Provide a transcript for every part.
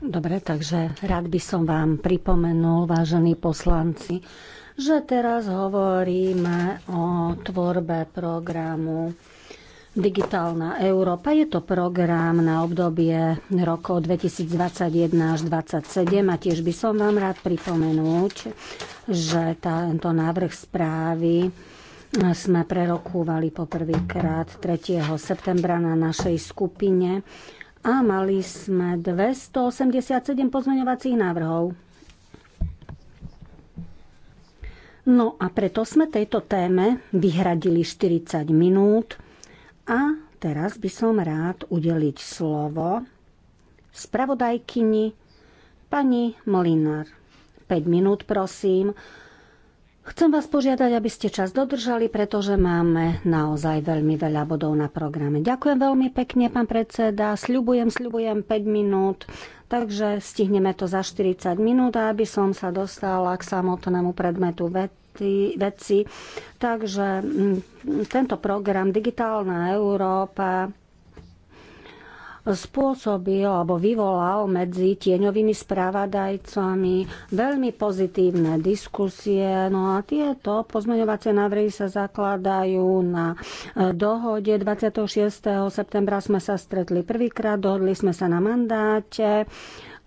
Dobre, takže rád by som vám pripomenul, vážení poslanci, že teraz hovoríme o tvorbe programu Digitálna Európa. Je to program na obdobie rokov 2021 až 2027 a tiež by som vám rád pripomenúť, že tento návrh správy sme prerokúvali poprvýkrát 3. septembra na našej skupine a mali sme 287 pozmeňovacích návrhov. No a preto sme tejto téme vyhradili 40 minút a teraz by som rád udeliť slovo spravodajkyni pani Molinár. 5 minút prosím Chcem vás požiadať, aby ste čas dodržali, pretože máme naozaj veľmi veľa bodov na programe. Ďakujem veľmi pekne, pán predseda. Sľubujem, sľubujem 5 minút, takže stihneme to za 40 minút, aby som sa dostala k samotnému predmetu veci. veci. Takže mm, tento program Digitálna Európa spôsobil alebo vyvolal medzi tieňovými správadajcami veľmi pozitívne diskusie. No a tieto pozmeňovacie návrhy sa zakladajú na e, dohode. 26. septembra sme sa stretli prvýkrát, dohodli sme sa na mandáte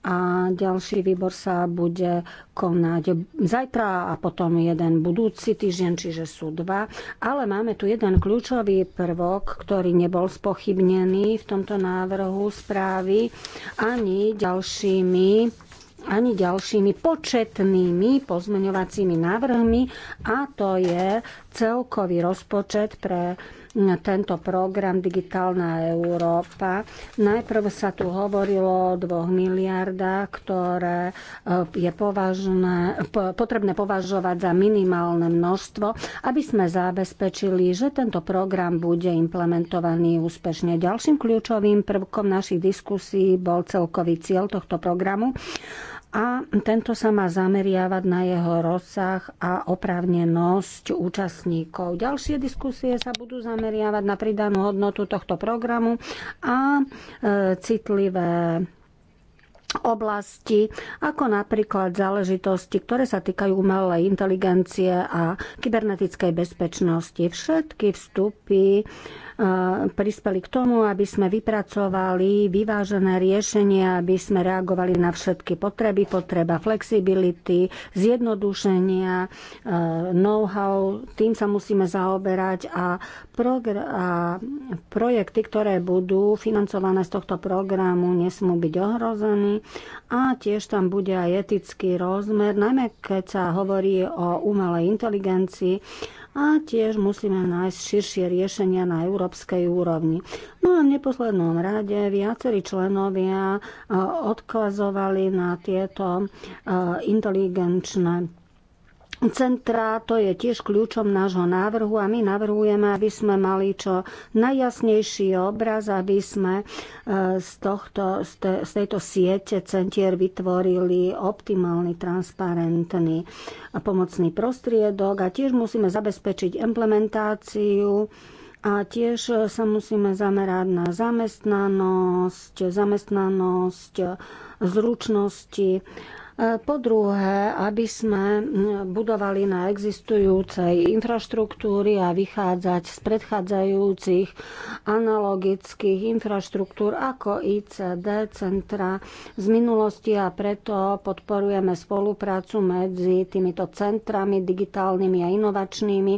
a ďalší výbor sa bude konať zajtra a potom jeden budúci týždeň, čiže sú dva. Ale máme tu jeden kľúčový prvok, ktorý nebol spochybnený v tomto návrhu správy ani ďalšími ani ďalšími početnými pozmeňovacími návrhmi a to je celkový rozpočet pre tento program Digitálna Európa. Najprv sa tu hovorilo o dvoch miliardách, ktoré eh, je považné, potrebné považovať za minimálne množstvo, aby sme zabezpečili, že tento program bude implementovaný úspešne. Ďalším kľúčovým prvkom našich diskusí bol celkový cieľ tohto programu a tento sa má zameriavať na jeho rozsah a oprávnenosť účastníkov. Ďalšie diskusie sa budú zameriavať na pridanú hodnotu tohto programu a e, citlivé oblasti, ako napríklad záležitosti, ktoré sa týkajú umelej inteligencie a kybernetickej bezpečnosti. Všetky vstupy prispeli k tomu, aby sme vypracovali vyvážené riešenia, aby sme reagovali na všetky potreby, potreba flexibility, zjednodušenia, e, know-how, tým sa musíme zaoberať a, a projekty, ktoré budú financované z tohto programu, nesmú byť ohrození a tiež tam bude aj etický rozmer, najmä keď sa hovorí o umelej inteligencii a tiež musíme nájsť širšie riešenia na európskej úrovni. No a v neposlednom rade viacerí členovia e, odkazovali na tieto e, inteligenčné centra, to je tiež kľúčom nášho návrhu a my navrhujeme, aby sme mali čo najjasnejší obraz, aby sme e, z, tohto, z tejto siete centier vytvorili optimálny, transparentný pomocný prostriedok a tiež musíme zabezpečiť implementáciu a tiež sa musíme zamerať na zamestnanosť, zamestnanosť, zručnosti po druhé, aby sme budovali na existujúcej infraštruktúry a vychádzať z predchádzajúcich analogických infraštruktúr ako ICD centra z minulosti a preto podporujeme spoluprácu medzi týmito centrami digitálnymi a inovačnými,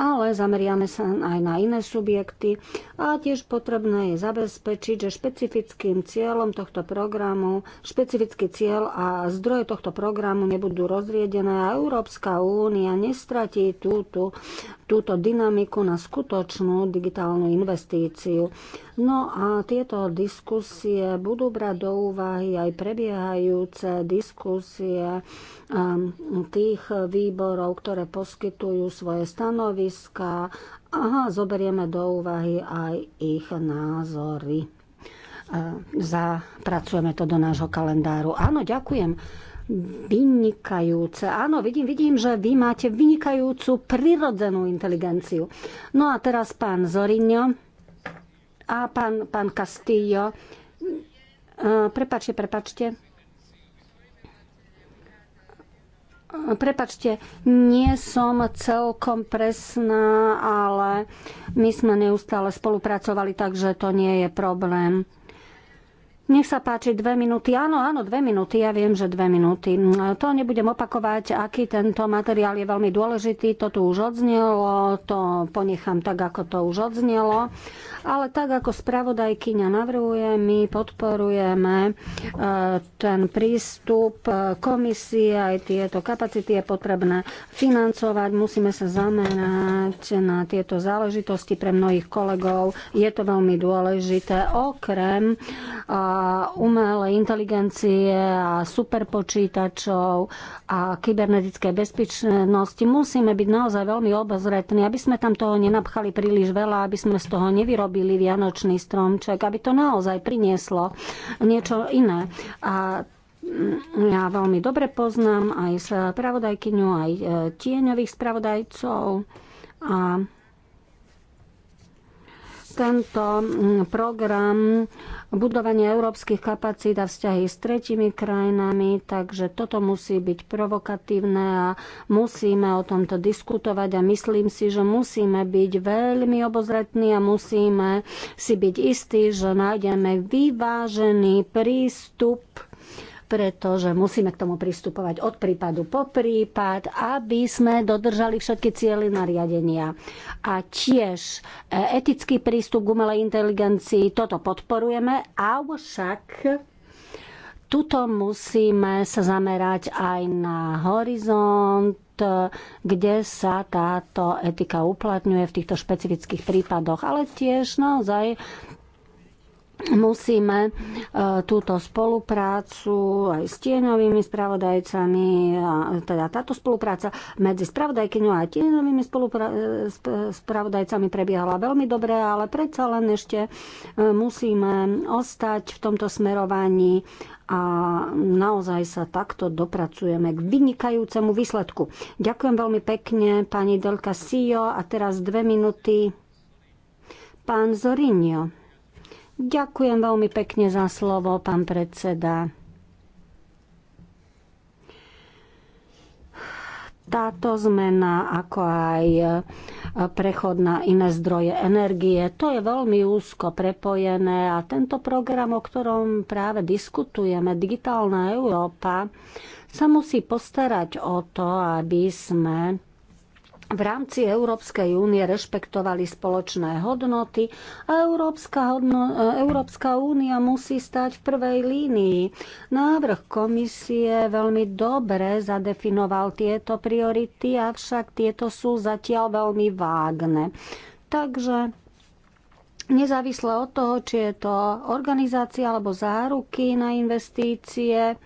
ale zameriame sa aj na iné subjekty a tiež potrebné je zabezpečiť, že špecifickým cieľom tohto programu, špecifický cieľ a zdroj zdroje tohto programu nebudú rozriedené a Európska únia nestratí túto, túto dynamiku na skutočnú digitálnu investíciu. No a tieto diskusie budú brať do úvahy aj prebiehajúce diskusie um, tých výborov, ktoré poskytujú svoje stanoviska a zoberieme do úvahy aj ich názory uh, zapracujeme to do nášho kalendáru. Áno, ďakujem vynikajúce. Áno, vidím, vidím, že vy máte vynikajúcu prirodzenú inteligenciu. No a teraz pán Zorinio a pán, pán Castillo. E, prepačte, prepačte. E, prepačte, nie som celkom presná, ale my sme neustále spolupracovali, takže to nie je problém. Nech sa páči, dve minúty. Áno, áno, dve minúty. Ja viem, že dve minúty. To nebudem opakovať, aký tento materiál je veľmi dôležitý. To tu už odznelo, to ponechám tak, ako to už odznelo ale tak ako spravodajkyňa navrhuje, my podporujeme e, ten prístup e, komisie, aj tieto kapacity je potrebné financovať, musíme sa zamerať na tieto záležitosti pre mnohých kolegov. Je to veľmi dôležité. Okrem e, umelej inteligencie a superpočítačov a kybernetickej bezpečnosti musíme byť naozaj veľmi obozretní, aby sme tam toho nenapchali príliš veľa, aby sme z toho nevyrobili urobili vianočný stromček, aby to naozaj prinieslo niečo iné. A ja veľmi dobre poznám aj spravodajkyňu, aj e, tieňových spravodajcov a tento mm, program budovania európskych kapacít a vzťahy s tretimi krajinami, takže toto musí byť provokatívne a musíme o tomto diskutovať a myslím si, že musíme byť veľmi obozretní a musíme si byť istí, že nájdeme vyvážený prístup pretože musíme k tomu pristupovať od prípadu po prípad, aby sme dodržali všetky cieľy nariadenia. A tiež e, etický prístup k umelej inteligencii, toto podporujeme, avšak tuto musíme sa zamerať aj na horizont, kde sa táto etika uplatňuje v týchto špecifických prípadoch, ale tiež naozaj musíme e, túto spoluprácu aj s tieňovými spravodajcami, teda táto spolupráca medzi spravodajkyňou a tieňovými spravodajcami prebiehala veľmi dobre, ale predsa len ešte e, musíme ostať v tomto smerovaní a naozaj sa takto dopracujeme k vynikajúcemu výsledku. Ďakujem veľmi pekne pani Delka Sio a teraz dve minúty pán Zorinio. Ďakujem veľmi pekne za slovo, pán predseda. táto zmena, ako aj prechod na iné zdroje energie, to je veľmi úzko prepojené a tento program, o ktorom práve diskutujeme, Digitálna Európa, sa musí postarať o to, aby sme v rámci Európskej únie rešpektovali spoločné hodnoty a Európska, hodno, e, Európska únia musí stať v prvej línii. Návrh komisie veľmi dobre zadefinoval tieto priority, avšak tieto sú zatiaľ veľmi vágne. Takže nezávisle od toho, či je to organizácia alebo záruky na investície,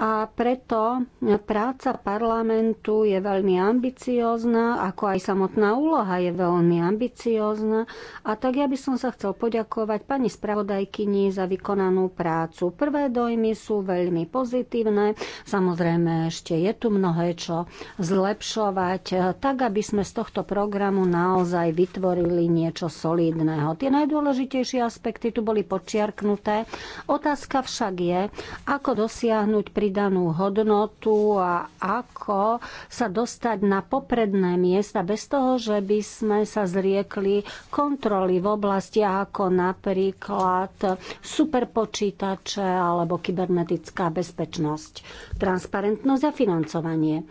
a preto práca parlamentu je veľmi ambiciózna, ako aj samotná úloha je veľmi ambiciózna. A tak ja by som sa chcel poďakovať pani spravodajkyni za vykonanú prácu. Prvé dojmy sú veľmi pozitívne. Samozrejme, ešte je tu mnohé čo zlepšovať, tak aby sme z tohto programu naozaj vytvorili niečo solidného. Tie najdôležitejšie aspekty tu boli počiarknuté. Otázka však je, ako dosiahnuť pri pridanú hodnotu a ako sa dostať na popredné miesta bez toho, že by sme sa zriekli kontroly v oblasti ako napríklad superpočítače alebo kybernetická bezpečnosť, transparentnosť a financovanie.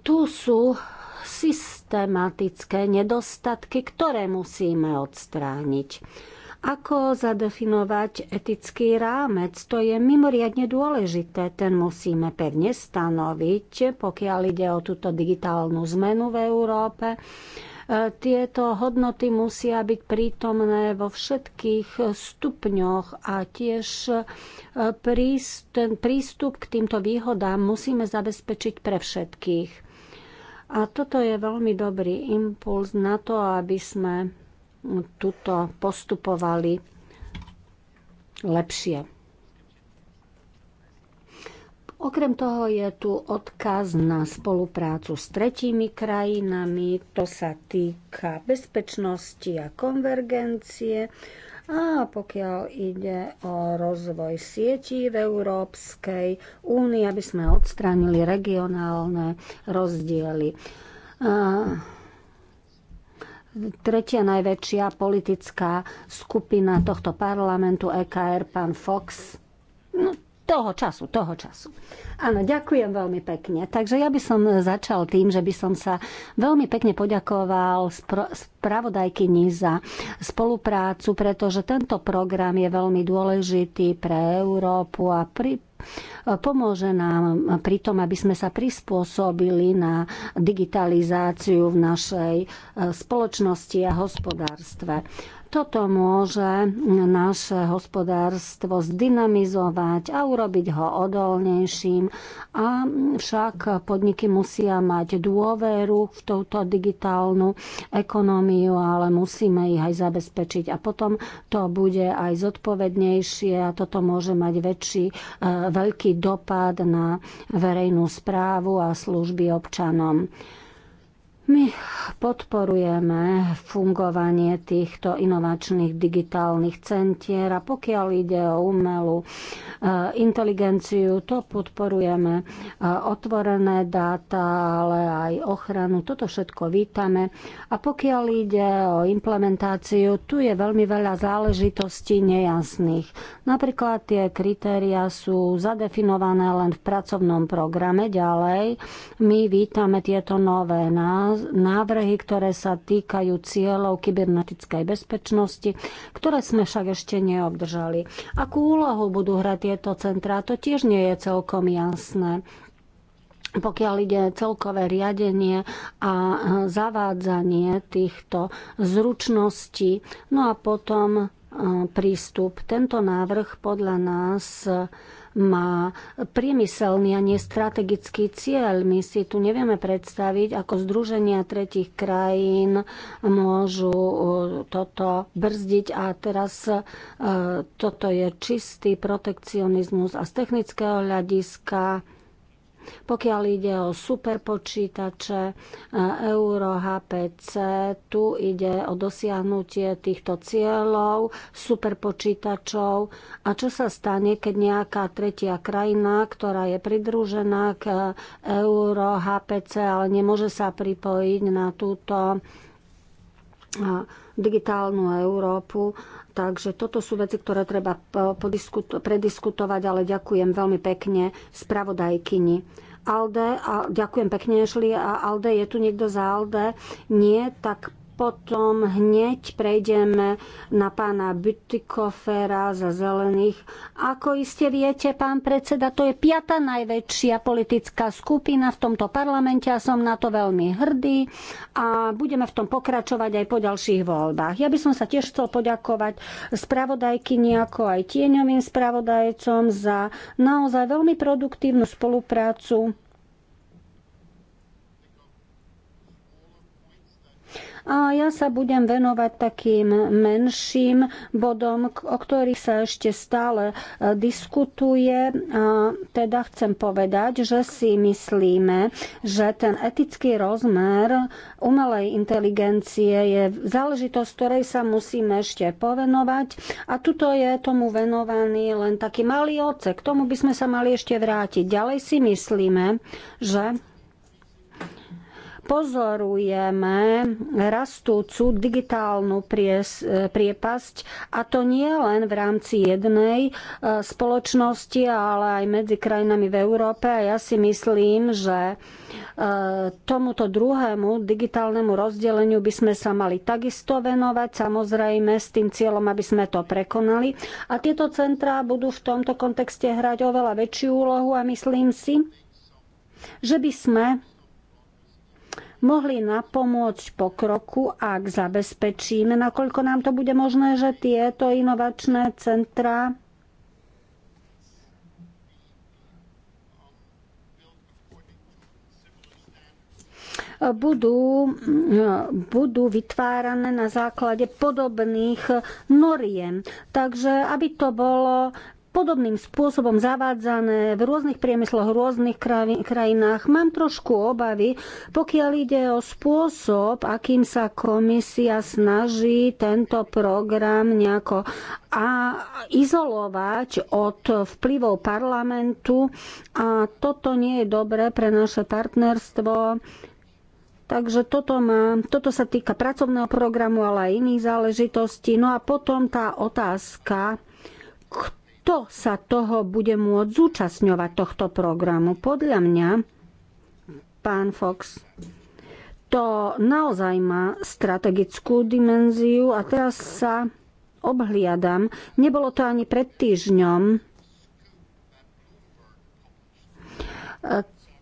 Tu sú systematické nedostatky, ktoré musíme odstrániť. Ako zadefinovať etický rámec? To je mimoriadne dôležité. Ten musíme pevne stanoviť, pokiaľ ide o túto digitálnu zmenu v Európe e, tieto hodnoty musia byť prítomné vo všetkých stupňoch a tiež e, ten prístup k týmto výhodám musíme zabezpečiť pre všetkých. A toto je veľmi dobrý impuls na to, aby sme tuto postupovali lepšie. Okrem toho je tu odkaz na spoluprácu s tretími krajinami, to sa týka bezpečnosti a konvergencie. A pokiaľ ide o rozvoj sietí v Európskej únii, aby sme odstránili regionálne rozdiely tretia najväčšia politická skupina tohto parlamentu EKR, pán Fox. No, toho času, toho času. Áno, ďakujem veľmi pekne. Takže ja by som začal tým, že by som sa veľmi pekne poďakoval spravodajkyni za spoluprácu, pretože tento program je veľmi dôležitý pre Európu a pri pomôže nám pri tom, aby sme sa prispôsobili na digitalizáciu v našej e, spoločnosti a hospodárstve. Toto môže naše hospodárstvo zdynamizovať a urobiť ho odolnejším. A však podniky musia mať dôveru v túto digitálnu ekonómiu, ale musíme ich aj zabezpečiť. A potom to bude aj zodpovednejšie a toto môže mať väčší, e, veľký dopad na verejnú správu a služby občanom. My podporujeme fungovanie týchto inovačných digitálnych centier a pokiaľ ide o umelú e, inteligenciu, to podporujeme e, otvorené dáta, ale aj ochranu. Toto všetko vítame. A pokiaľ ide o implementáciu, tu je veľmi veľa záležitostí nejasných. Napríklad tie kritéria sú zadefinované len v pracovnom programe. Ďalej my vítame tieto nové názvy návrhy, ktoré sa týkajú cieľov kybernetickej bezpečnosti, ktoré sme však ešte neobdržali. Akú úlohu budú hrať tieto centrá, to tiež nie je celkom jasné pokiaľ ide celkové riadenie a zavádzanie týchto zručností. No a potom e, prístup. Tento návrh podľa nás má priemyselný a nestrategický strategický cieľ. My si tu nevieme predstaviť, ako združenia tretich krajín môžu toto brzdiť a teraz e, toto je čistý protekcionizmus a z technického hľadiska pokiaľ ide o superpočítače e, Euro HPC, tu ide o dosiahnutie týchto cieľov, superpočítačov a čo sa stane, keď nejaká tretia krajina, ktorá je pridružená k e, Euro HPC, ale nemôže sa pripojiť na túto digitálnu Európu Takže toto sú veci, ktoré treba prediskutovať, ale ďakujem veľmi pekne spravodajkyni. Alde, a ďakujem pekne, Šli, a Alde, je tu niekto za Alde? Nie, tak potom hneď prejdeme na pána Bytikofera za zelených. Ako iste viete, pán predseda, to je piata najväčšia politická skupina v tomto parlamente a som na to veľmi hrdý a budeme v tom pokračovať aj po ďalších voľbách. Ja by som sa tiež chcel poďakovať spravodajky ako aj tieňovým spravodajcom za naozaj veľmi produktívnu spoluprácu A ja sa budem venovať takým menším bodom, o ktorých sa ešte stále e, diskutuje. A teda chcem povedať, že si myslíme, že ten etický rozmer umelej inteligencie je záležitosť, ktorej sa musíme ešte povenovať. A tuto je tomu venovaný len taký malý ocek. K tomu by sme sa mali ešte vrátiť. Ďalej si myslíme, že pozorujeme rastúcu digitálnu pries, priepasť a to nie len v rámci jednej e, spoločnosti, ale aj medzi krajinami v Európe a ja si myslím, že e, tomuto druhému digitálnemu rozdeleniu by sme sa mali takisto venovať, samozrejme s tým cieľom, aby sme to prekonali. A tieto centrá budú v tomto kontexte hrať oveľa väčšiu úlohu a myslím si, že by sme mohli napomôcť pokroku, ak zabezpečíme, nakoľko nám to bude možné, že tieto inovačné centra. budú, budú vytvárané na základe podobných noriem. Takže aby to bolo podobným spôsobom zavádzané v rôznych priemysloch, v rôznych krajinách. Mám trošku obavy, pokiaľ ide o spôsob, akým sa komisia snaží tento program nejako a izolovať od vplyvov parlamentu a toto nie je dobré pre naše partnerstvo. Takže toto, má, toto sa týka pracovného programu, ale aj iných záležitostí. No a potom tá otázka, kto kto sa toho bude môcť zúčastňovať tohto programu. Podľa mňa, pán Fox, to naozaj má strategickú dimenziu a teraz sa obhliadam. Nebolo to ani pred týždňom,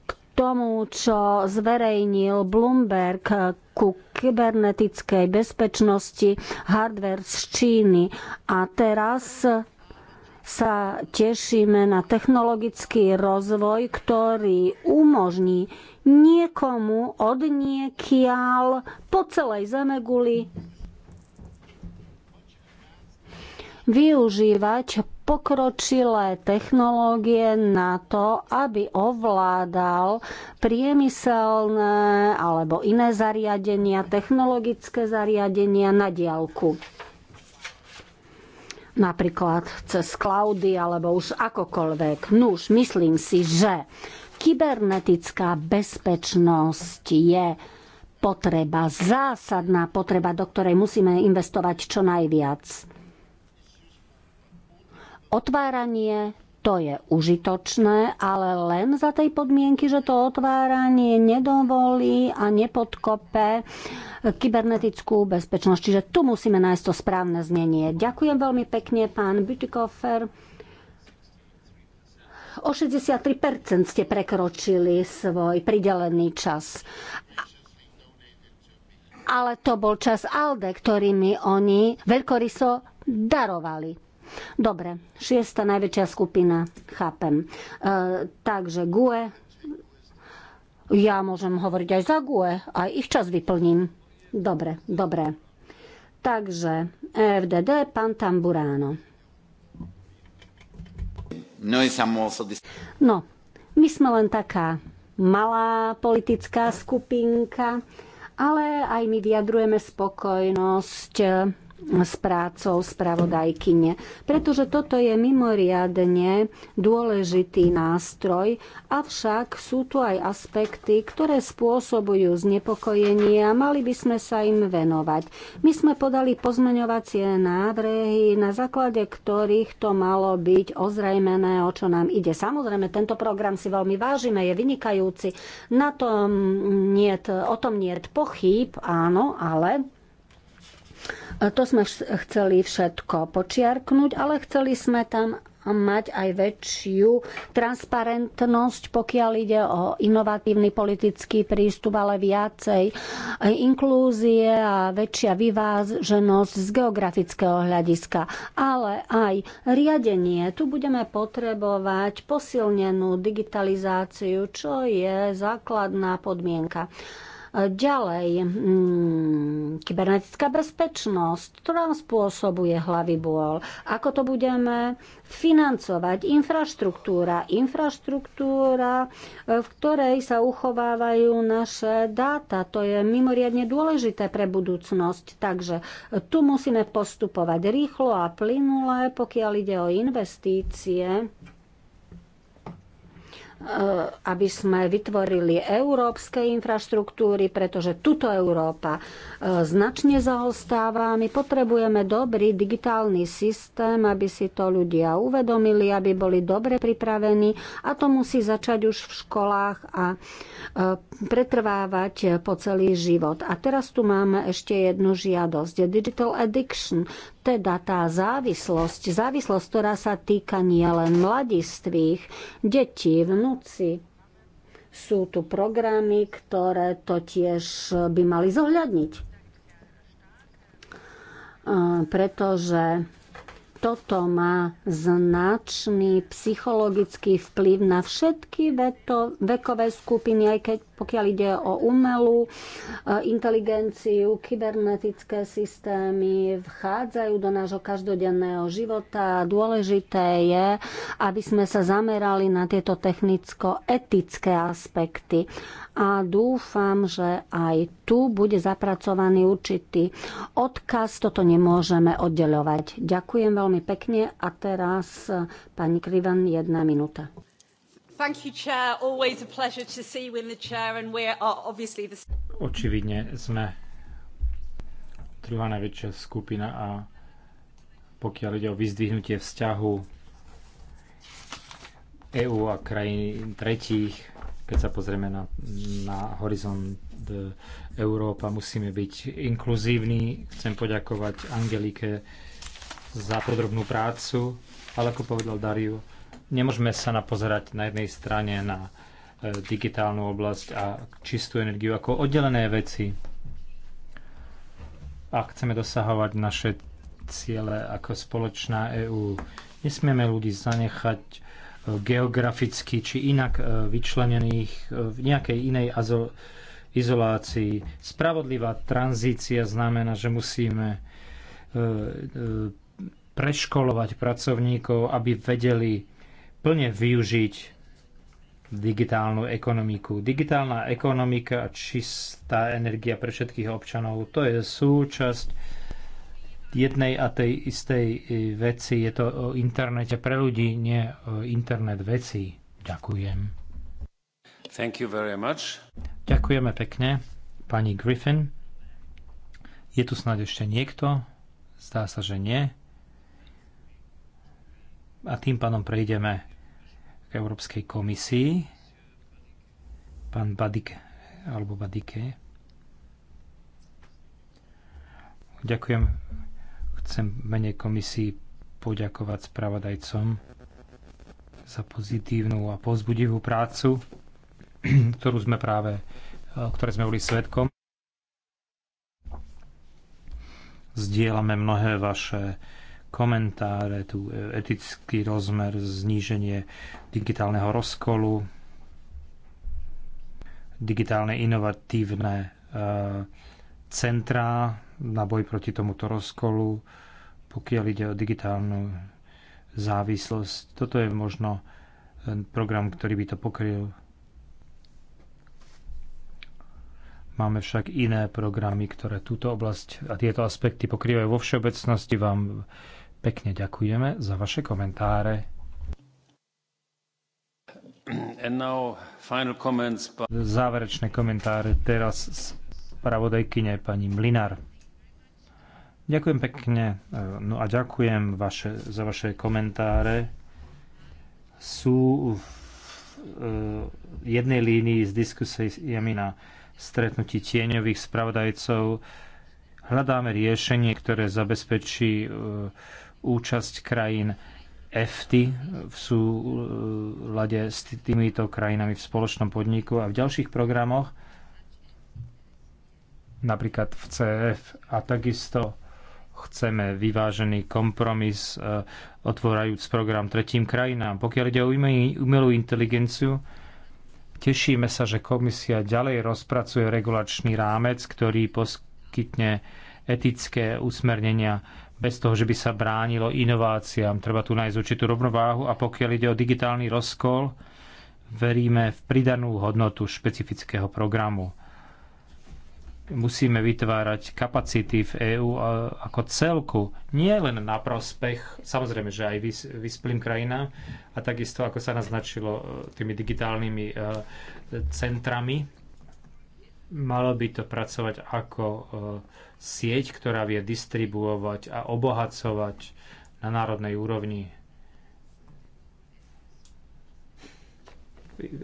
k tomu, čo zverejnil Bloomberg ku kybernetickej bezpečnosti hardware z Číny. A teraz sa tešíme na technologický rozvoj, ktorý umožní niekomu od po celej Zemeguli využívať pokročilé technológie na to, aby ovládal priemyselné alebo iné zariadenia, technologické zariadenia na diálku napríklad cez cloudy alebo už akokoľvek. Nuž, myslím si, že kybernetická bezpečnosť je potreba, zásadná potreba, do ktorej musíme investovať čo najviac. Otváranie to je užitočné, ale len za tej podmienky, že to otváranie nedovolí a nepodkope kybernetickú bezpečnosť. Čiže tu musíme nájsť to správne znenie. Ďakujem veľmi pekne, pán Bütikofer. O 63% ste prekročili svoj pridelený čas ale to bol čas Alde, ktorými oni veľkoryso darovali. Dobre, šiesta najväčšia skupina, chápem. E, takže GUE, ja môžem hovoriť aj za GUE, aj ich čas vyplním. Dobre, dobre. Takže FDD, pán Tamburáno. No, no, my sme len taká malá politická skupinka, ale aj my vyjadrujeme spokojnosť s prácou spravodajkyne, pretože toto je mimoriadne dôležitý nástroj, avšak sú tu aj aspekty, ktoré spôsobujú znepokojenie a mali by sme sa im venovať. My sme podali pozmeňovacie návrhy, na základe ktorých to malo byť ozrejmené, o čo nám ide. Samozrejme, tento program si veľmi vážime, je vynikajúci, na tom niet, o tom je pochyb, áno, ale E, to sme chceli všetko počiarknúť, ale chceli sme tam mať aj väčšiu transparentnosť, pokiaľ ide o inovatívny politický prístup, ale viacej inklúzie a väčšia vyváženosť z geografického hľadiska. Ale aj riadenie. Tu budeme potrebovať posilnenú digitalizáciu, čo je základná podmienka. Ďalej, mm, kybernetická bezpečnosť, ktorá nám spôsobuje hlavy bol. Ako to budeme financovať? Infraštruktúra. Infraštruktúra, e, v ktorej sa uchovávajú naše dáta. To je mimoriadne dôležité pre budúcnosť. Takže e, tu musíme postupovať rýchlo a plynule, pokiaľ ide o investície. Eh, aby sme vytvorili európske infraštruktúry, pretože tuto Európa eh, značne zaostáva. My potrebujeme dobrý digitálny systém, aby si to ľudia uvedomili, aby boli dobre pripravení a to musí začať už v školách a eh, pretrvávať po celý život. A teraz tu máme ešte jednu žiadosť. Digital Addiction teda tá závislosť, závislosť, ktorá sa týka nielen mladistvých, detí, vnúci. Sú tu programy, ktoré to tiež by mali zohľadniť. E, pretože toto má značný psychologický vplyv na všetky veto, vekové skupiny, aj keď pokiaľ ide o umelú e, inteligenciu, kybernetické systémy vchádzajú do nášho každodenného života. Dôležité je, aby sme sa zamerali na tieto technicko-etické aspekty a dúfam, že aj tu bude zapracovaný určitý odkaz. Toto nemôžeme oddeľovať. Ďakujem veľmi pekne a teraz e, pani Krivan jedna minúta. Thank you, Chair. Always a pleasure to see you in the chair and we are uh, obviously the... Očividne sme druhá najväčšia skupina a pokiaľ ide o vyzdvihnutie vzťahu EÚ a krajín tretích, keď sa pozrieme na, na horizont e, Európa, musíme byť inkluzívni. Chcem poďakovať Angelike za podrobnú prácu, ale ako povedal Dariu, Nemôžeme sa napozerať na jednej strane na e, digitálnu oblasť a čistú energiu ako oddelené veci. Ak chceme dosahovať naše ciele ako spoločná EÚ, nesmieme ľudí zanechať e, geograficky či inak e, vyčlenených v nejakej inej izolácii. Spravodlivá tranzícia znamená, že musíme preškolovať pracovníkov, aby vedeli plne využiť digitálnu ekonomiku. Digitálna ekonomika a čistá energia pre všetkých občanov, to je súčasť jednej a tej istej e, veci. Je to o internete pre ľudí, nie o internet vecí. Ďakujem. Thank you very much. Ďakujeme pekne, pani Griffin. Je tu snáď ešte niekto? Zdá sa, že nie. A tým pádom prejdeme Európskej komisii, pán Badik, alebo Badike. Ďakujem. Chcem mene komisii poďakovať spravodajcom za pozitívnu a pozbudivú prácu, ktorú sme práve, e, ktoré sme boli svetkom. Zdieľame mnohé vaše komentáre, tu e, etický rozmer, zníženie digitálneho rozkolu, digitálne inovatívne e, centrá na boj proti tomuto rozkolu, pokiaľ ide o digitálnu závislosť. Toto je možno e, program, ktorý by to pokryl. Máme však iné programy, ktoré túto oblasť a tieto aspekty pokrývajú vo všeobecnosti. Vám Pekne ďakujeme za vaše komentáre. Now, comments... Záverečné komentáre teraz z pravodajkyne pani Mlinár. Ďakujem pekne e, no a ďakujem vaše, za vaše komentáre. Sú v e, jednej línii s diskusiami na stretnutí tieňových spravodajcov. Hľadáme riešenie, ktoré zabezpečí e, účasť krajín EFTY v súlade s týmito krajinami v spoločnom podniku a v ďalších programoch, napríklad v CF a takisto chceme vyvážený kompromis, e, otvorajúc program tretím krajinám. Pokiaľ ide o umelú inteligenciu, tešíme sa, že komisia ďalej rozpracuje regulačný rámec, ktorý poskytne etické usmernenia bez toho, že by sa bránilo inováciám. Treba tu nájsť určitú rovnováhu a pokiaľ ide o digitálny rozkol, veríme v pridanú hodnotu špecifického programu. Musíme vytvárať kapacity v EÚ ako celku, nie len na prospech, samozrejme, že aj vyspelým krajinám a takisto, ako sa naznačilo e, tými digitálnymi e, centrami, malo by to pracovať ako e, sieť, ktorá vie distribuovať a obohacovať na národnej úrovni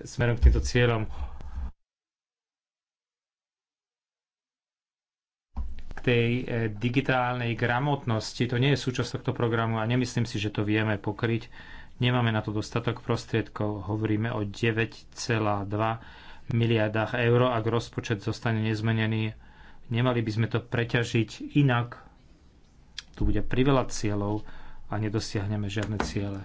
smerom k týmto cieľom k tej e, digitálnej gramotnosti. To nie je súčasť tohto programu a nemyslím si, že to vieme pokryť. Nemáme na to dostatok prostriedkov. Hovoríme o 9,2 miliardách eur, ak rozpočet zostane nezmenený Nemali by sme to preťažiť inak. Tu bude priveľa cieľov a nedosiahneme žiadne ciele.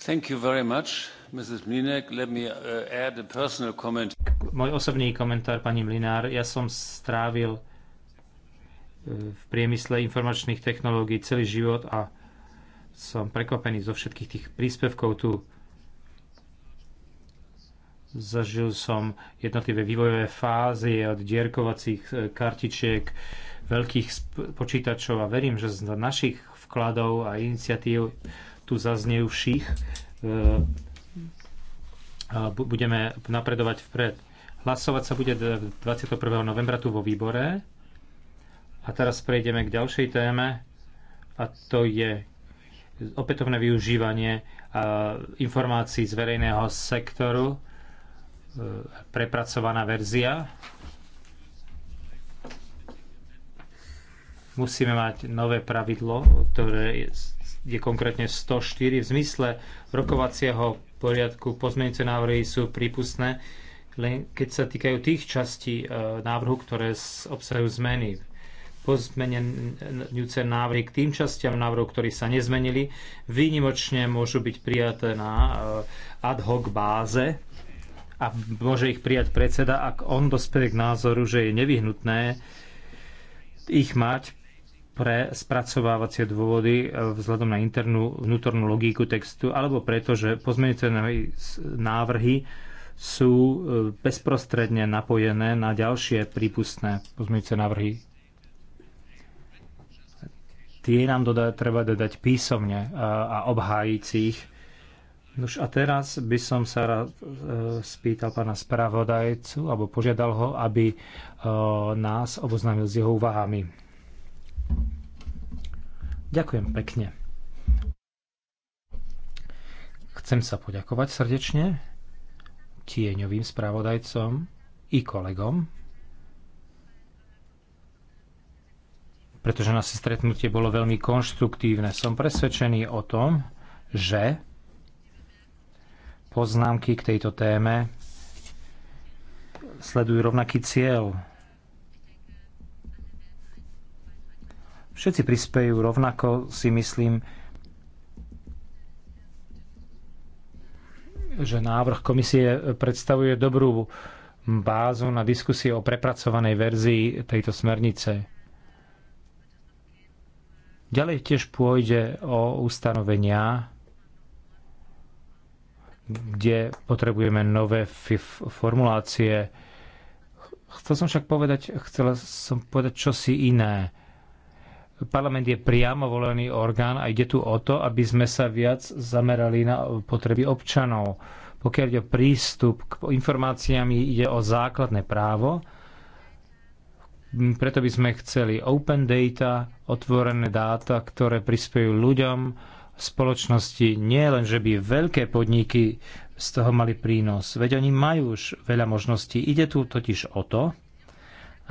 Thank you very much, Mrs. Mlinek. Let me uh, add a personal comment. Môj osobný komentár, pani Mlinár. Ja som strávil uh, v priemysle informačných technológií celý život a som prekvapený zo všetkých tých príspevkov tu Zažil som jednotlivé vývojové fázy od dierkovacích e, kartičiek, veľkých počítačov a verím, že z našich vkladov a iniciatív tu zaznejúších e, budeme napredovať vpred. Hlasovať sa bude 21. novembra tu vo výbore. A teraz prejdeme k ďalšej téme a to je opätovné využívanie informácií z verejného sektoru E, prepracovaná verzia. Musíme mať nové pravidlo, ktoré je, je konkrétne 104. V zmysle rokovacieho poriadku pozmeňujúce návrhy sú prípustné, len keď sa týkajú tých častí e, návrhu, ktoré obsahujú zmeny pozmenujúce návrhy k tým častiam návrhu, ktorí sa nezmenili, výnimočne môžu byť prijaté na e, ad hoc báze a môže ich prijať predseda, ak on dospeje k názoru, že je nevyhnutné ich mať pre spracovávacie dôvody e, vzhľadom na internú vnútornú logiku textu, alebo preto, že pozmeniteľné návrhy sú e, bezprostredne napojené na ďalšie prípustné pozmeniteľné návrhy. Tie nám doda, treba dodať písomne e, a obhájiť si ich Nož a teraz by som sa rád e, spýtal pána spravodajcu, alebo požiadal ho, aby e, nás oboznámil s jeho úvahami. Ďakujem pekne. Chcem sa poďakovať srdečne tieňovým spravodajcom i kolegom, pretože naše stretnutie bolo veľmi konštruktívne. Som presvedčený o tom, že poznámky k tejto téme sledujú rovnaký cieľ. Všetci prispejú rovnako, si myslím, že návrh komisie predstavuje dobrú bázu na diskusie o prepracovanej verzii tejto smernice. Ďalej tiež pôjde o ustanovenia, kde potrebujeme nové formulácie. Chcel som však povedať, chcela som povedať čosi iné. Parlament je priamo volený orgán a ide tu o to, aby sme sa viac zamerali na potreby občanov. Pokiaľ ide o prístup k informáciám, ide o základné právo. Preto by sme chceli open data, otvorené dáta, ktoré prispejú ľuďom, spoločnosti nie len, že by veľké podniky z toho mali prínos, veď oni majú už veľa možností. Ide tu totiž o to,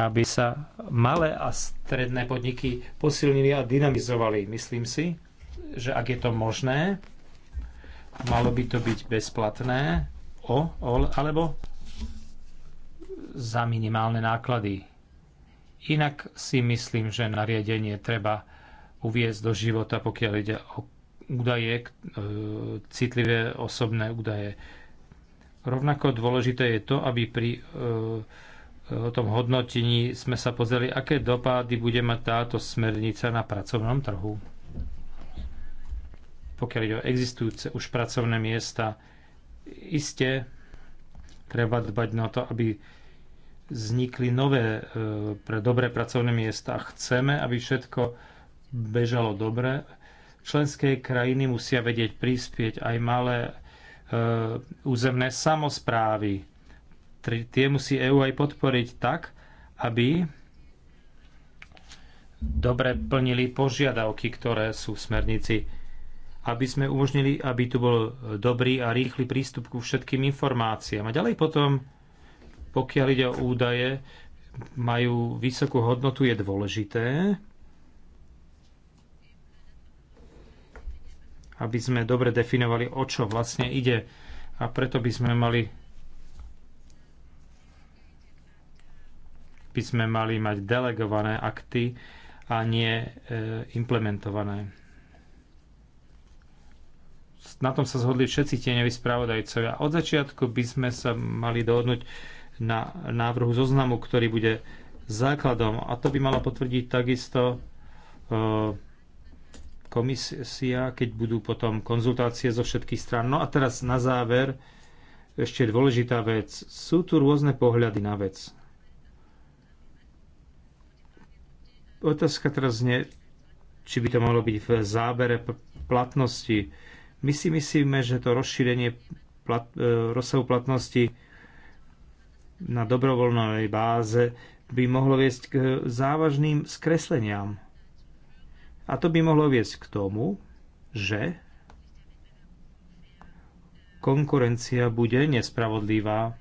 aby sa malé a stredné podniky posilnili a dynamizovali. Myslím si, že ak je to možné, malo by to byť bezplatné o, o, alebo za minimálne náklady. Inak si myslím, že nariadenie treba uviezť do života, pokiaľ ide o údaje, e, citlivé osobné údaje. Rovnako dôležité je to, aby pri o e, e, tom hodnotení sme sa pozreli, aké dopady bude mať táto smernica na pracovnom trhu. Pokiaľ ide o existujúce už pracovné miesta, iste treba dbať na to, aby vznikli nové pre dobré pracovné miesta. Chceme, aby všetko bežalo dobre, Členské krajiny musia vedieť prispieť aj malé e, územné samozprávy. Tie musí EÚ aj podporiť tak, aby dobre plnili požiadavky, ktoré sú v smernici. Aby sme umožnili, aby tu bol dobrý a rýchly prístup ku všetkým informáciám. A ďalej potom, pokiaľ ide o údaje, majú vysokú hodnotu, je dôležité, aby sme dobre definovali, o čo vlastne ide. A preto by sme mali by sme mali mať delegované akty a nie e, implementované. Na tom sa zhodli všetci tieňoví spravodajcovia. Od začiatku by sme sa mali dohodnúť na návrhu zoznamu, ktorý bude základom. A to by mala potvrdiť takisto e, komisia, keď budú potom konzultácie zo všetkých stran. No a teraz na záver ešte dôležitá vec. Sú tu rôzne pohľady na vec. Otázka teraz znie, či by to malo byť v zábere platnosti. My si myslíme, že to rozšírenie plat, e, rozsahu platnosti na dobrovoľnej báze by mohlo viesť k závažným skresleniam a to by mohlo viesť k tomu, že konkurencia bude nespravodlivá,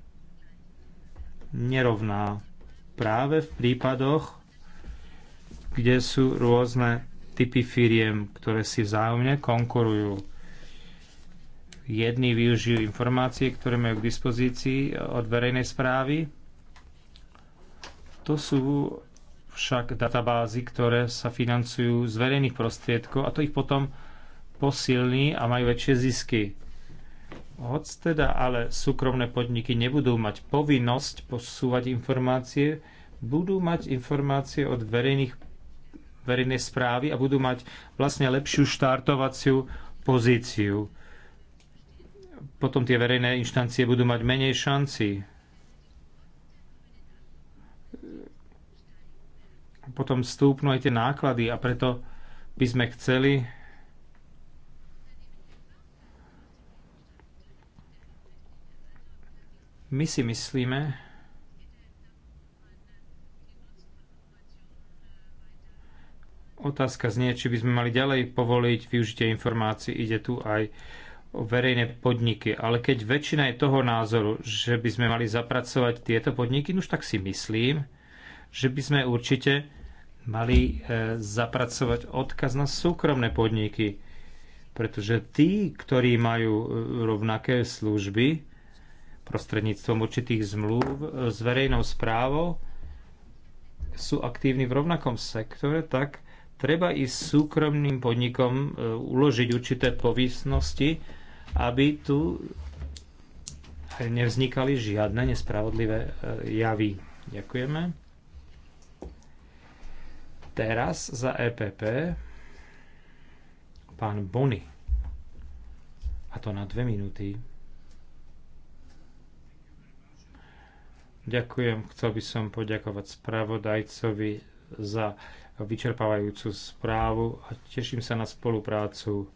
nerovná práve v prípadoch, kde sú rôzne typy firiem, ktoré si vzájomne konkurujú. Jedni využijú informácie, ktoré majú k dispozícii od verejnej správy. To sú však databázy, ktoré sa financujú z verejných prostriedkov a to ich potom posilní a majú väčšie zisky. Hoď teda ale súkromné podniky nebudú mať povinnosť posúvať informácie, budú mať informácie od verejných, verejnej správy a budú mať vlastne lepšiu štartovaciu pozíciu. Potom tie verejné inštancie budú mať menej šanci potom stúpnú aj tie náklady a preto by sme chceli My si myslíme, otázka znie, či by sme mali ďalej povoliť využitie informácií. Ide tu aj o verejné podniky. Ale keď väčšina je toho názoru, že by sme mali zapracovať tieto podniky, no už tak si myslím, že by sme určite mali e, zapracovať odkaz na súkromné podniky, pretože tí, ktorí majú e, rovnaké služby prostredníctvom určitých zmluv e, s verejnou správou, sú aktívni v rovnakom sektore, tak treba i súkromným podnikom uložiť určité povinnosti, aby tu nevznikali žiadne nespravodlivé javy. Ďakujeme. Teraz za EPP pán Bony. A to na dve minúty. Ďakujem. Chcel by som poďakovať spravodajcovi za vyčerpávajúcu správu a teším sa na spoluprácu.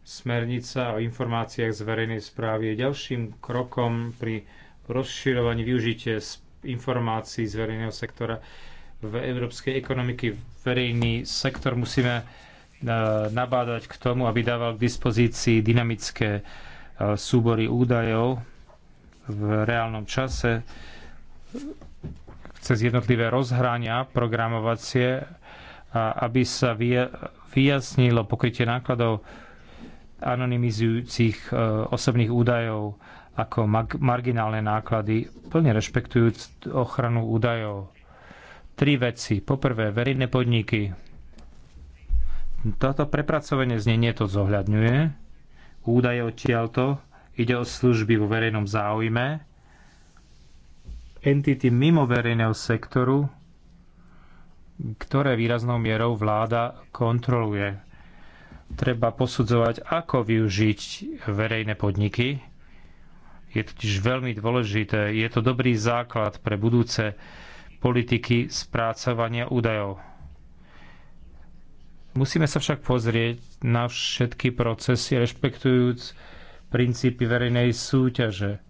Smernica o informáciách z verejnej správy je ďalším krokom pri rozširovaní využitia informácií z verejného sektora v európskej ekonomiky verejný sektor musíme e, nabádať k tomu, aby dával k dispozícii dynamické e, súbory údajov v reálnom čase e, cez jednotlivé rozhrania programovacie, aby sa vyjasnilo pokrytie nákladov anonymizujúcich osobných údajov ako marginálne náklady, plne rešpektujúc ochranu údajov tri veci. Poprvé, verejné podniky. Toto prepracovanie znenie to zohľadňuje. Údaje odtiaľto. Ide o služby vo verejnom záujme. Entity mimo verejného sektoru, ktoré výraznou mierou vláda kontroluje. Treba posudzovať, ako využiť verejné podniky. Je totiž veľmi dôležité. Je to dobrý základ pre budúce politiky spracovania údajov. Musíme sa však pozrieť na všetky procesy, rešpektujúc princípy verejnej súťaže.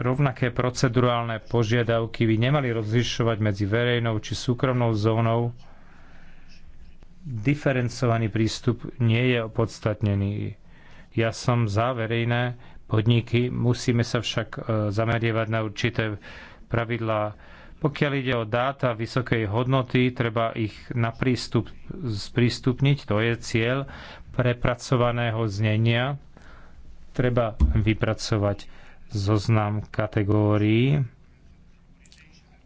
Rovnaké procedurálne požiadavky by nemali rozlišovať medzi verejnou či súkromnou zónou. Diferencovaný prístup nie je opodstatnený. Ja som za verejné podniky, musíme sa však e, zamerievať na určité pravidlá pokiaľ ide o dáta vysokej hodnoty, treba ich na prístup sprístupniť, to je cieľ prepracovaného znenia. Treba vypracovať zoznam kategórií,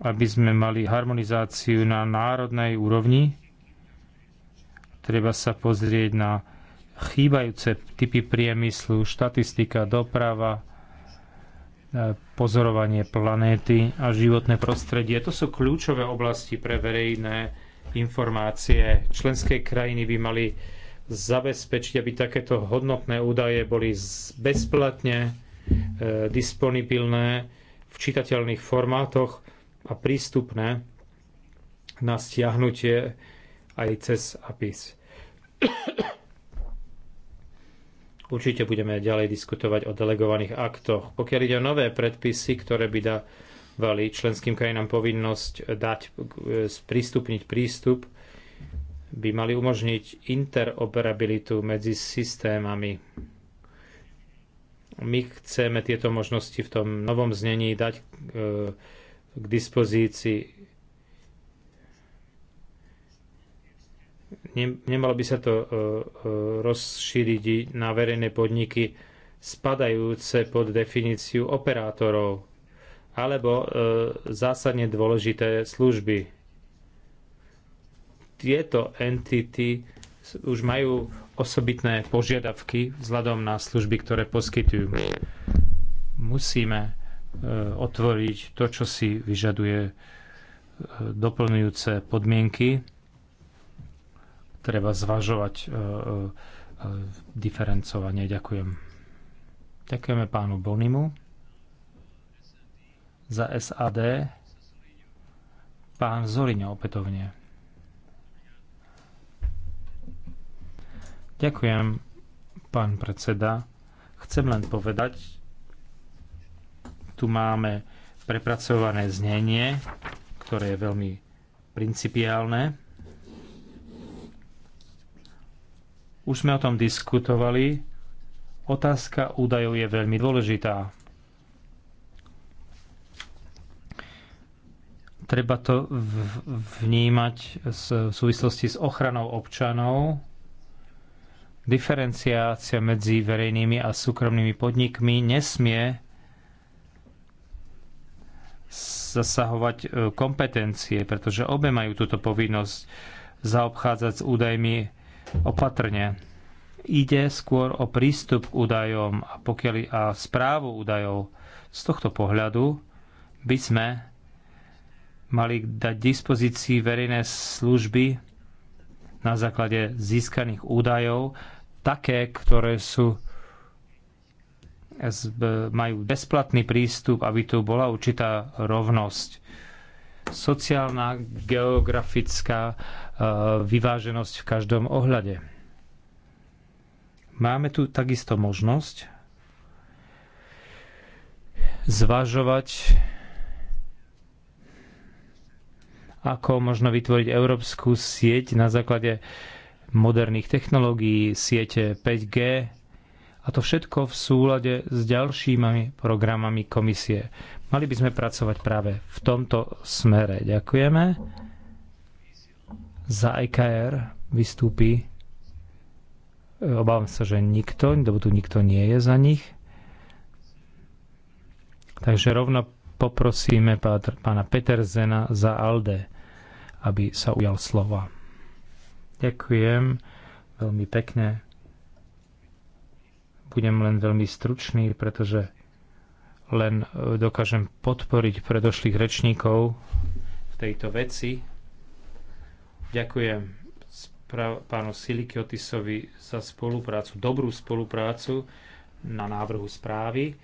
aby sme mali harmonizáciu na národnej úrovni. Treba sa pozrieť na chýbajúce typy priemyslu, štatistika, doprava, pozorovanie planéty a životné prostredie. To sú kľúčové oblasti pre verejné informácie. Členské krajiny by mali zabezpečiť, aby takéto hodnotné údaje boli bezplatne e, disponibilné v čitateľných formátoch a prístupné na stiahnutie aj cez APIS. Určite budeme ďalej diskutovať o delegovaných aktoch. Pokiaľ ide o nové predpisy, ktoré by dávali členským krajinám povinnosť dať, e, sprístupniť prístup, by mali umožniť interoperabilitu medzi systémami. My chceme tieto možnosti v tom novom znení dať e, k dispozícii ne, nemalo by sa to e, e, rozšíriť na verejné podniky spadajúce pod definíciu operátorov alebo e, zásadne dôležité služby. Tieto entity už majú osobitné požiadavky vzhľadom na služby, ktoré poskytujú. Musíme e, otvoriť to, čo si vyžaduje e, doplňujúce podmienky treba zvažovať e, e, e, diferencovanie. Ďakujem. Ďakujeme pánu Bonimu za SAD. Pán Zoriňo opätovne. Ďakujem, pán predseda. Chcem len povedať, tu máme prepracované znenie, ktoré je veľmi principiálne. Už sme o tom diskutovali. Otázka údajov je veľmi dôležitá. Treba to vnímať v súvislosti s ochranou občanov, diferenciácia medzi verejnými a súkromnými podnikmi nesmie zasahovať e, kompetencie, pretože obe majú túto povinnosť zaobchádzať s údajmi opatrne. Ide skôr o prístup k údajom a, pokiaľ, a správu údajov. Z tohto pohľadu by sme mali dať dispozícii verejné služby na základe získaných údajov, také, ktoré sú majú bezplatný prístup, aby tu bola určitá rovnosť. Sociálna, geografická vyváženosť v každom ohľade. Máme tu takisto možnosť zvažovať, ako možno vytvoriť európsku sieť na základe moderných technológií, siete 5G, a to všetko v súlade s ďalšími programami komisie. Mali by sme pracovať práve v tomto smere. Ďakujeme za EKR vystúpi. E, obávam sa, že nikto, lebo tu nikto nie je za nich. Takže rovno poprosíme pána Peterzena za ALDE, aby sa ujal slova. Ďakujem veľmi pekne. Budem len veľmi stručný, pretože len e, dokážem podporiť predošlých rečníkov v tejto veci. Ďakujem pánu Silikiotisovi za spoluprácu, dobrú spoluprácu na návrhu správy.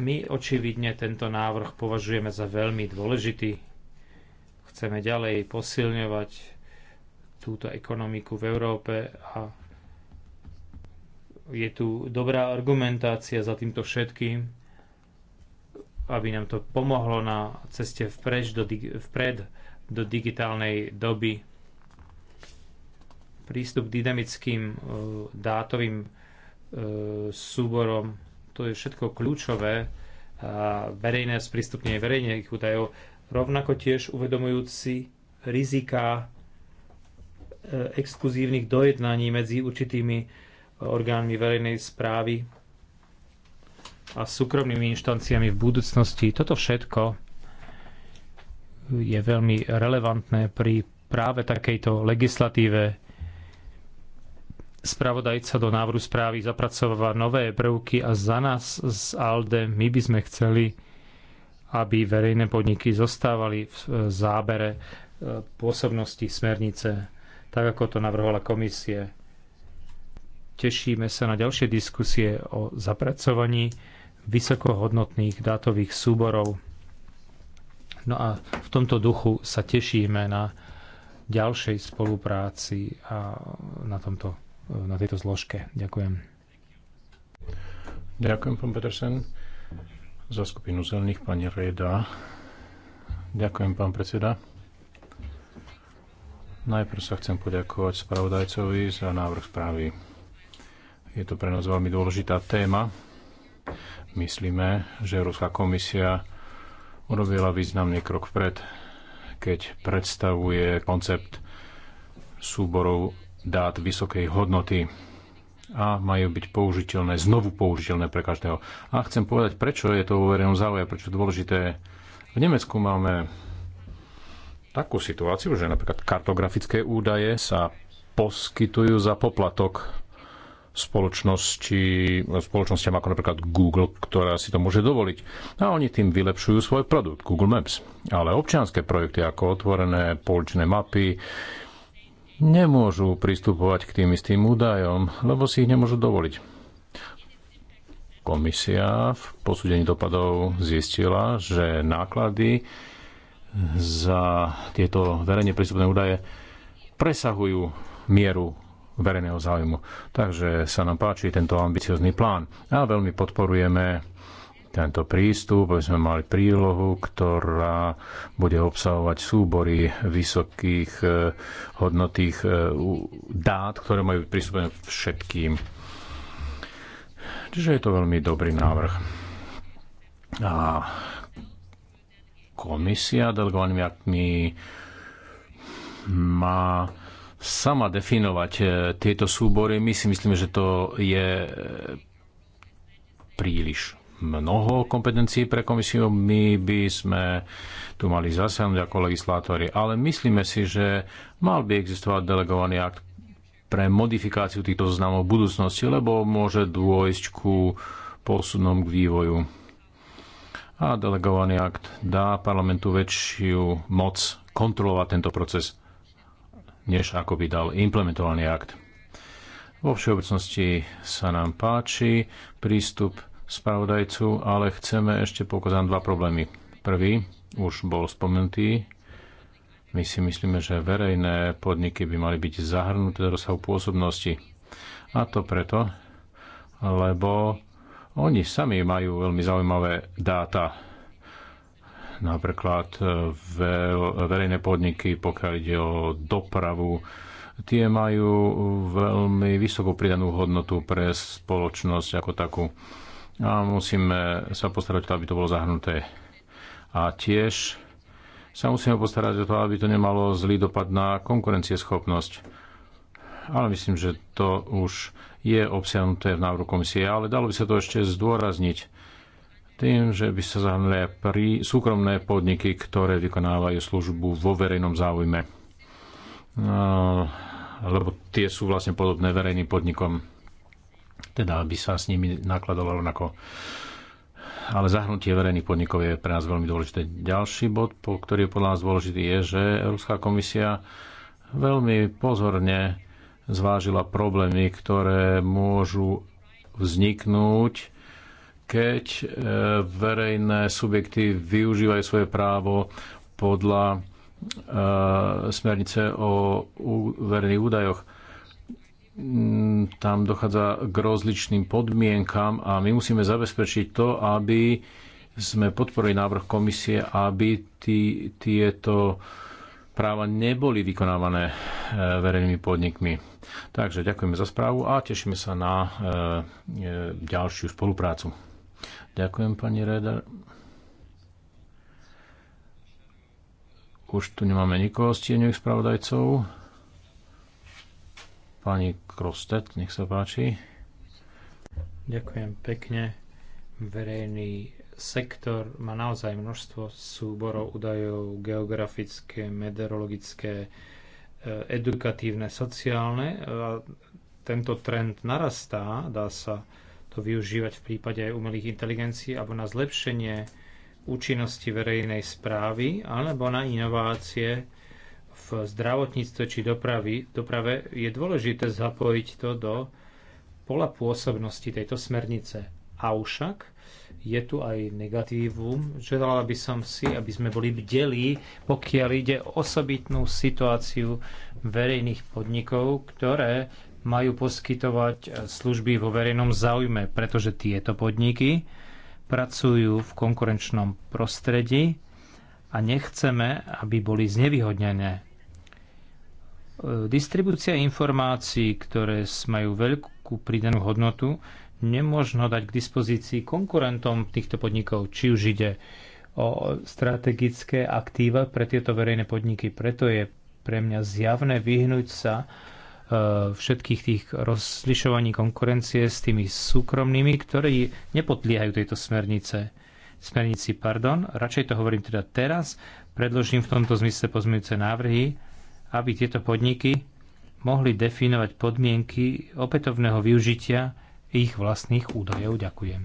My očividne tento návrh považujeme za veľmi dôležitý. Chceme ďalej posilňovať túto ekonomiku v Európe a je tu dobrá argumentácia za týmto všetkým, aby nám to pomohlo na ceste vpred do, vpred do digitálnej doby. Prístup k dynamickým e, dátovým e, súborom, to je všetko kľúčové. A verejné sprístupnenie verejných údajov, rovnako tiež uvedomujúci rizika e, exkluzívnych dojednaní medzi určitými orgánmi verejnej správy a súkromnými inštanciami v budúcnosti. Toto všetko je veľmi relevantné pri práve takejto legislatíve. Spravodajca do návrhu správy zapracováva nové prvky a za nás z ALDE my by sme chceli, aby verejné podniky zostávali v zábere e, pôsobnosti smernice, tak ako to navrhovala komisie. Tešíme sa na ďalšie diskusie o zapracovaní vysokohodnotných dátových súborov No a v tomto duchu sa tešíme na ďalšej spolupráci a na, tomto, na tejto zložke. Ďakujem. Ďakujem, pán Petersen. Za skupinu zelených, pani Reda. Ďakujem, pán predseda. Najprv sa chcem poďakovať spravodajcovi za návrh správy. Je to pre nás veľmi dôležitá téma. Myslíme, že Európska komisia urobila významný krok vpred, keď predstavuje koncept súborov dát vysokej hodnoty a majú byť použiteľné, znovu použiteľné pre každého. A chcem povedať, prečo je to vo verejnom záujme, prečo dôležité. V Nemecku máme takú situáciu, že napríklad kartografické údaje sa poskytujú za poplatok spoločnosti, spoločnosťam ako napríklad Google, ktorá si to môže dovoliť. A oni tým vylepšujú svoj produkt, Google Maps. Ale občianské projekty ako otvorené poličné mapy nemôžu pristupovať k tým istým údajom, lebo si ich nemôžu dovoliť. Komisia v posúdení dopadov zistila, že náklady za tieto verejne prístupné údaje presahujú mieru verejného záujmu. Takže sa nám páči tento ambiciozný plán a veľmi podporujeme tento prístup, aby sme mali prílohu, ktorá bude obsahovať súbory vysokých eh, hodnotých eh, dát, ktoré majú prístupené všetkým. Čiže je to veľmi dobrý návrh. A komisia delegovanými aktmi má sama definovať e, tieto súbory. My si myslíme, že to je e, príliš mnoho kompetencií pre komisiu. My by sme tu mali zasiahnuť ako legislátori, ale myslíme si, že mal by existovať delegovaný akt pre modifikáciu týchto zoznamov v budúcnosti, lebo môže dôjsť ku posunom k vývoju. A delegovaný akt dá parlamentu väčšiu moc kontrolovať tento proces než ako by dal implementovaný akt. Vo všeobecnosti sa nám páči prístup spravodajcu, ale chceme ešte poukázať dva problémy. Prvý už bol spomenutý. My si myslíme, že verejné podniky by mali byť zahrnuté do rozsahu pôsobnosti. A to preto, lebo oni sami majú veľmi zaujímavé dáta napríklad e, verejné podniky, pokiaľ ide o dopravu, tie majú veľmi vysokú pridanú hodnotu pre spoločnosť ako takú. A musíme sa postarať o to, aby to bolo zahrnuté. A tiež sa musíme postarať o to, aby to nemalo zlý dopad na konkurencieschopnosť. Ale myslím, že to už je obsiahnuté v návrhu komisie, ale dalo by sa to ešte zdôrazniť tým, že by sa zahrnuli pri súkromné podniky, ktoré vykonávajú službu vo verejnom záujme. No, lebo tie sú vlastne podobné verejným podnikom. Teda by sa s nimi nakladalo rovnako. Ale zahrnutie verejných podnikov je pre nás veľmi dôležité. Ďalší bod, po ktorý je podľa nás dôležitý, je, že Európska komisia veľmi pozorne zvážila problémy, ktoré môžu vzniknúť keď e, verejné subjekty využívajú svoje právo podľa e, smernice o verejných údajoch. Mm, tam dochádza k rozličným podmienkam a my musíme zabezpečiť to, aby sme podporili návrh komisie, aby tí, tieto práva neboli vykonávané e, verejnými podnikmi. Takže ďakujeme za správu a tešíme sa na ďalšiu spoluprácu. Ďakujem, pani Reda. Už tu nemáme nikoho z tieňových spravodajcov. Pani Krostet, nech sa páči. Ďakujem pekne. Verejný sektor má naozaj množstvo súborov údajov geografické, meteorologické, e, edukatívne, sociálne. A tento trend narastá, dá sa to využívať v prípade aj umelých inteligencií alebo na zlepšenie účinnosti verejnej správy alebo na inovácie v zdravotníctve či dopravy, doprave je dôležité zapojiť to do pola pôsobnosti tejto smernice. Avšak je tu aj negatívum. Želala by som si, aby sme boli bdelí, pokiaľ ide o osobitnú situáciu verejných podnikov, ktoré majú poskytovať e, služby vo verejnom záujme, pretože tieto podniky pracujú v konkurenčnom prostredí a nechceme, aby boli znevýhodnené. E, distribúcia informácií, ktoré majú veľkú pridanú hodnotu, nemôžno dať k dispozícii konkurentom týchto podnikov, či už ide o strategické aktíva pre tieto verejné podniky. Preto je pre mňa zjavné vyhnúť sa Eh, všetkých tých rozlišovaní konkurencie s tými súkromnými, ktorí nepodliehajú tejto smernice. Smernici, pardon. Radšej to hovorím teda teraz. Predložím v tomto zmysle pozmeňujúce návrhy, aby tieto podniky mohli definovať podmienky opätovného využitia ich vlastných údajov. Ďakujem.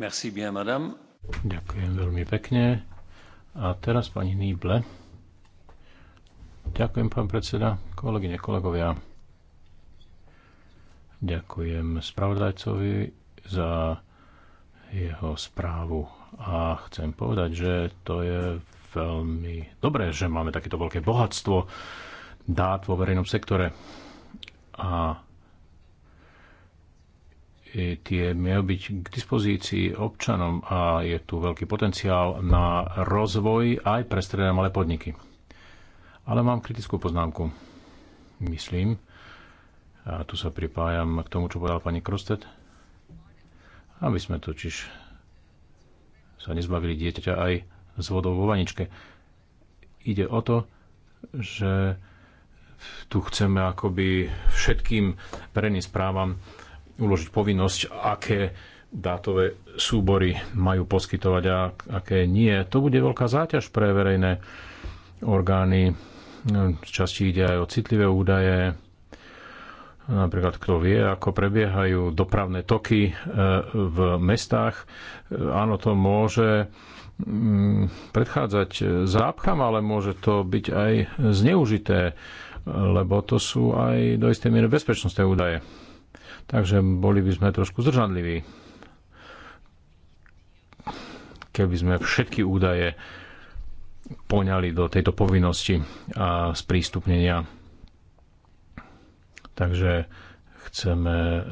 Merci bien, madame. Ďakujem veľmi pekne. A teraz pani Nýble. Ďakujem, pán predseda, kolegyne, kolegovia. Ďakujem spravodajcovi za jeho správu a chcem povedať, že to je veľmi dobré, že máme takéto veľké bohatstvo dát vo verejnom sektore a tie majú byť k dispozícii občanom a je tu veľký potenciál na rozvoj aj pre stredné malé podniky. Ale mám kritickú poznámku. Myslím, a tu sa pripájam k tomu, čo povedal pani Krostet, aby sme totiž sa nezbavili dieťaťa aj s vodou vo vaničke. Ide o to, že tu chceme akoby všetkým verejným správam uložiť povinnosť, aké dátové súbory majú poskytovať a aké nie. To bude veľká záťaž pre verejné orgány v časti ide aj o citlivé údaje, napríklad kto vie, ako prebiehajú dopravné toky e, v mestách. Áno, to môže mm, predchádzať zápcham, ale môže to byť aj zneužité, lebo to sú aj do istej miery bezpečnostné údaje. Takže boli by sme trošku zdržanliví, keby sme všetky údaje poňali do tejto povinnosti a sprístupnenia. Takže chceme e,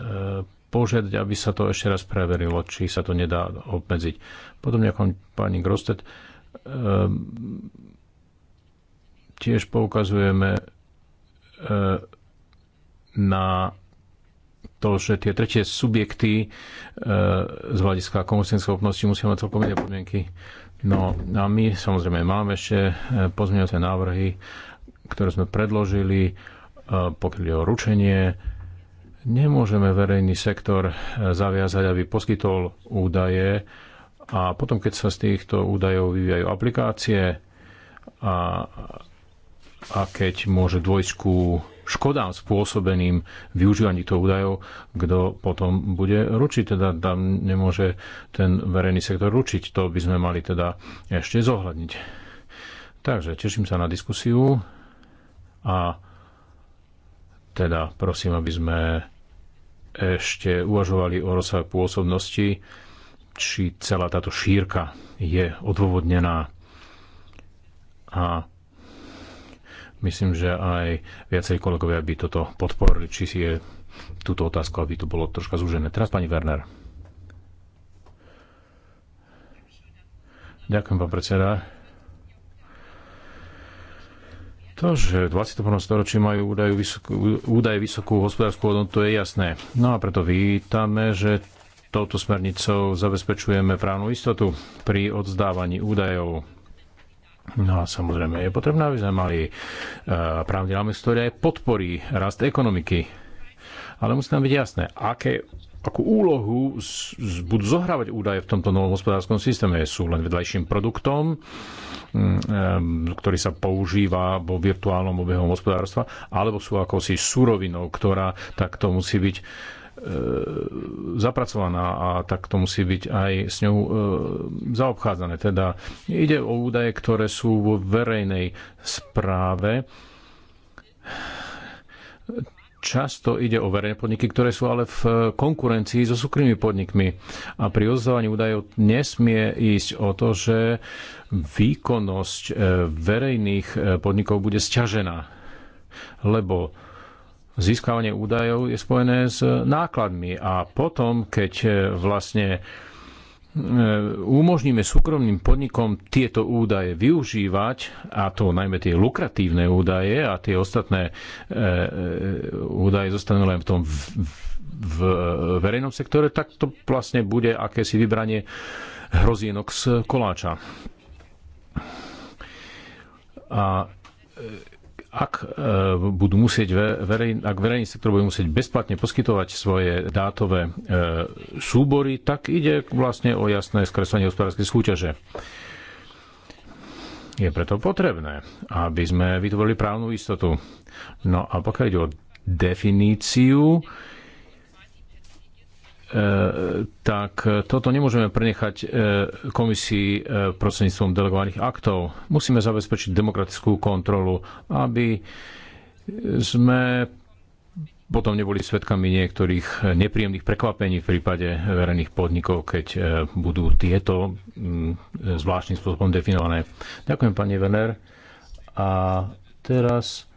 požiadať, aby sa to ešte raz preverilo, či sa to nedá obmedziť. Potom ako pani Grostet, e, tiež poukazujeme e, na to, že tie tretie subjekty z hľadiska komunistického obnosti musia mať celkom iné podmienky No a my samozrejme máme ešte e, pozmeňujúce návrhy, ktoré sme predložili, e, pokiaľ je o ručenie. Nemôžeme verejný sektor e, zaviazať, aby poskytol údaje a potom, keď sa z týchto údajov vyvíjajú aplikácie a, a keď môže dôjsť ku škodám spôsobeným využívaním toho údajov, kto potom bude ručiť. Teda tam nemôže ten verejný sektor ručiť. To by sme mali teda ešte zohľadniť. Takže teším sa na diskusiu a teda prosím, aby sme ešte uvažovali o rozsahu pôsobnosti, či celá táto šírka je odôvodnená a Myslím, že aj viacej kolegovia by toto podporili, či si je túto otázku, aby to bolo troška zúžené. Teraz pani Werner. Ďakujem, pán predseda. To, že v 21. storočí majú údaje vysokú, údaj vysokú hospodárskú hodnotu, je jasné. No a preto vítame, že touto smernicou zabezpečujeme právnu istotu pri odzdávaní údajov No a samozrejme je potrebné, aby sme mali e, právny rámec, ktoré podporí rast ekonomiky. Ale musí nám byť jasné, aké, akú úlohu z, z, budú zohrávať údaje v tomto novom hospodárskom systéme. Sú len vedľajším produktom, mm, e, ktorý sa používa vo virtuálnom obehu hospodárstva, alebo sú akosi surovinou, ktorá takto musí byť E, zapracovaná a tak to musí byť aj s ňou e, zaobchádzané. Teda ide o údaje, ktoré sú vo verejnej správe. Často ide o verejné podniky, ktoré sú ale v konkurencii so súkromnými podnikmi. A pri rozdávaní údajov nesmie ísť o to, že výkonnosť e, verejných podnikov bude sťažená. Lebo získavanie údajov je spojené s nákladmi a potom, keď e, vlastne e, umožníme súkromným podnikom tieto údaje využívať, a to najmä tie lukratívne údaje a tie ostatné e, údaje zostanú len v tom v, v verejnom sektore, tak to vlastne bude akési vybranie hrozienok z koláča. A ak e, budú musieť verejný, ak verejný sektor bude musieť bezplatne poskytovať svoje dátové e, súbory, tak ide vlastne o jasné skreslenie hospodárskej súťaže. Je preto potrebné, aby sme vytvorili právnu istotu. No a pokiaľ ide o definíciu, E, e, tak e, toto nemôžeme prenechať komisii prostredníctvom delegovaných aktov. Musíme zabezpečiť demokratickú kontrolu, aby sme potom neboli svetkami niektorých nepríjemných prekvapení v prípade verejných podnikov, keď budú tieto zvláštnym spôsobom definované. Ďakujem, pani Werner. A teraz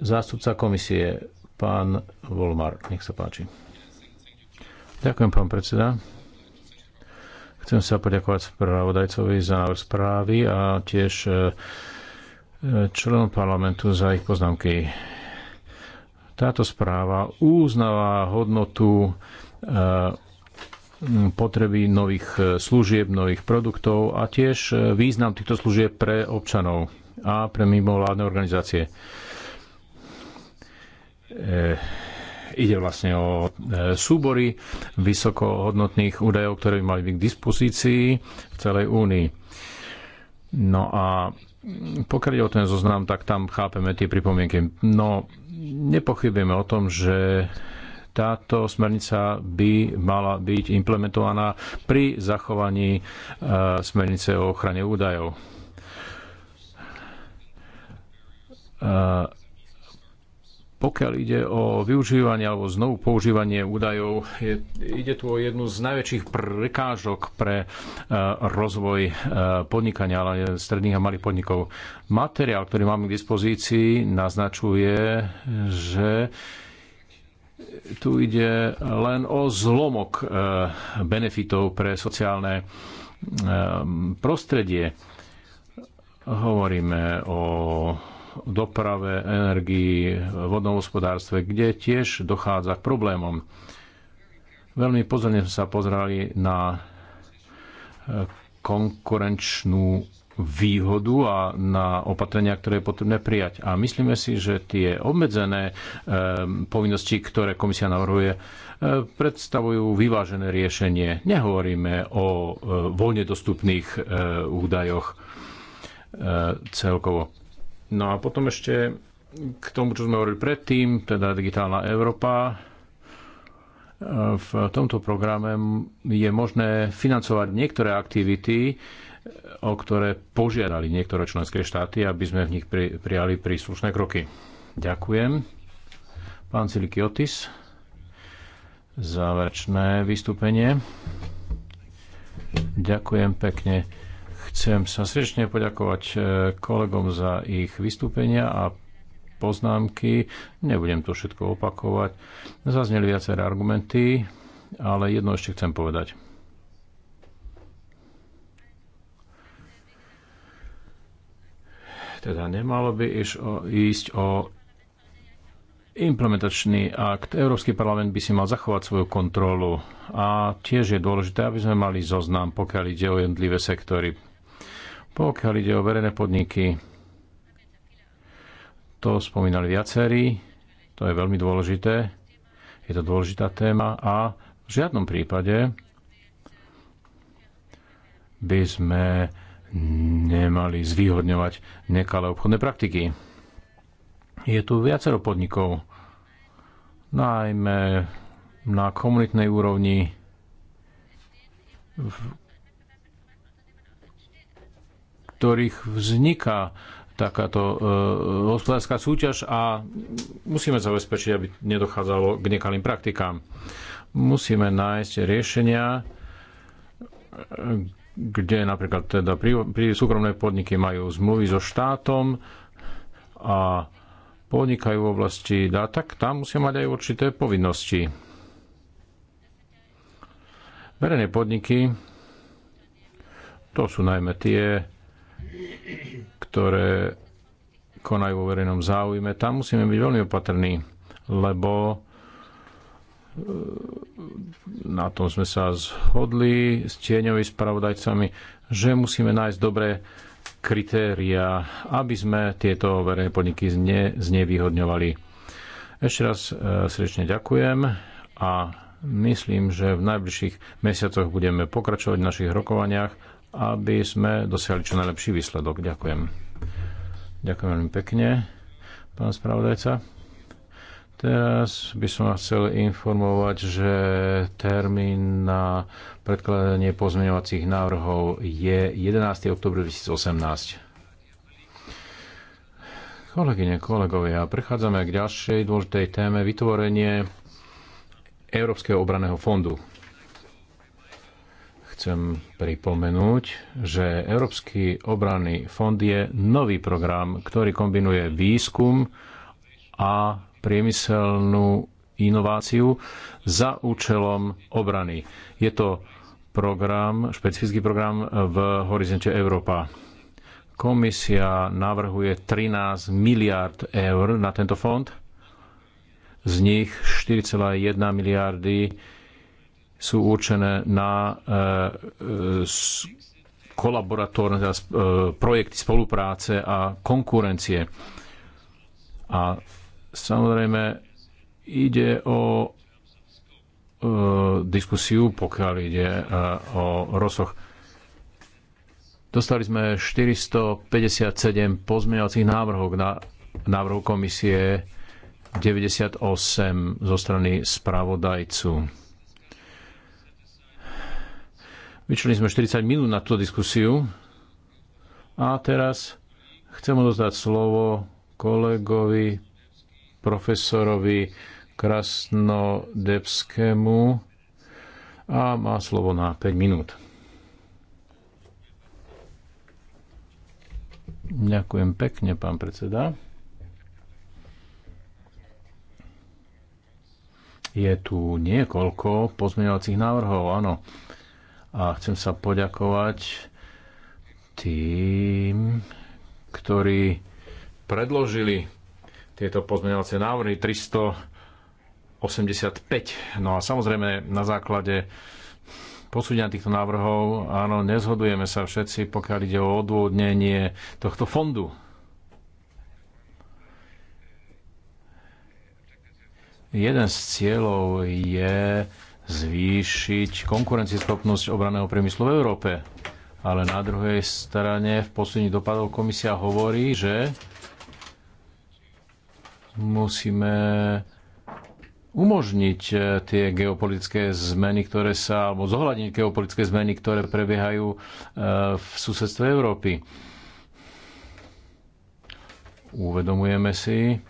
zástupca komisie, pán Volmar. Nech sa páči. Ďakujem, pán predseda. Chcem sa poďakovať spravodajcovi za návrh správy a tiež e, členom parlamentu za ich poznámky. Táto správa uznáva hodnotu e, potreby nových e, služieb, nových produktov a tiež význam týchto služieb pre občanov a pre mimovládne organizácie. E Ide vlastne o e, súbory vysokohodnotných údajov, ktoré by mali byť k dispozícii v celej únii. No a pokiaľ ide o ten zoznam, tak tam chápeme tie pripomienky. No, nepochybujeme o tom, že táto smernica by mala byť implementovaná pri zachovaní e, smernice o ochrane údajov e, pokiaľ ide o využívanie alebo znovu používanie údajov, je, ide tu o jednu z najväčších prekážok pre uh, rozvoj uh, podnikania, ale stredných a malých podnikov. Materiál, ktorý máme k dispozícii, naznačuje, že tu ide len o zlomok uh, benefitov pre sociálne uh, prostredie. Hovoríme o doprave, energii, vodnom hospodárstve, kde tiež dochádza k problémom. Veľmi pozorne sme sa pozerali na eh, konkurenčnú výhodu a na opatrenia, ktoré je potrebné prijať. A myslíme si, že tie obmedzené e, povinnosti, ktoré komisia navrhuje, e, predstavujú vyvážené riešenie. Nehovoríme o e, voľne dostupných e, údajoch e, celkovo No a potom ešte k tomu, čo sme hovorili predtým, teda Digitálna Európa. E, v tomto programe je možné financovať niektoré aktivity, e, o ktoré požiadali niektoré členské štáty, aby sme v nich pri, prijali príslušné kroky. Ďakujem. Pán Otis, záverečné vystúpenie. Ďakujem pekne. Chcem sa srdečne poďakovať e, kolegom za ich vystúpenia a poznámky. Nebudem to všetko opakovať. Zazneli viaceré argumenty, ale jedno ešte chcem povedať. Teda nemalo by ísť o implementačný akt. Európsky parlament by si mal zachovať svoju kontrolu a tiež je dôležité, aby sme mali zoznam, pokiaľ ide o jednotlivé sektory. Pokiaľ ide o verejné podniky, to spomínali viacerí, to je veľmi dôležité, je to dôležitá téma a v žiadnom prípade by sme nemali zvýhodňovať nekalé obchodné praktiky. Je tu viacero podnikov, najmä na komunitnej úrovni, ktorých vzniká takáto e, hospodárska súťaž a musíme zabezpečiť, aby nedochádzalo k nekalým praktikám. Musíme nájsť riešenia, kde napríklad teda pri, pri súkromné podniky majú zmluvy so štátom a podnikajú v oblasti dát, tak tam musia mať aj určité povinnosti. Verejné podniky to sú najmä tie, ktoré konajú vo verejnom záujme, tam musíme byť veľmi opatrní, lebo e, na tom sme sa zhodli s tieňovi spravodajcami, že musíme nájsť dobré kritéria, aby sme tieto verejné podniky zne, znevýhodňovali. Ešte raz e, srdečne ďakujem a myslím, že v najbližších mesiacoch budeme pokračovať v našich rokovaniach aby sme dosiahli čo najlepší výsledok. Ďakujem. Ďakujem veľmi pekne, pán spravodajca. Teraz by som vás chcel informovať, že termín na predkladanie pozmeňovacích návrhov je 11. október 2018. Kolegyne, kolegovia, prechádzame k ďalšej dôležitej téme vytvorenie Európskeho obraného fondu chcem pripomenúť, že Európsky obranný fond je nový program, ktorý kombinuje výskum a priemyselnú inováciu za účelom obrany. Je to program, špecifický program v horizonte Európa. Komisia navrhuje 13 miliard eur na tento fond, z nich 4,1 miliardy sú určené na e, e, kolaboratórne teda projekty spolupráce a konkurencie. A samozrejme ide o e, diskusiu, pokiaľ ide o rozsoch. Dostali sme 457 pozmeňovacích návrhov na návrhu komisie 98 zo strany spravodajcu vyčlenili sme 40 minút na túto diskusiu. A teraz chcem odozdať slovo kolegovi, profesorovi Krasnodebskému a má slovo na 5 minút. Ďakujem pekne, pán predseda. Je tu niekoľko pozmeňovacích návrhov, áno a chcem sa poďakovať tým, ktorí predložili tieto pozmeňovacie návrhy 385. No a samozrejme na základe posúdenia týchto návrhov, áno, nezhodujeme sa všetci, pokiaľ ide o odôvodnenie tohto fondu. Jeden z cieľov je zvýšiť konkurencieschopnosť obraného priemyslu v Európe. Ale na druhej strane v posledných dopadoch komisia hovorí, že musíme umožniť eh, tie geopolitické zmeny, ktoré sa, alebo zohľadniť geopolitické zmeny, ktoré prebiehajú eh, v susedstve Európy. Uvedomujeme si,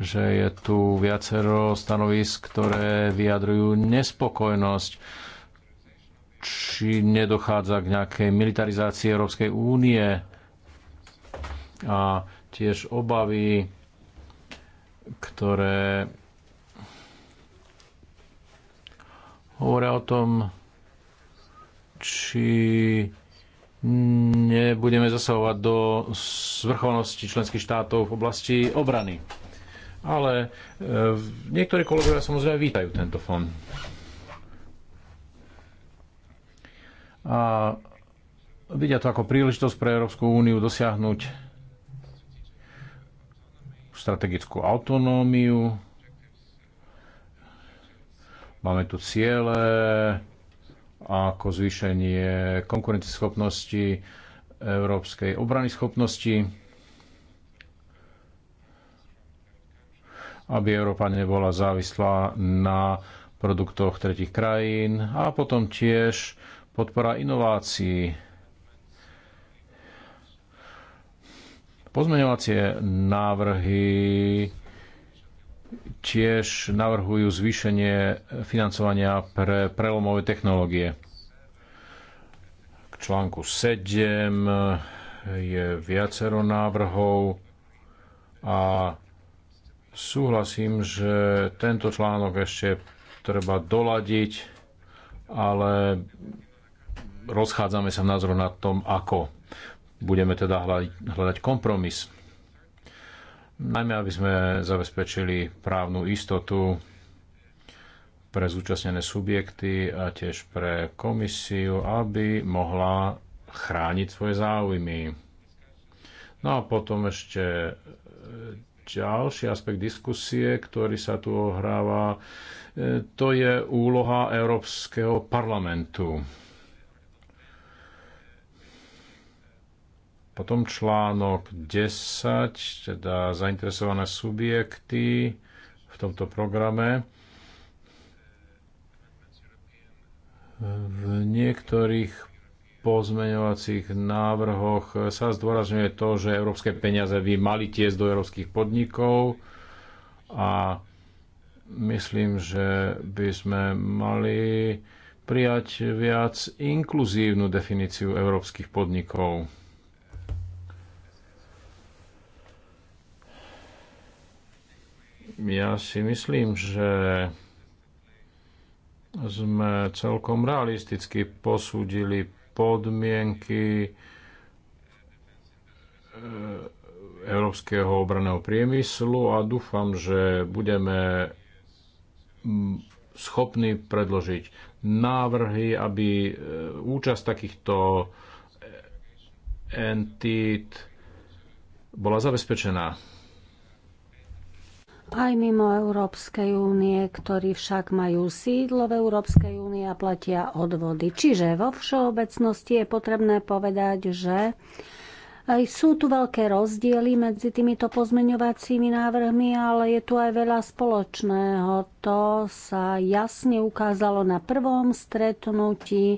že je tu viacero stanovisk, ktoré vyjadrujú nespokojnosť, či nedochádza k nejakej militarizácii Európskej únie a tiež obavy, ktoré hovoria o tom, či nebudeme zasahovať do zvrchovanosti členských štátov v oblasti obrany ale e, niektorí kolegovia samozrejme vítajú tento fond. A vidia to ako príležitosť pre Európsku úniu dosiahnuť strategickú autonómiu. Máme tu ciele ako zvýšenie konkurenceschopnosti európskej obrany schopnosti aby Európa nebola závislá na produktoch tretich krajín a potom tiež podpora inovácií. Pozmeňovacie návrhy tiež navrhujú zvýšenie financovania pre prelomové technológie. K článku 7 je viacero návrhov a Súhlasím, že tento článok ešte treba doladiť, ale rozchádzame sa v názoru na tom, ako. Budeme teda hľadať kompromis. Najmä, aby sme zabezpečili právnu istotu pre zúčastnené subjekty a tiež pre komisiu, aby mohla chrániť svoje záujmy. No a potom ešte ďalší aspekt diskusie, ktorý sa tu ohráva, e, to je úloha Európskeho parlamentu. Potom článok 10, teda zainteresované subjekty v tomto programe. V niektorých pozmeňovacích návrhoch sa zdôrazňuje to, že európske peniaze by mali tiesť do európskych podnikov a myslím, že by sme mali prijať viac inkluzívnu definíciu európskych podnikov. Ja si myslím, že sme celkom realisticky posúdili podmienky e, európskeho obraného priemyslu a dúfam, že budeme schopní predložiť návrhy, aby e, účasť takýchto e, entít bola zabezpečená aj mimo Európskej únie, ktorí však majú sídlo v Európskej únie a platia odvody. Čiže vo všeobecnosti je potrebné povedať, že aj sú tu veľké rozdiely medzi týmito pozmeňovacími návrhmi, ale je tu aj veľa spoločného. To sa jasne ukázalo na prvom stretnutí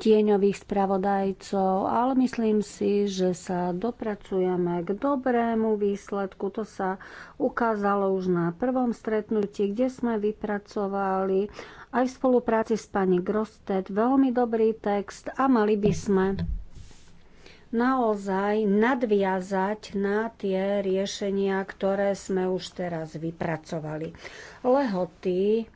tieňových spravodajcov, ale myslím si, že sa dopracujeme k dobrému výsledku. To sa ukázalo už na prvom stretnutí, kde sme vypracovali aj v spolupráci s pani Grostet veľmi dobrý text a mali by sme naozaj nadviazať na tie riešenia, ktoré sme už teraz vypracovali. Lehoty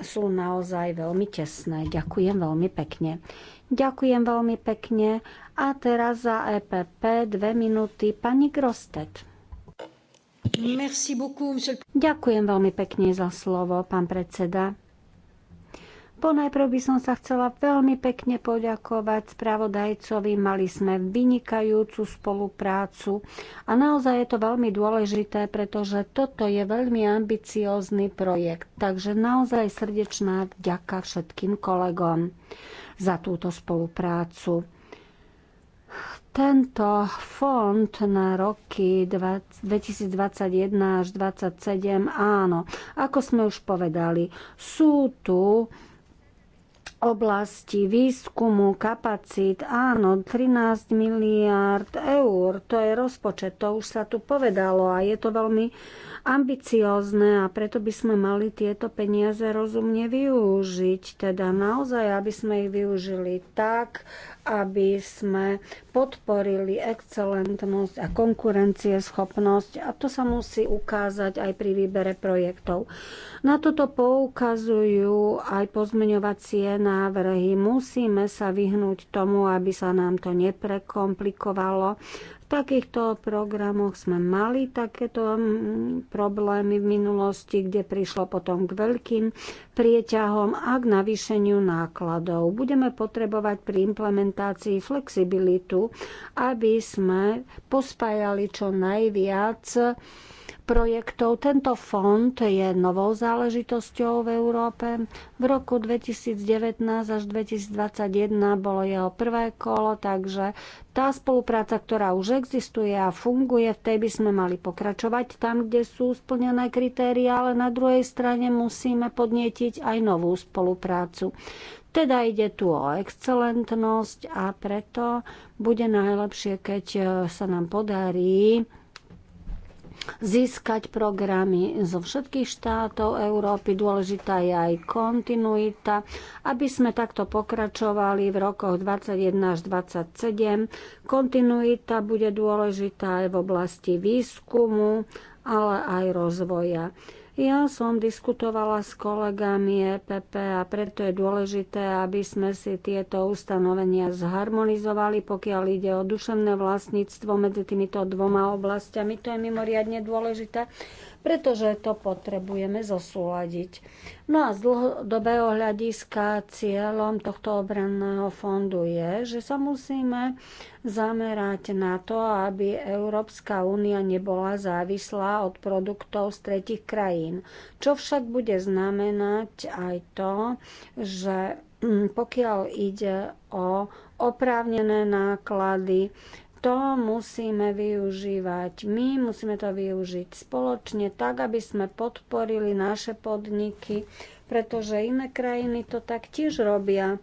sú naozaj veľmi tesné. Ďakujem veľmi pekne. Ďakujem veľmi pekne. A teraz za EPP dve minúty pani Grostet. Merci beaucoup, monsieur... Ďakujem veľmi pekne za slovo, pán predseda. Ponajprv by som sa chcela veľmi pekne poďakovať spravodajcovi. Mali sme vynikajúcu spoluprácu a naozaj je to veľmi dôležité, pretože toto je veľmi ambiciózny projekt. Takže naozaj srdečná vďaka všetkým kolegom za túto spoluprácu. Tento fond na roky 2021 až 2027, áno, ako sme už povedali, sú tu oblasti výskumu kapacít, áno, 13 miliárd eur, to je rozpočet, to už sa tu povedalo a je to veľmi ambiciózne a preto by sme mali tieto peniaze rozumne využiť, teda naozaj, aby sme ich využili tak, aby sme podporili excelentnosť a konkurencieschopnosť a to sa musí ukázať aj pri výbere projektov. Na toto poukazujú aj pozmeňovacie návrhy. Musíme sa vyhnúť tomu, aby sa nám to neprekomplikovalo takýchto programoch sme mali takéto mm, problémy v minulosti, kde prišlo potom k veľkým prieťahom a k navýšeniu nákladov. Budeme potrebovať pri implementácii flexibilitu, aby sme pospájali čo najviac projektov. Tento fond je novou záležitosťou v Európe. V roku 2019 až 2021 bolo jeho prvé kolo, takže tá spolupráca, ktorá už existuje a funguje, v tej by sme mali pokračovať tam, kde sú splnené kritéria, ale na druhej strane musíme podnietiť aj novú spoluprácu. Teda ide tu o excelentnosť a preto bude najlepšie, keď sa nám podarí získať programy zo všetkých štátov Európy. Dôležitá je aj kontinuita, aby sme takto pokračovali v rokoch 21 až 27. Kontinuita bude dôležitá aj v oblasti výskumu, ale aj rozvoja. Ja som diskutovala s kolegami EPP a preto je dôležité, aby sme si tieto ustanovenia zharmonizovali, pokiaľ ide o duševné vlastníctvo medzi týmito dvoma oblastiami. To je mimoriadne dôležité pretože to potrebujeme zosúľadiť. No a z dlhodobého hľadiska cieľom tohto obranného fondu je, že sa musíme zamerať na to, aby Európska únia nebola závislá od produktov z tretich krajín. Čo však bude znamenať aj to, že mm, pokiaľ ide o oprávnené náklady, to musíme využívať. My musíme to využiť spoločne tak, aby sme podporili naše podniky, pretože iné krajiny to taktiež robia.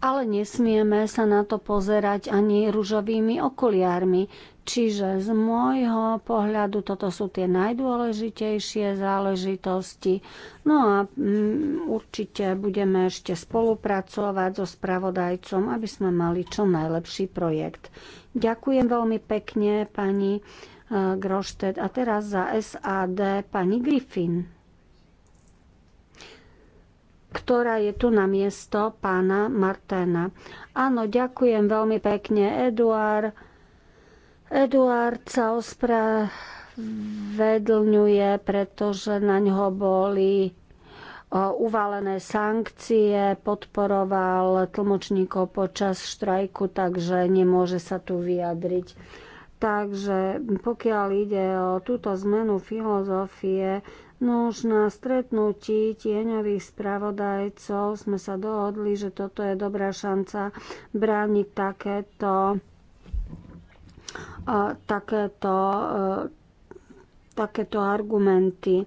Ale nesmieme sa na to pozerať ani rúžovými okuliármi. Čiže z môjho pohľadu toto sú tie najdôležitejšie záležitosti. No a mm, určite budeme ešte spolupracovať so spravodajcom, aby sme mali čo najlepší projekt. Ďakujem veľmi pekne pani e, Groštet a teraz za SAD pani Griffin ktorá je tu na miesto pána Marténa. Áno, ďakujem veľmi pekne, Eduard Eduard sa ospravedlňuje, pretože na ňo boli uvalené sankcie, podporoval tlmočníkov počas štrajku, takže nemôže sa tu vyjadriť. Takže pokiaľ ide o túto zmenu filozofie, no už na stretnutí tieňových spravodajcov sme sa dohodli, že toto je dobrá šanca brániť takéto a takéto, e, takéto argumenty.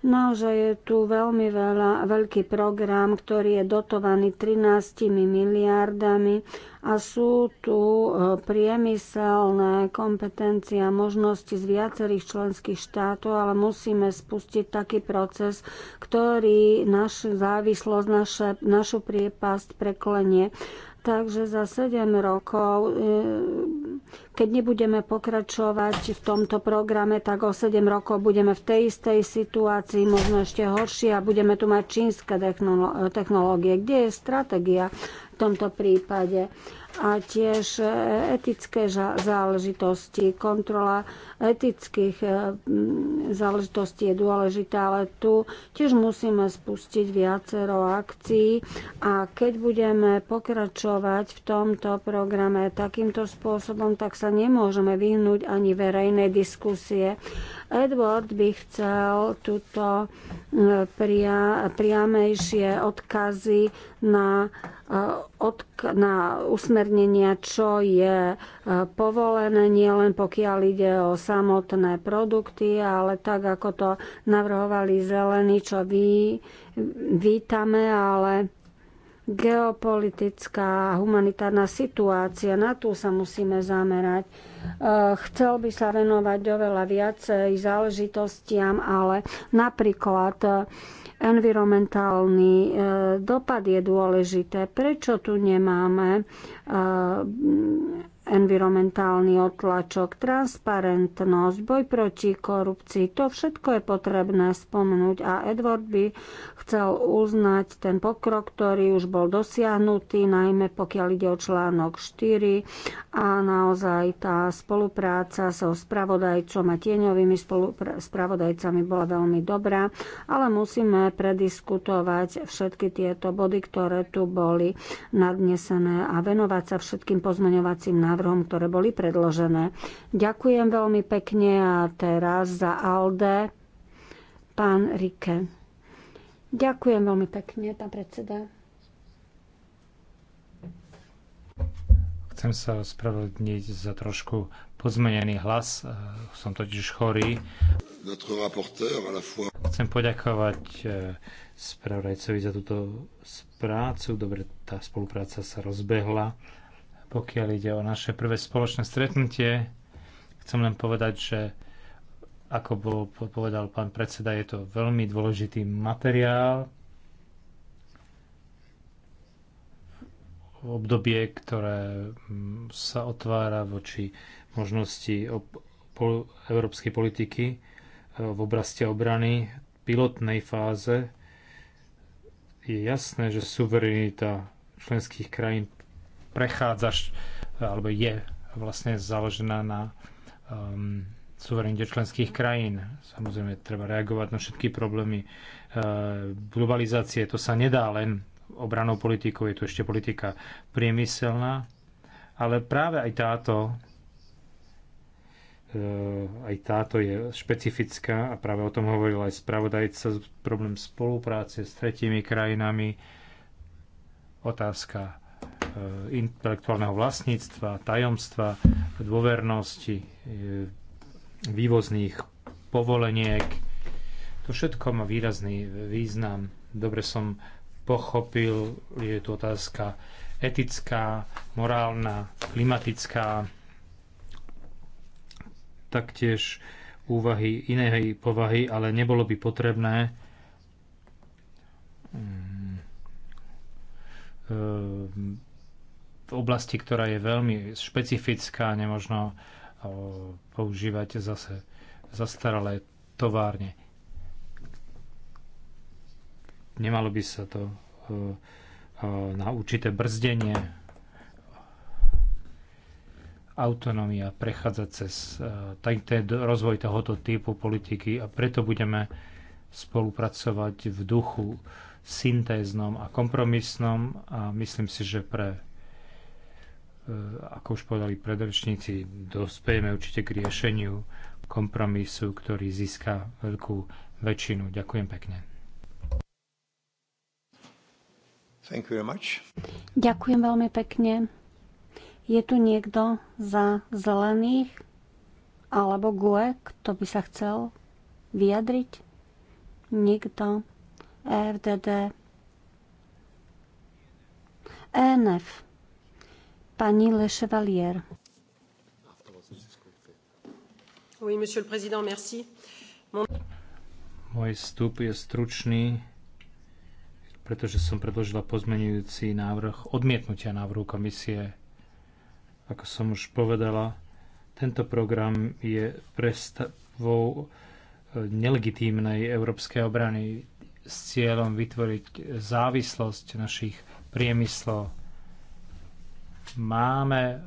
Naozaj je tu veľmi veľa, veľký program, ktorý je dotovaný 13 miliardami a sú tu e, priemyselné kompetencie a možnosti z viacerých členských štátov, ale musíme spustiť taký proces, ktorý našu závislosť, naše, našu priepasť preklenie. Takže za 7 rokov, e, keď nebudeme pokračovať v tomto programe, tak o 7 rokov budeme v tej istej situácii, možno ešte horšie a budeme tu mať čínske technológie. Kde je stratégia v tomto prípade? A tiež e, etické záležitosti, kontrola etických eh, záležitostí je dôležitá, ale tu tiež musíme spustiť viacero akcií a keď budeme pokračovať v tomto programe takýmto spôsobom, tak sa nemôžeme vyhnúť ani verejnej diskusie. Edward by chcel túto eh, pria, priamejšie odkazy na, eh, odk- na usmernenia, čo je povolené, nielen pokiaľ ide o samotné produkty, ale tak, ako to navrhovali zelení, čo vy, vítame, ale geopolitická a humanitárna situácia, na tú sa musíme zamerať. E, chcel by sa venovať oveľa viacej záležitostiam, ale napríklad e, environmentálny e, dopad je dôležité. Prečo tu nemáme environmentálny otlačok, transparentnosť, boj proti korupcii, to všetko je potrebné spomenúť a Edward by chcel uznať ten pokrok, ktorý už bol dosiahnutý, najmä pokiaľ ide o článok 4 a naozaj tá spolupráca so spravodajcom a tieňovými spravodajcami bola veľmi dobrá, ale musíme prediskutovať všetky tieto body, ktoré tu boli nadnesené a venovať sa všetkým pozmeňovacím návrhom návrhom, ktoré boli predložené. Ďakujem veľmi pekne a teraz za ALDE pán Rike. Ďakujem veľmi pekne, pán predseda. Chcem sa ospravedlniť za trošku pozmenený hlas. E, som totiž chorý. Chcem poďakovať e, spravodajcovi za túto prácu. Dobre, tá spolupráca sa rozbehla. Pokiaľ ide o naše prvé spoločné stretnutie, chcem len povedať, že ako bol, povedal pán predseda, je to veľmi dôležitý materiál. Obdobie, ktoré mm, sa otvára voči možnosti európskej politiky e, v oblasti obrany pilotnej fáze, je jasné, že suverenita členských krajín prechádzaš, alebo je vlastne založená na um, suverenite členských krajín. Samozrejme, treba reagovať na všetky problémy e, globalizácie. To sa nedá len obranou politikou, je tu ešte politika priemyselná, ale práve aj táto e, aj táto je špecifická a práve o tom hovoril aj spravodajca problém spolupráce s tretími krajinami otázka Eh, intelektuálneho vlastníctva, tajomstva, dôvernosti, eh, vývozných povoleniek. To všetko má výrazný význam. Dobre som pochopil, je tu otázka etická, morálna, klimatická, taktiež úvahy inej povahy, ale nebolo by potrebné mm, eh, v oblasti, ktorá je veľmi špecifická, nemožno používať zase zastaralé továrne. Nemalo by sa to na určité brzdenie autonómia prechádza cez e, ten rozvoj tohoto typu politiky a preto budeme spolupracovať v duchu syntéznom a kompromisnom a myslím si, že pre E, ako už povedali predrečníci, dospejeme určite k riešeniu kompromisu, ktorý získa veľkú väčšinu. Ďakujem pekne. Thank you very much. Ďakujem veľmi pekne. Je tu niekto za zelených alebo GUE, kto by sa chcel vyjadriť? Nikto. E FDD. ENF pani Le Chevalier. Oui, monsieur le président, merci. Mon... Môj vstup je stručný, pretože som predložila pozmenujúci návrh odmietnutia návrhu komisie. Ako som už povedala, tento program je prestavou e, nelegitímnej európskej obrany s cieľom vytvoriť závislosť našich priemyslov Máme e,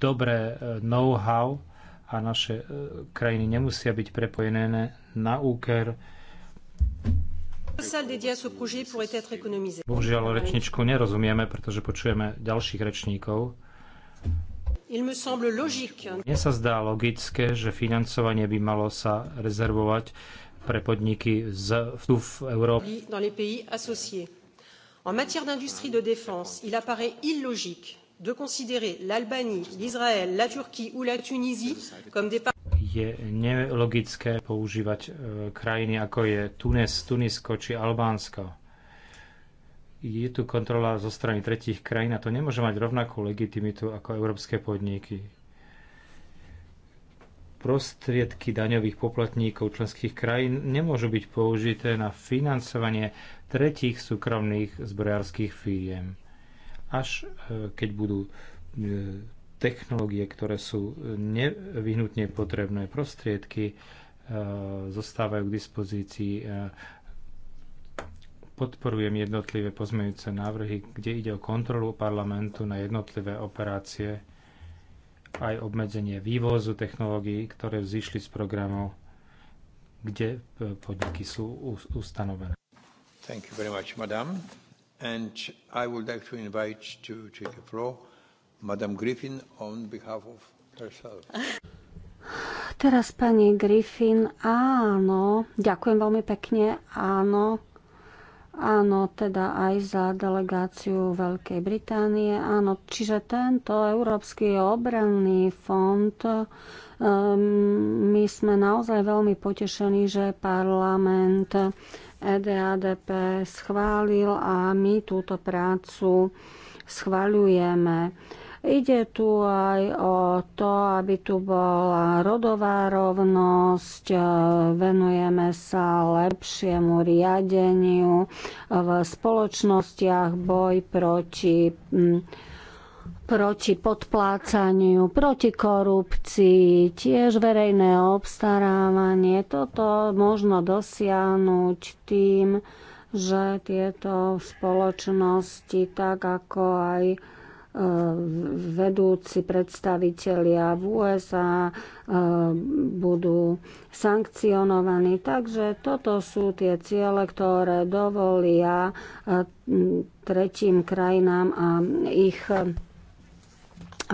dobré e, know-how a naše e, krajiny nemusia byť prepojené na úker. Bohužiaľ, rečničku nerozumieme, pretože počujeme ďalších rečníkov. Mne sa zdá logické, že financovanie by malo sa rezervovať pre podniky z, tu v Európe. En matière d'industrie de défense, il apparaît illogique de considérer l'Albanie, l'Israël, la Turquie ou la Tunisie comme des je nelogické používať e, krajiny ako je Tunes, Tunisko či Albánsko. Je tu kontrola zo strany tretích krajín a to nemôže mať rovnakú legitimitu ako európske podniky. Prostriedky daňových poplatníkov členských krajín nemôžu byť použité na financovanie tretích súkromných zbrojárských firiem až e, keď budú e, technológie, ktoré sú nevyhnutne potrebné prostriedky, e, zostávajú k dispozícii. Podporujem jednotlivé pozmeňujúce návrhy, kde ide o kontrolu parlamentu na jednotlivé operácie, aj obmedzenie vývozu technológií, ktoré vzýšli z programov, kde podniky sú ustanovené. Thank you very much, And I would like to invite to take the floor Madam Griffin on behalf of herself. Teraz pani Griffin, áno, ďakujem veľmi pekne, áno, áno, teda aj za delegáciu Veľkej Británie, áno, čiže tento Európsky obranný fond, um, my sme naozaj veľmi potešení, že parlament EDADP schválil a my túto prácu schváľujeme. Ide tu aj o to, aby tu bola rodová rovnosť, e, venujeme sa lepšiemu riadeniu v spoločnostiach, boj proti proti podplácaniu, proti korupcii, tiež verejné obstarávanie. Toto možno dosiahnuť tým, že tieto spoločnosti, tak ako aj e, vedúci predstavitelia v USA e, budú sankcionovaní. Takže toto sú tie ciele, ktoré dovolia e, tretím krajinám a ich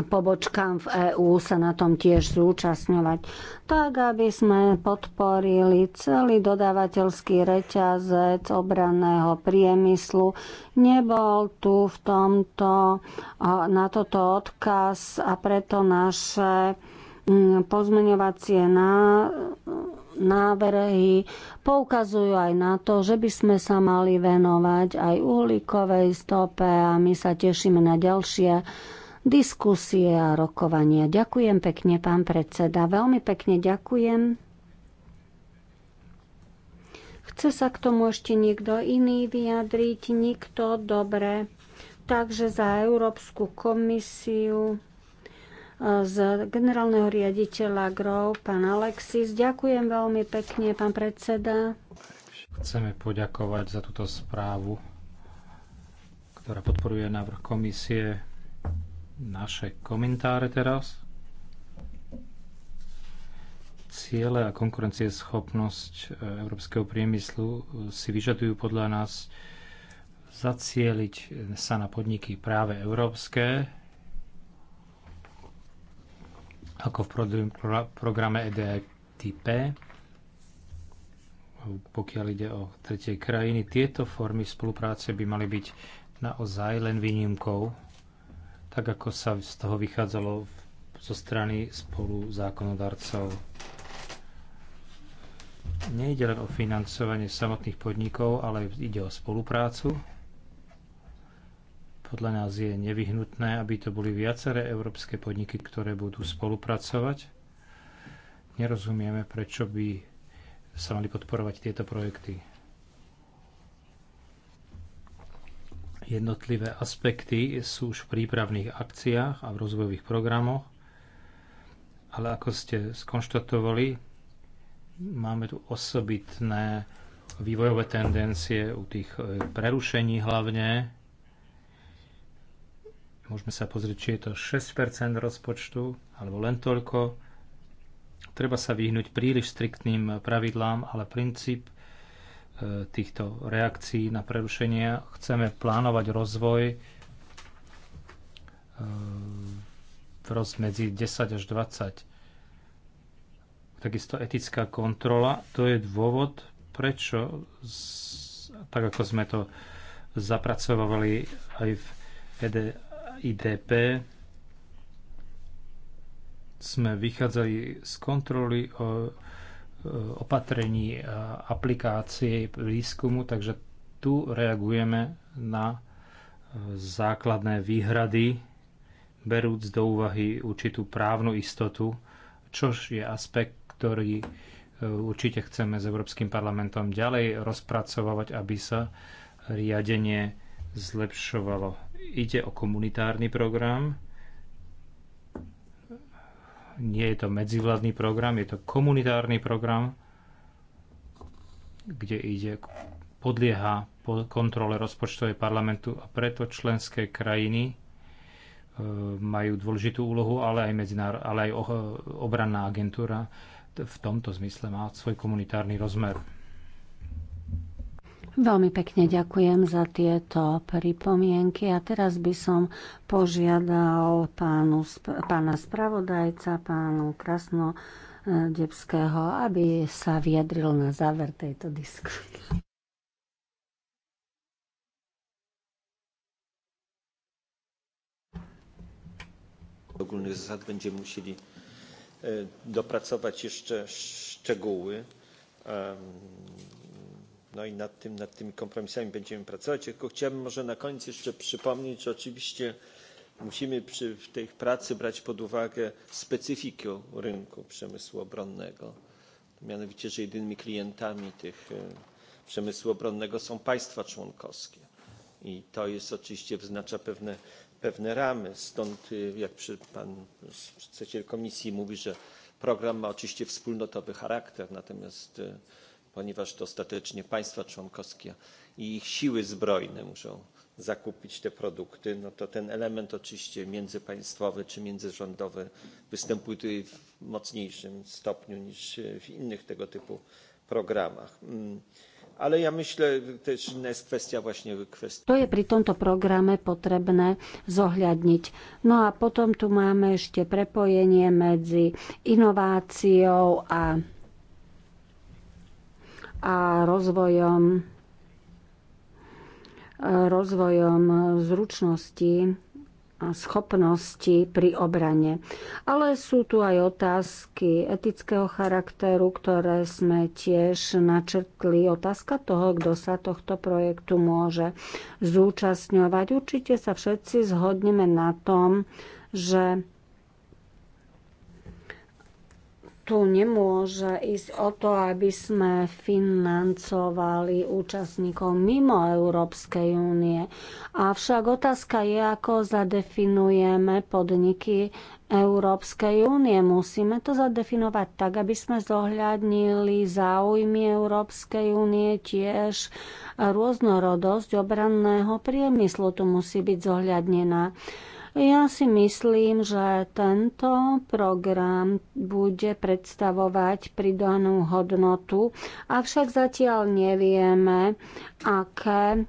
pobočkám v EÚ sa na tom tiež zúčastňovať, tak aby sme podporili celý dodávateľský reťazec obranného priemyslu. Nebol tu v tomto, na toto odkaz a preto naše mm, pozmeňovacie návrhy poukazujú aj na to, že by sme sa mali venovať aj uhlíkovej stope a my sa tešíme na ďalšie diskusie a rokovania. Ďakujem pekne, pán predseda. Veľmi pekne ďakujem. Chce sa k tomu ešte niekto iný vyjadriť? Nikto? Dobre. Takže za Európsku komisiu e, z generálneho riaditeľa GROW, pán Alexis. Ďakujem veľmi pekne, pán predseda. Chceme poďakovať za túto správu, ktorá podporuje návrh komisie naše komentáre teraz. Ciele a konkurencieschopnosť e, európskeho priemyslu e, si vyžadujú podľa nás zacieliť sa na podniky práve európske, ako v programe EDITP, pokiaľ ide o tretie krajiny. Tieto formy spolupráce by mali byť naozaj len výnimkou tak ako sa z toho vychádzalo zo strany spolu zákonodarcov. Nejde len o financovanie samotných podnikov, ale ide o spoluprácu. Podľa nás je nevyhnutné, aby to boli viaceré európske podniky, ktoré budú spolupracovať. Nerozumieme, prečo by sa mali podporovať tieto projekty. Jednotlivé aspekty sú už v prípravných akciách a v rozvojových programoch, ale ako ste skonštatovali, máme tu osobitné vývojové tendencie u tých e, prerušení hlavne. Môžeme sa pozrieť, či je to 6% rozpočtu, alebo len toľko. Treba sa vyhnúť príliš striktným pravidlám, ale princíp týchto reakcií na prerušenia. Chceme plánovať rozvoj e, medzi 10 až 20. Takisto etická kontrola, to je dôvod, prečo, tak ako sme to zapracovali aj v e IDP, sme vychádzali z kontroly o opatrení a aplikácií výskumu, takže tu reagujeme na e, základné výhrady, berúc do úvahy určitú právnu istotu, čo je aspekt, ktorý e, určite chceme s Európskym parlamentom ďalej rozpracovať, aby sa riadenie zlepšovalo. Ide o komunitárny program, nie je to medzivládny program, je to komunitárny program, kde ide, podlieha po kontrole rozpočtovej parlamentu a preto členské krajiny e, majú dôležitú úlohu, ale aj, medzinár, ale aj obranná agentúra v tomto zmysle má svoj komunitárny rozmer. Veľmi pekne ďakujem za tieto pripomienky a teraz by som požiadal pánu, pána spravodajca, pánu Krasno Debského, aby sa vyjadril na záver tejto diskusie. ogólnych zasad będziemy musieli e, dopracować jeszcze szczegóły. No i nad, tym, nad tymi kompromisami będziemy pracować. Tylko chciałbym może na koniec jeszcze przypomnieć, że oczywiście musimy przy w tej pracy brać pod uwagę specyfikę rynku przemysłu obronnego. Mianowicie, że jedynymi klientami tych e, przemysłu obronnego są państwa członkowskie. I to jest oczywiście wyznacza pewne, pewne ramy. Stąd e, jak przy, pan przedstawiciel komisji mówi, że program ma oczywiście wspólnotowy charakter, natomiast e, ponieważ to ostatecznie państwa członkowskie i ich siły zbrojne muszą zakupić te produkty, no to ten element oczywiście międzypaństwowy czy międzyrządowy występuje tutaj w mocniejszym stopniu niż w innych tego typu programach. Mm. Ale ja myślę, też inna jest kwestia właśnie kwestii. To jest przy tomto programie potrzebne zohľadniť. No a potem tu mamy jeszcze prepojenie między innowacją a a rozvojom, rozvojom zručnosti a schopnosti pri obrane. Ale sú tu aj otázky etického charakteru, ktoré sme tiež načrtli. Otázka toho, kto sa tohto projektu môže zúčastňovať. Určite sa všetci zhodneme na tom, že tu nemôže ísť o to, aby sme financovali účastníkov mimo Európskej únie. Avšak otázka je, ako zadefinujeme podniky Európskej únie. Musíme to zadefinovať tak, aby sme zohľadnili záujmy Európskej únie tiež rôznorodosť obranného priemyslu. Tu musí byť zohľadnená. Ja si myslím, že tento program bude predstavovať pridanú hodnotu, avšak zatiaľ nevieme, aké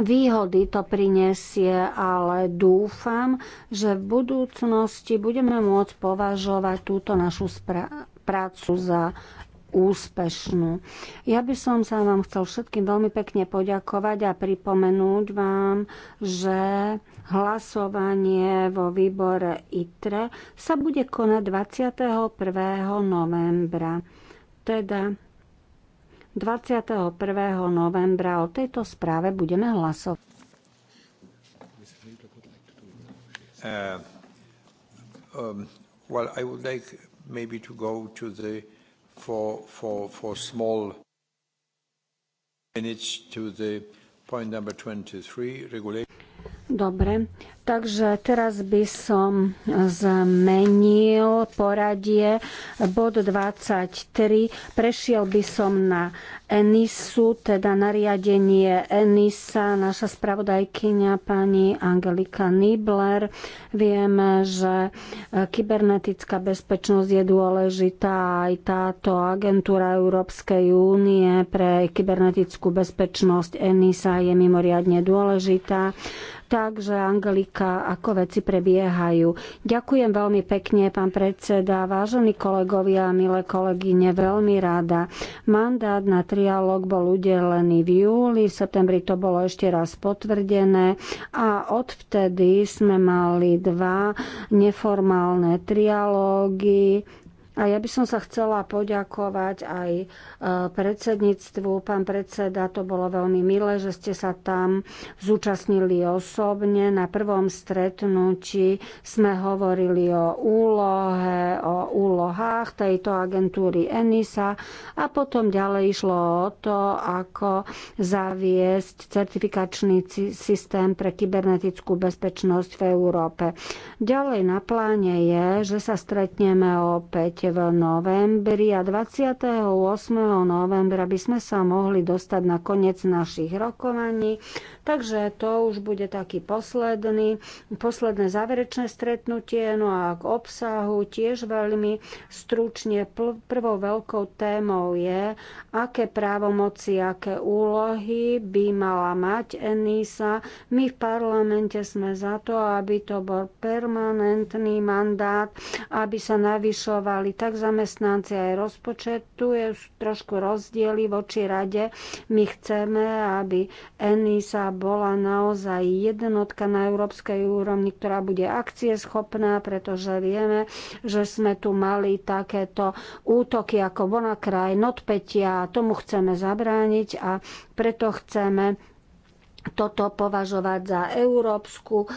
výhody to prinesie, ale dúfam, že v budúcnosti budeme môcť považovať túto našu prácu za úspešnú. Ja by som sa vám chcel všetkým veľmi pekne poďakovať a pripomenúť vám, že hlasovanie vo výbore ITRE sa bude konať 21. novembra. Teda 21. novembra o tejto správe budeme hlasovať. Uh, um, well, I would like maybe to go to the for, for, for small minutes to the point number 23, regulation. Dobre, takže teraz by som zmenil poradie. Bod 23 prešiel by som na ENISu, teda nariadenie ENISA. Naša spravodajkyňa pani Angelika Nibler. Vieme, že e, kybernetická bezpečnosť je dôležitá aj táto agentúra Európskej únie pre kybernetickú bezpečnosť ENISA je mimoriadne dôležitá Takže Angelika, ako veci prebiehajú. Ďakujem veľmi pekne, pán predseda, vážení kolegovia, milé kolegyne, veľmi rada. Mandát na trialog bol udelený v júli, v septembri to bolo ešte raz potvrdené a odvtedy sme mali dva neformálne trialógy a ja by som sa chcela poďakovať aj e, predsedníctvu. Pán predseda, to bolo veľmi milé, že ste sa tam zúčastnili osobne. Na prvom stretnutí sme hovorili o úlohe, o úlohách tejto agentúry ENISA a potom ďalej išlo o to, ako zaviesť certifikačný systém pre kybernetickú bezpečnosť v Európe. Ďalej na pláne je, že sa stretneme opäť ešte v novembri a 28. novembra by sme sa mohli dostať na koniec našich rokovaní. Takže to už bude taký posledný, posledné záverečné stretnutie. No a k obsahu tiež veľmi stručne prvou veľkou témou je, aké právomoci, aké úlohy by mala mať Enisa. My v parlamente sme za to, aby to bol permanentný mandát, aby sa navyšovali tak zamestnanci, aj rozpočet. Tu je trošku rozdiely voči rade. My chceme, aby ENISA bola naozaj jednotka na európskej úrovni, ktorá bude akcieschopná, pretože vieme, že sme tu mali takéto útoky ako Bonakraj, Notpetia a tomu chceme zabrániť a preto chceme toto považovať za európsku e,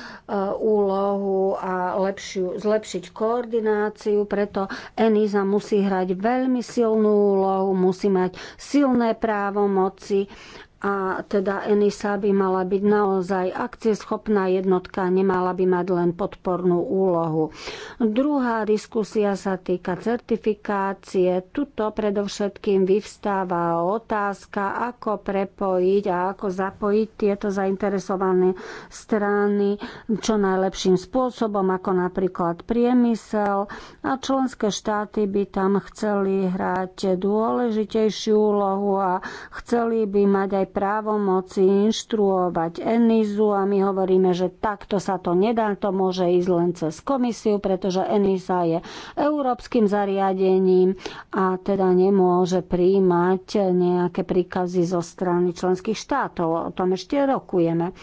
úlohu a lepšiu, zlepšiť koordináciu. Preto ENISA musí hrať veľmi silnú úlohu, musí mať silné právo moci a teda Enisa by mala byť naozaj akcieschopná jednotka, nemala by mať len podpornú úlohu. Druhá diskusia sa týka certifikácie. Tuto predovšetkým vyvstáva otázka, ako prepojiť a ako zapojiť tieto zainteresované strany čo najlepším spôsobom, ako napríklad priemysel a členské štáty by tam chceli hrať dôležitejšiu úlohu a chceli by mať aj právomoci inštruovať Enizu a my hovoríme, že takto sa to nedá, to môže ísť len cez komisiu, pretože Enisa je európskym zariadením a teda nemôže príjmať nejaké príkazy zo strany členských štátov. O tom ešte rokujeme.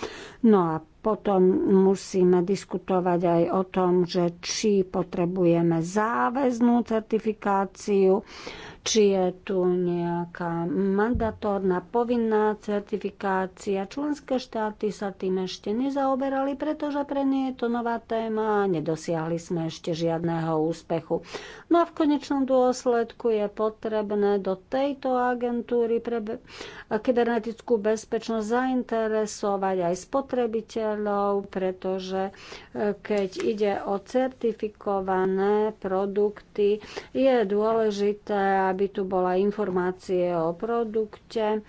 No a potom musíme diskutovať aj o tom, že či potrebujeme záväznú certifikáciu či je tu nejaká mandatórna povinná certifikácia. Členské štáty sa tým ešte nezaoberali, pretože pre nie je to nová téma a nedosiahli sme ešte žiadného úspechu. No a v konečnom dôsledku je potrebné do tejto agentúry pre kybernetickú bezpečnosť zainteresovať aj spotrebiteľov, pretože e, keď ide o certifikované produkty, je dôležité, aby tu bola informácie o produkte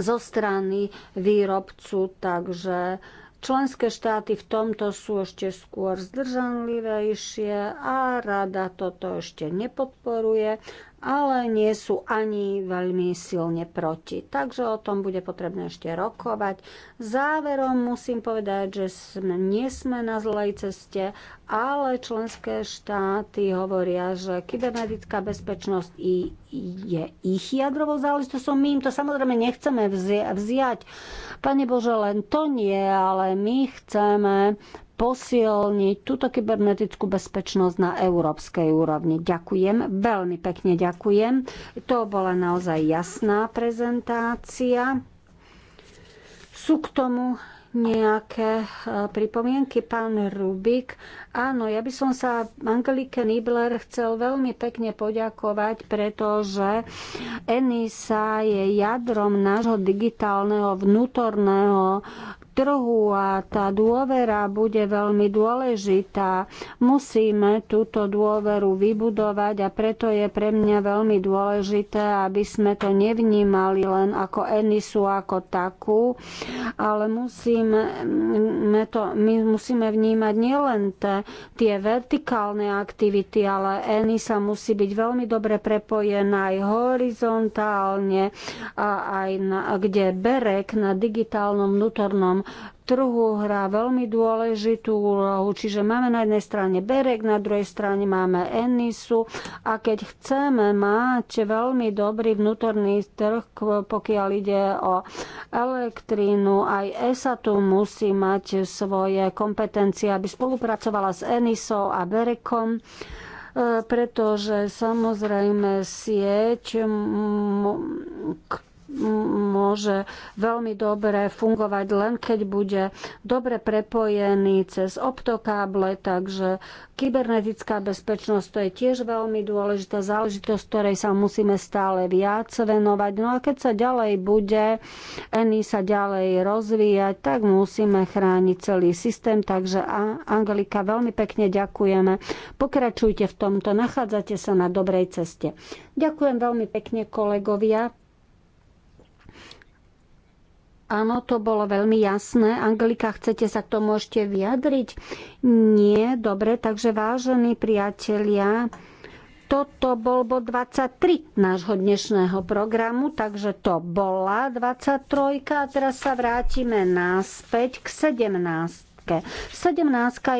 zo strany výrobcu, takže Členské štáty v tomto sú ešte skôr zdržanlivejšie a rada toto ešte nepodporuje ale nie sú ani veľmi silne proti. Takže o tom bude potrebné ešte rokovať. Záverom musím povedať, že sme, nie sme na zlej ceste, ale členské štáty hovoria, že kybernetická bezpečnosť je ich jadrovou záležitosťou. My im to samozrejme nechceme vzia- vziať. Pane Bože, len to nie, ale my chceme posilniť túto kybernetickú bezpečnosť na európskej úrovni. Ďakujem, veľmi pekne ďakujem. To bola naozaj jasná prezentácia. Sú k tomu nejaké eh, pripomienky, pán Rubik. Áno, ja by som sa Angelike Nibler chcel veľmi pekne poďakovať, pretože ENISA je jadrom nášho digitálneho vnútorného trhu a tá dôvera bude veľmi dôležitá. Musíme túto dôveru vybudovať a preto je pre mňa veľmi dôležité, aby sme to nevnímali len ako Enisu ako takú, ale musíme, to, my musíme vnímať nielen tie tie vertikálne aktivity, ale sa musí byť veľmi dobre prepojená aj horizontálne, a aj na, kde BEREK na digitálnom vnútornom trhu hrá veľmi dôležitú úlohu. Čiže máme na jednej strane Berek, na druhej strane máme Enisu a keď chceme mať veľmi dobrý vnútorný trh, pokiaľ ide o elektrínu, aj ESA tu musí mať svoje kompetencie, aby spolupracovala s Enisou a Berekom e, pretože samozrejme sieť, môže veľmi dobre fungovať len keď bude dobre prepojený cez optokáble, takže kybernetická bezpečnosť to je tiež veľmi dôležitá záležitosť, ktorej sa musíme stále viac venovať. No a keď sa ďalej bude ENI sa ďalej rozvíjať, tak musíme chrániť celý systém, takže Angelika, veľmi pekne ďakujeme. Pokračujte v tomto, nachádzate sa na dobrej ceste. Ďakujem veľmi pekne kolegovia. Áno, to bolo veľmi jasné. Angelika, chcete sa k tomu ešte vyjadriť? Nie, dobre, takže vážení priatelia, toto bol bod 23 nášho dnešného programu, takže to bola 23. A teraz sa vrátime naspäť k 17. 17.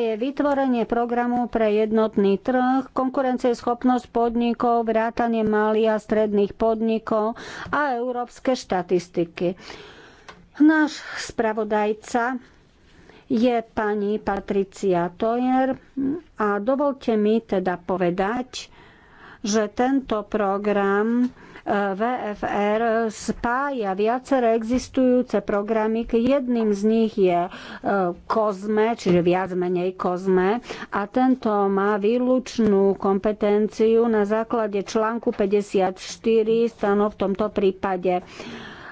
je vytvorenie programu pre jednotný trh, konkurencieschopnosť podnikov, vrátanie malých a stredných podnikov a európske štatistiky. Náš spravodajca je pani Patricia Tojer a dovolte mi teda povedať, že tento program e, VFR spája viaceré existujúce programy. Jedným z nich je e, COSME, čiže viac menej COSME a tento má výlučnú kompetenciu na základe článku 54 stanov v tomto prípade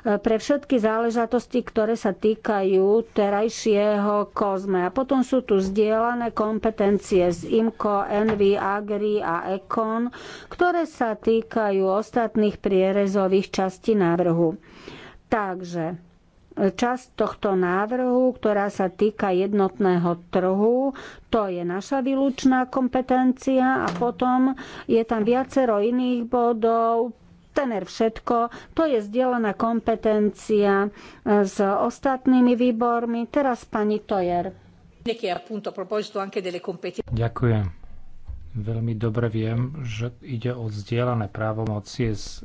E, pre všetky záležatosti, ktoré sa týkajú terajšieho kozme. A potom sú tu zdieľané kompetencie z IMCO, ENVY, AGRI a ECON, ktoré sa týkajú ostatných prierezových častí návrhu. Takže e, časť tohto návrhu, ktorá sa týka jednotného trhu. To je naša výlučná kompetencia a potom je tam viacero iných bodov, tener všetko. To je zdieľaná kompetencia e, s ostatnými výbormi. Teraz pani Tojer. Ďakujem. Veľmi dobre viem, že ide o zdieľané právomoci s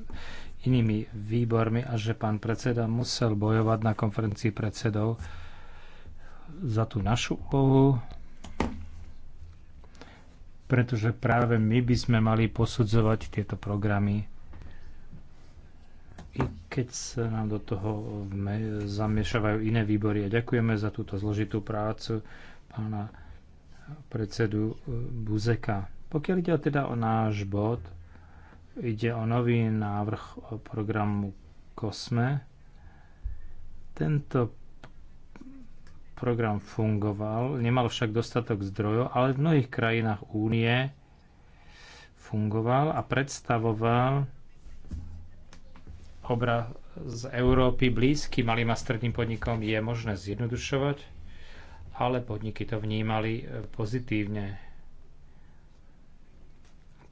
inými výbormi a že pán predseda musel bojovať na konferencii predsedov za tú našu úlohu, pretože práve my by sme mali posudzovať tieto programy i keď sa nám do toho zamiešavajú iné výbory. A ďakujeme za túto zložitú prácu pána predsedu e, Buzeka. Pokiaľ ide teda o náš bod, ide o nový návrh o programu Kosme. Tento program fungoval, nemal však dostatok zdrojov, ale v mnohých krajinách únie fungoval a predstavoval obraz z Európy blízky malým a stredným podnikom je možné zjednodušovať, ale podniky to vnímali e, pozitívne.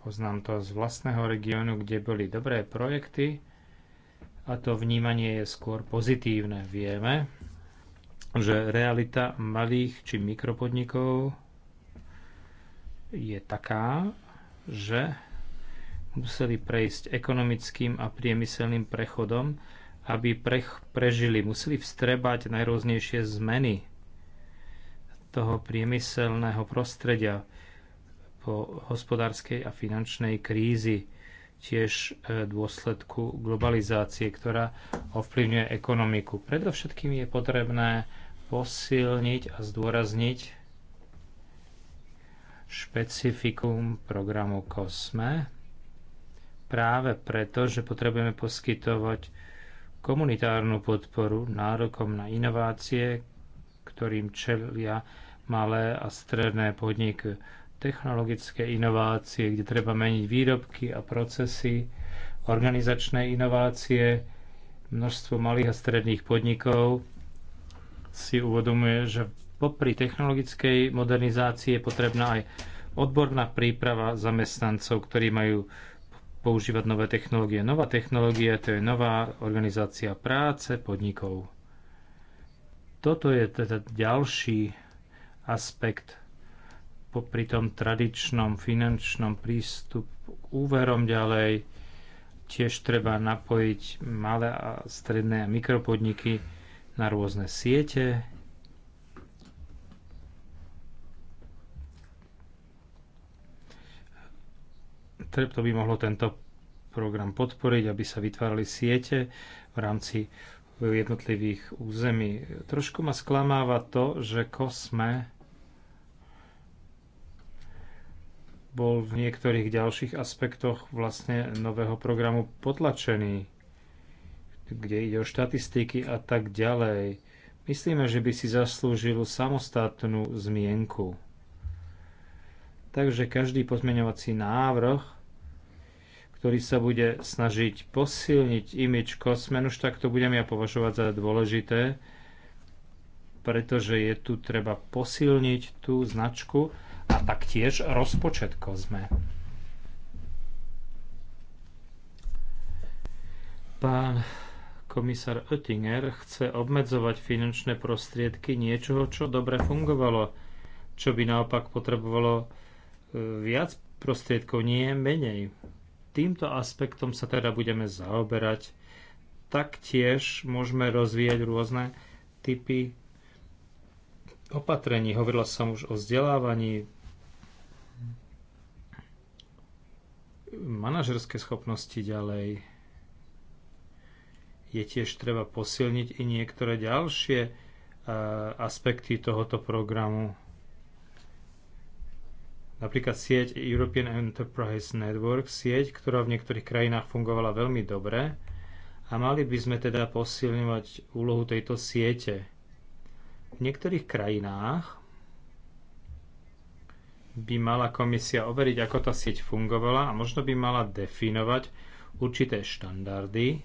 Poznám to z vlastného regiónu, kde boli dobré projekty a to vnímanie je skôr pozitívne. Vieme, že realita malých či mikropodnikov je taká, že museli prejsť ekonomickým a priemyselným prechodom, aby prech prežili. Museli vstrebať najrôznejšie zmeny toho priemyselného prostredia po hospodárskej a finančnej krízi, tiež e, dôsledku globalizácie, ktorá ovplyvňuje ekonomiku. Predovšetkým je potrebné posilniť a zdôrazniť špecifikum programu COSME, práve preto, že potrebujeme poskytovať komunitárnu podporu nárokom na inovácie, ktorým čelia malé a stredné podniky, technologické inovácie, kde treba meniť výrobky a procesy, organizačné inovácie, množstvo malých a stredných podnikov si uvedomuje, že popri technologickej modernizácii je potrebná aj odborná príprava zamestnancov, ktorí majú používať nové technológie. Nová technológia to je nová organizácia práce podnikov. Toto je teda ďalší aspekt pri tom tradičnom finančnom prístup k úverom ďalej tiež treba napojiť malé a stredné mikropodniky na rôzne siete, to by mohlo tento program podporiť, aby sa vytvárali siete v rámci jednotlivých území. Trošku ma sklamáva to, že Kosme bol v niektorých ďalších aspektoch vlastne nového programu potlačený, kde ide o štatistiky a tak ďalej. Myslíme, že by si zaslúžil samostatnú zmienku. Takže každý pozmeňovací návrh ktorý sa bude snažiť posilniť imič Kosmen, už tak to budem ja považovať za dôležité, pretože je tu treba posilniť tú značku a taktiež rozpočet Kozme. Pán komisár Oettinger chce obmedzovať finančné prostriedky niečoho, čo dobre fungovalo, čo by naopak potrebovalo e, viac prostriedkov, nie menej. Týmto aspektom sa teda budeme zaoberať. Taktiež môžeme rozvíjať rôzne typy opatrení. Hovorila som už o vzdelávaní, manažerské schopnosti ďalej. Je tiež treba posilniť i niektoré ďalšie eh, aspekty tohoto programu. Napríklad sieť European Enterprise Network, sieť, ktorá v niektorých krajinách fungovala veľmi dobre a mali by sme teda posilňovať úlohu tejto siete. V niektorých krajinách by mala komisia overiť, ako tá sieť fungovala a možno by mala definovať určité štandardy,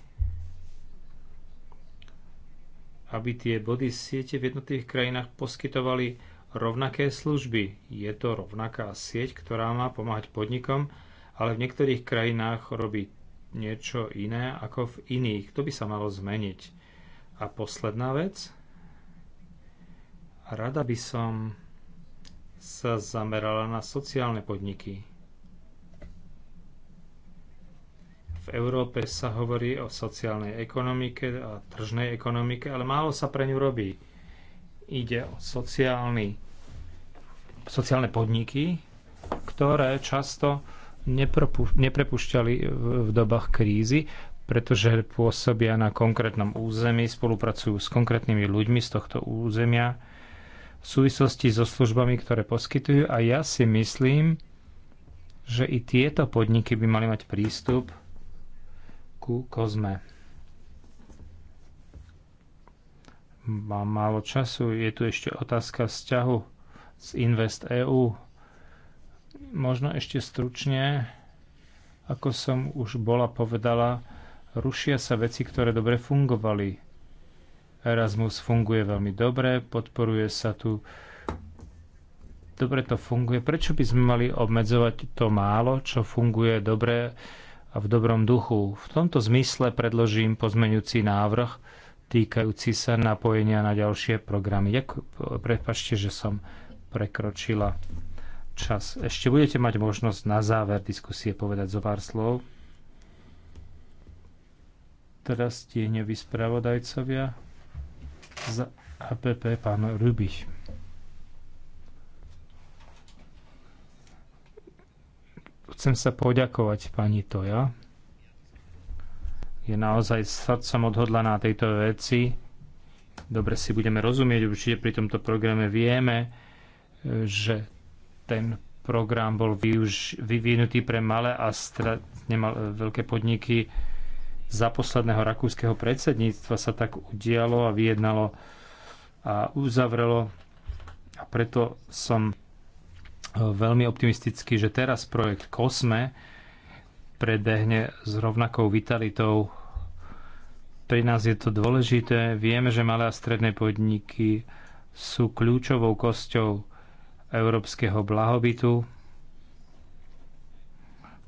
aby tie body siete v jednotlivých krajinách poskytovali rovnaké služby. Je to rovnaká sieť, ktorá má pomáhať podnikom, ale v niektorých krajinách robí niečo iné ako v iných. To by sa malo zmeniť. A posledná vec. Rada by som sa zamerala na sociálne podniky. V Európe sa hovorí o sociálnej ekonomike a tržnej ekonomike, ale málo sa pre ňu robí ide o sociálny, sociálne podniky, ktoré často neprepušťali v dobách krízy, pretože pôsobia na konkrétnom území, spolupracujú s konkrétnymi ľuďmi z tohto územia v súvislosti so službami, ktoré poskytujú. A ja si myslím, že i tieto podniky by mali mať prístup ku kozme. Mám málo času. Je tu ešte otázka vzťahu z Invest EU. Možno ešte stručne, ako som už bola povedala, rušia sa veci, ktoré dobre fungovali. Erasmus funguje veľmi dobre, podporuje sa tu dobre to funguje. Prečo by sme mali obmedzovať to málo, čo funguje dobre a v dobrom duchu? V tomto zmysle predložím pozmeňujúci návrh, týkajúci sa napojenia na ďalšie programy. Prepačte, že som prekročila čas. Ešte budete mať možnosť na záver diskusie povedať zo pár slov. Teraz tieňoví spravodajcovia za APP pán Rubich. Chcem sa poďakovať pani Toja je naozaj srdcom odhodlaná tejto veci. Dobre si budeme rozumieť, určite pri tomto programe vieme, že ten program bol využ- vyvinutý pre malé a strat- nemal- veľké podniky. Za posledného rakúskeho predsedníctva sa tak udialo a vyjednalo a uzavrelo. A preto som e, veľmi optimistický, že teraz projekt Kosme predbehne s rovnakou vitalitou pri nás je to dôležité. Vieme, že malé a stredné podniky sú kľúčovou kosťou európskeho blahobytu.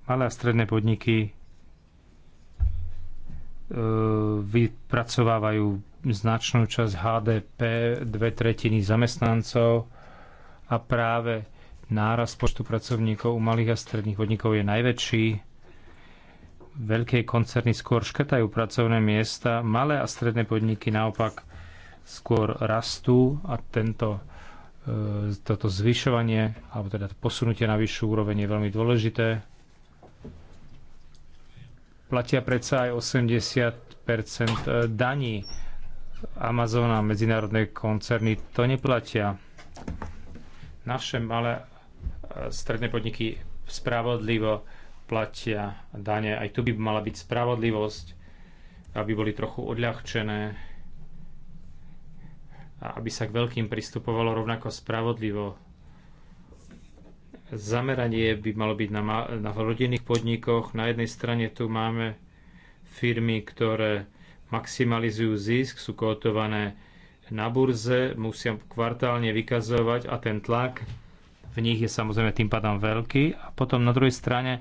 Malé a stredné podniky e, vypracovávajú značnú časť HDP, dve tretiny zamestnancov a práve náraz počtu pracovníkov u malých a stredných podnikov je najväčší Veľké koncerny skôr škrtajú pracovné miesta, malé a stredné podniky naopak skôr rastú a tento, e, toto zvyšovanie, alebo teda posunutie na vyššiu úroveň je veľmi dôležité. Platia predsa aj 80 e, daní Amazon a medzinárodné koncerny. To neplatia. Naše malé e, stredné podniky spravodlivo platia dane. Aj tu by mala byť spravodlivosť, aby boli trochu odľahčené a aby sa k veľkým pristupovalo rovnako spravodlivo. Zameranie by malo byť na, na rodinných podnikoch. Na jednej strane tu máme firmy, ktoré maximalizujú zisk, sú kotované na burze, musia kvartálne vykazovať a ten tlak v nich je samozrejme tým pádom veľký. A potom na druhej strane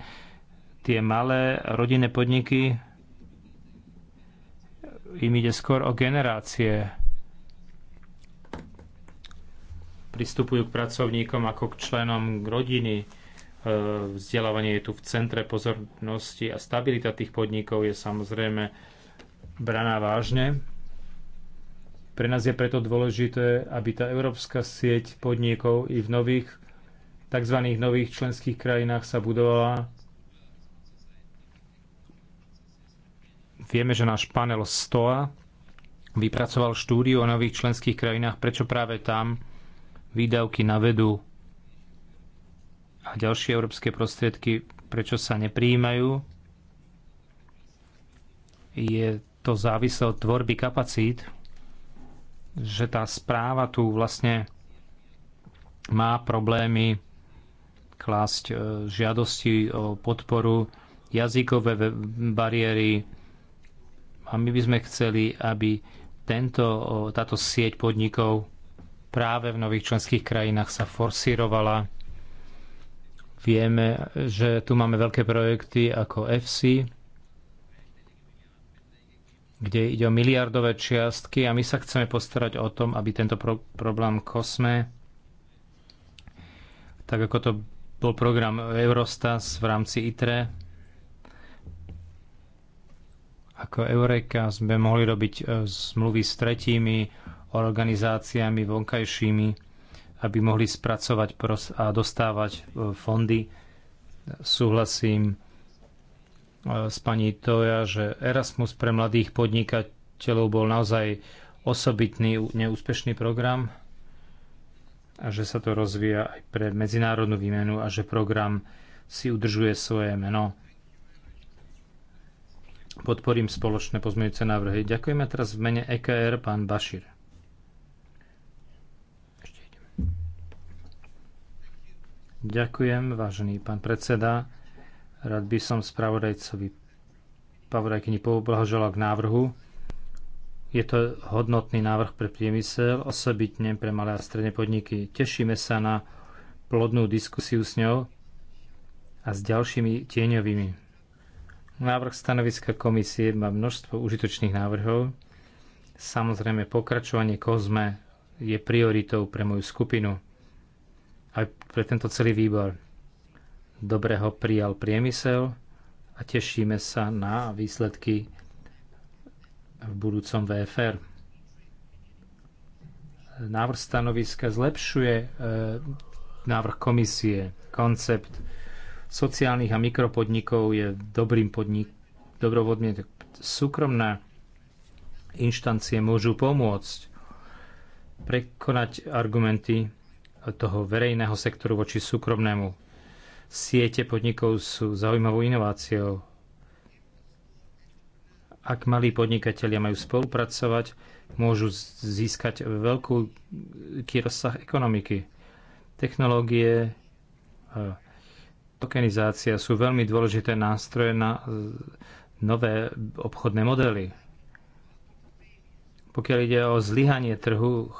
tie malé rodinné podniky, im ide skôr o generácie. Pristupujú k pracovníkom ako k členom rodiny. E, vzdelávanie je tu v centre pozornosti a stabilita tých podnikov je samozrejme braná vážne. Pre nás je preto dôležité, aby tá európska sieť podnikov i v nových, tzv. nových členských krajinách sa budovala Vieme, že náš panel STOA vypracoval štúdiu o nových členských krajinách, prečo práve tam výdavky na vedu a ďalšie európske prostriedky, prečo sa nepríjmajú. Je to závislé od tvorby kapacít, že tá správa tu vlastne má problémy klásť e, žiadosti o podporu, jazykové bariéry, a my by sme chceli, aby tento, táto sieť podnikov práve v nových členských krajinách sa forsírovala. Vieme, že tu máme veľké projekty ako FC, kde ide o miliardové čiastky a my sa chceme postarať o tom, aby tento pro- problém Kosme, tak ako to bol program Eurostas v rámci ITRE, ako Eureka sme mohli robiť e, zmluvy s tretími organizáciami vonkajšími, aby mohli spracovať a dostávať e, fondy. Súhlasím e, s pani Toja, že Erasmus pre mladých podnikateľov bol naozaj osobitný neúspešný program a že sa to rozvíja aj pre medzinárodnú výmenu a že program si udržuje svoje meno podporím spoločné pozmeňujúce návrhy. Ďakujeme teraz v mene EKR pán Bašir. Ďakujem, vážený pán predseda. Rád by som spravodajcovi Pavodajkyni poblahoželal k návrhu. Je to hodnotný návrh pre priemysel, osobitne pre malé a stredné podniky. Tešíme sa na plodnú diskusiu s ňou a s ďalšími tieňovými Návrh stanoviska komisie má množstvo užitočných návrhov. Samozrejme, pokračovanie kozme je prioritou pre moju skupinu aj pre tento celý výbor. Dobre ho prijal priemysel a tešíme sa na výsledky v budúcom VFR. Návrh stanoviska zlepšuje eh, návrh komisie, koncept sociálnych a mikropodnikov je dobrým podnik, dobrovodne súkromné inštancie môžu pomôcť prekonať argumenty toho verejného sektoru voči súkromnému. Siete podnikov sú zaujímavou inováciou. Ak malí podnikatelia majú spolupracovať, môžu získať veľký rozsah ekonomiky. Technológie, e, tokenizácia sú veľmi dôležité nástroje na e, nové obchodné modely. Pokiaľ ide o zlyhanie trhu,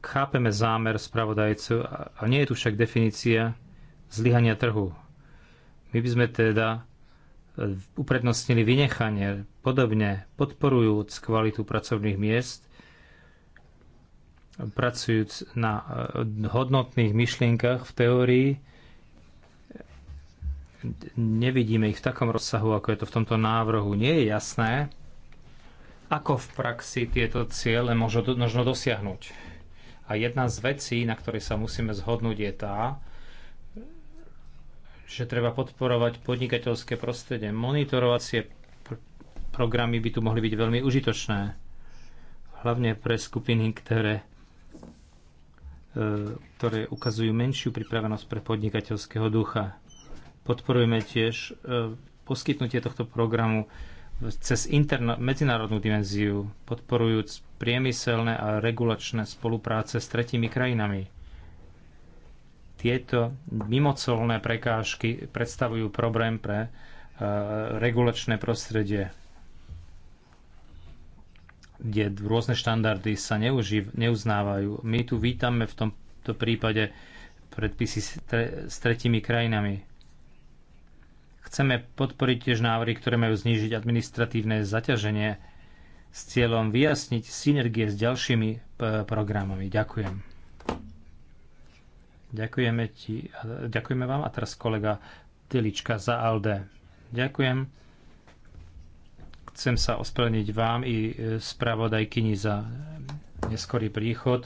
chápeme zámer spravodajcu a nie je tu však definícia zlyhania trhu. My by sme teda e, uprednostnili vynechanie, podobne podporujúc kvalitu pracovných miest, pracujúc na e, hodnotných myšlienkach v teórii, nevidíme ich v takom rozsahu, ako je to v tomto návrhu. Nie je jasné, ako v praxi tieto ciele možno, možno dosiahnuť. A jedna z vecí, na ktorej sa musíme zhodnúť, je tá, že treba podporovať podnikateľské prostredie. Monitorovacie pr- programy by tu mohli byť veľmi užitočné, hlavne pre skupiny, ktoré, e, ktoré ukazujú menšiu pripravenosť pre podnikateľského ducha Podporujeme tiež e, poskytnutie tohto programu cez interna- medzinárodnú dimenziu, podporujúc priemyselné a regulačné spolupráce s tretími krajinami. Tieto mimocolné prekážky predstavujú problém pre e, regulačné prostredie, kde rôzne štandardy sa neuživ, neuznávajú. My tu vítame v tomto prípade predpisy s, tre- s tretimi krajinami Chceme podporiť tiež návrhy, ktoré majú znížiť administratívne zaťaženie s cieľom vyjasniť synergie s ďalšími programami. Ďakujem. Ďakujeme, ti, ďakujeme vám a teraz kolega Tilička za ALDE. Ďakujem. Chcem sa ospravedlniť vám i e, spravodajkyni za neskorý príchod,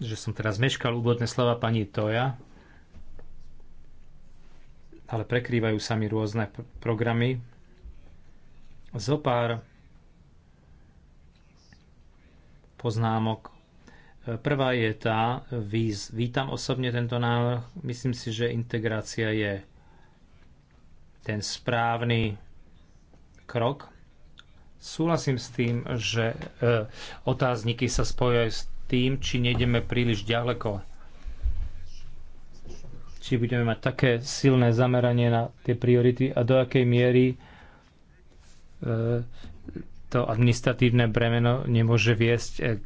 že som teraz meškal úvodné slova pani Toja ale prekrývajú sa mi rôzne pr programy. Zopár poznámok. E, prvá je tá, víz. vítam osobne tento návrh. Myslím si, že integrácia je ten správny krok. Súhlasím s tým, že e, otázniky sa spojajú s tým, či nejdeme príliš ďaleko či budeme mať také silné zameranie na tie priority a do akej miery e, to administratívne bremeno nemôže viesť e,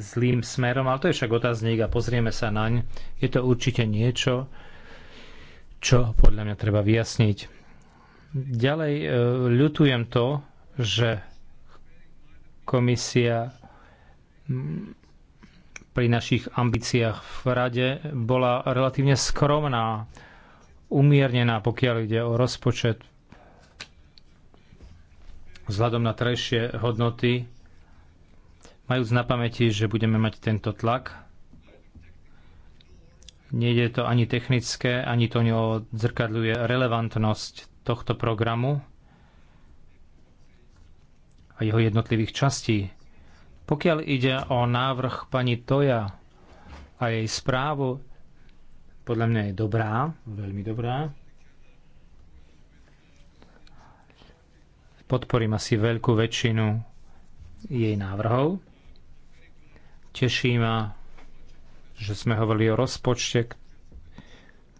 zlým smerom, ale to je však otáznik a pozrieme sa naň. Je to určite niečo, čo podľa mňa treba vyjasniť. Ďalej e, ľutujem to, že komisia pri našich ambíciách v rade bola relatívne skromná, umiernená, pokiaľ ide o rozpočet vzhľadom na trejšie hodnoty, majúc na pamäti, že budeme mať tento tlak. Nejde to ani technické, ani to neodzrkadľuje relevantnosť tohto programu a jeho jednotlivých častí. Pokiaľ ide o návrh pani Toja a jej správu, podľa mňa je dobrá, veľmi dobrá. Podporím asi veľkú väčšinu jej návrhov. Teší ma, že sme hovorili o rozpočte,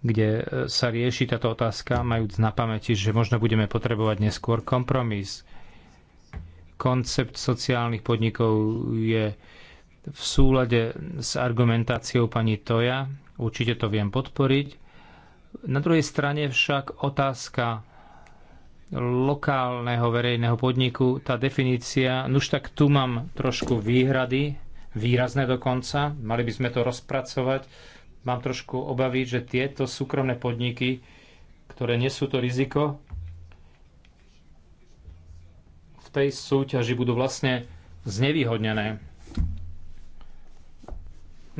kde e, sa rieši táto otázka, majúc na pamäti, že možno budeme potrebovať neskôr kompromis koncept sociálnych podnikov je v súlade s argumentáciou pani Toja. Určite to viem podporiť. Na druhej strane však otázka lokálneho verejného podniku, tá definícia, no už tak tu mám trošku výhrady, výrazné dokonca, mali by sme to rozpracovať. Mám trošku obavy, že tieto súkromné podniky, ktoré nesú to riziko, tej súťaži budú vlastne znevýhodnené.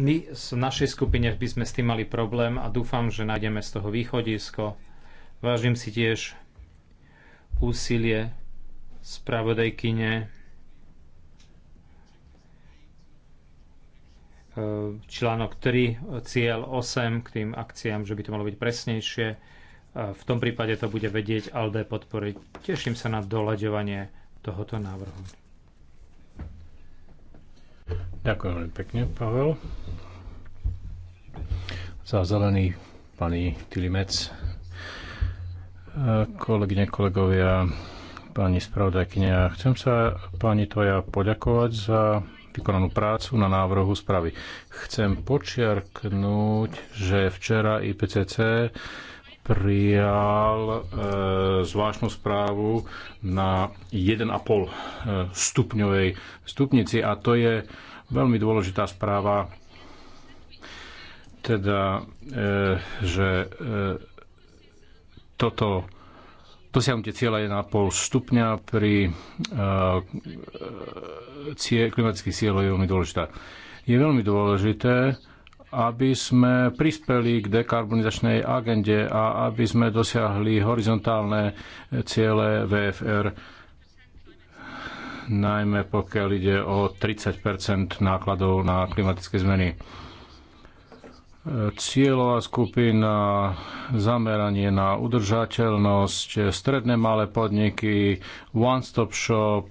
My v našej skupine by sme s tým mali problém a dúfam, že nájdeme z toho východisko. Vážim si tiež úsilie spravodajkyne e, článok 3, cieľ 8 k tým akciám, že by to malo byť presnejšie. V tom prípade to bude vedieť ALDE podporiť. Teším sa na doľaďovanie tohoto návrhu. Ďakujem veľmi pekne, Pavel. Za zelený pani Tilimec. E, kolegyne, kolegovia, pani spravodajkynia, chcem sa pani Toja poďakovať za vykonanú prácu na návrhu správy. Chcem počiarknúť, že včera IPCC prijal e, zvláštnu správu na 1,5 e, stupňovej stupnici a to je veľmi dôležitá správa, teda, e, že e, toto dosiahnutie cieľa 1,5 stupňa pri e, e, cie, klimatických cieľoch je veľmi dôležitá. Je veľmi dôležité, aby sme prispeli k dekarbonizačnej agende a aby sme dosiahli horizontálne ciele VFR, najmä pokiaľ ide o 30 nákladov na klimatické zmeny. Cieľová skupina, zameranie na udržateľnosť, stredné malé podniky, one-stop shop,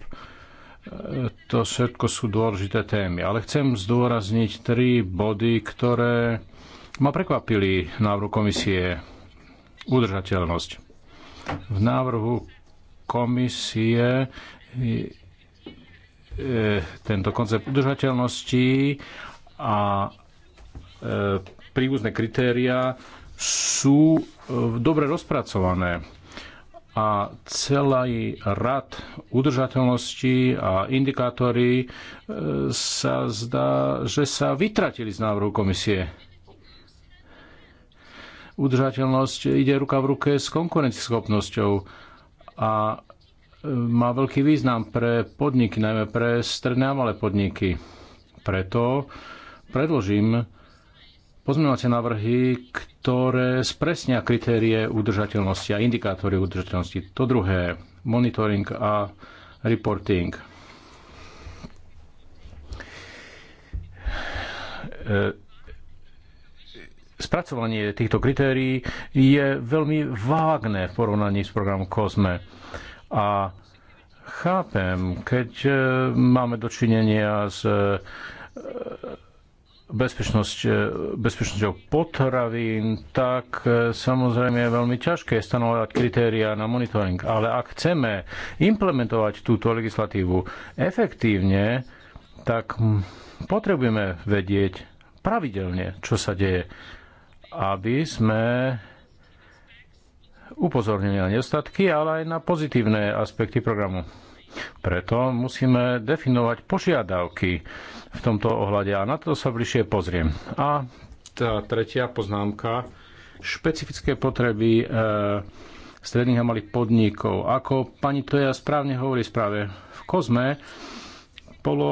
to všetko sú dôležité témy, ale chcem zdôrazniť tri body, ktoré ma prekvapili návrhu komisie udržateľnosť. V návrhu komisie e, tento koncept udržateľnosti a e, príbuzné kritéria sú e, dobre rozpracované a celý rad udržateľnosti a indikátory e, sa zdá, že sa vytratili z návrhu komisie. Udržateľnosť ide ruka v ruke s konkurencieschopnosťou a e, má veľký význam pre podniky, najmä pre stredné a malé podniky. Preto predložím pozmeňovacie návrhy, ktoré spresnia kritérie udržateľnosti a indikátory udržateľnosti. To druhé, monitoring a reporting. E, spracovanie týchto kritérií je veľmi vágne v porovnaní s programom COSME. A chápem, keď e, máme dočinenia s e, bezpečnosť, e, bezpečnosťou potravín, tak e, samozrejme je veľmi ťažké stanovať kritéria na monitoring. Ale ak chceme implementovať túto legislatívu efektívne, tak potrebujeme vedieť pravidelne, čo sa deje, aby sme upozornili na nedostatky, ale aj na pozitívne aspekty programu. Preto musíme definovať požiadavky v tomto ohľade a na to sa bližšie pozriem. A tá tretia poznámka, špecifické potreby e, stredných a malých podnikov. Ako pani Toja správne hovorí správe, v Kozme bolo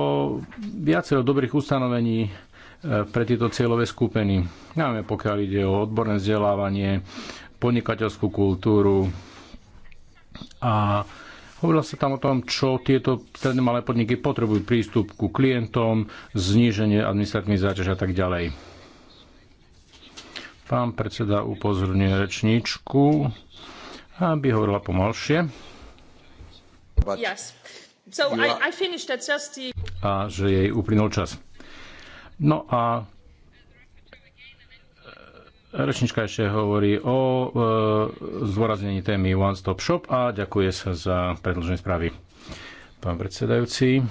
viacero dobrých ustanovení e, pre tieto cieľové skupiny. Najmä pokiaľ ide o odborné vzdelávanie, podnikateľskú kultúru a Hovorilo sa tam o tom, čo tieto stredné malé podniky potrebujú, prístup ku klientom, zníženie administratívnej záťaže a tak ďalej. Pán predseda upozorňuje rečníčku, aby hovorila pomalšie. Yes. So I, I the... A že jej uplynul čas. No a Rečnička ešte hovorí o e, zdôraznení témy One Stop Shop a ďakuje sa za predloženie správy. Pán predsedajúci.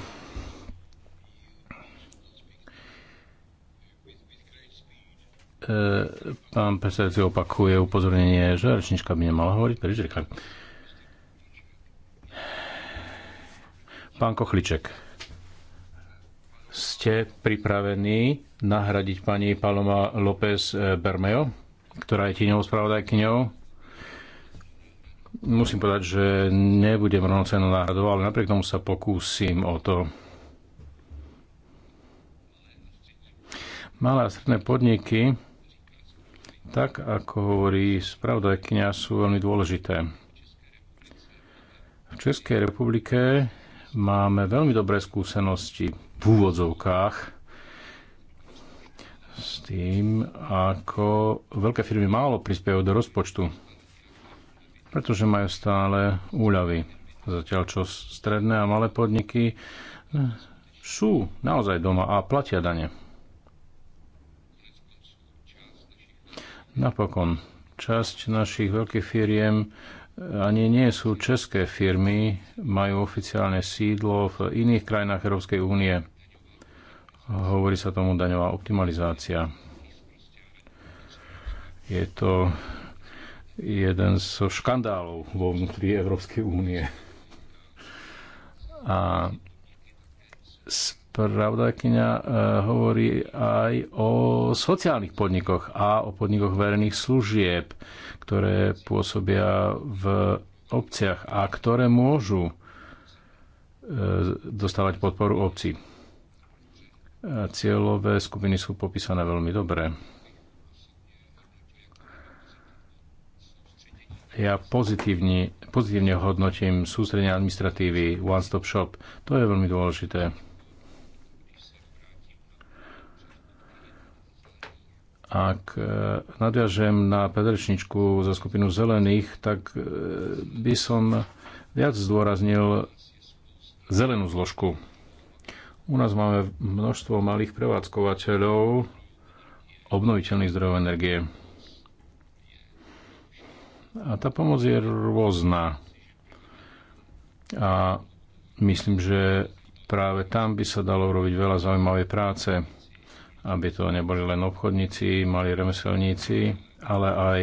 E, pán predsedajúci opakuje upozornenie, že rečnička by nemala hovoriť príliš rýchle. Pán Kochliček ste pripravení nahradiť pani Paloma López eh, Bermejo, ktorá je tíňou spravodajkyňou. Musím povedať, že nebudem rovnocenou náhradou, ale napriek tomu sa pokúsim o to. Malé a stredné podniky, tak ako hovorí spravodajkyňa, sú veľmi dôležité. V Českej republike máme veľmi dobré skúsenosti v úvodzovkách s tým, ako veľké firmy málo prispievajú do rozpočtu, pretože majú stále úľavy. Zatiaľ čo stredné a malé podniky eh, sú naozaj doma a platia dane. Napokon, časť našich veľkých firiem eh, ani nie sú české firmy, majú oficiálne sídlo v iných krajinách Európskej únie. Hovorí sa tomu daňová optimalizácia. Je to jeden z škandálov vo vnútri Európskej únie. A spravodajkyňa e, hovorí aj o sociálnych podnikoch a o podnikoch verejných služieb, ktoré pôsobia v obciach a ktoré môžu e, dostávať podporu obcí. Cieľové skupiny sú popísané veľmi dobre. Ja pozitívne, pozitívne hodnotím sústredenie administratívy One Stop Shop. To je veľmi dôležité. Ak e, nadviažem na predrečničku za skupinu zelených, tak e, by som viac zdôraznil zelenú zložku u nás máme množstvo malých prevádzkovateľov obnoviteľných zdrojov energie. A tá pomoc je rôzna. A myslím, že práve tam by sa dalo robiť veľa zaujímavej práce, aby to neboli len obchodníci, mali remeselníci, ale aj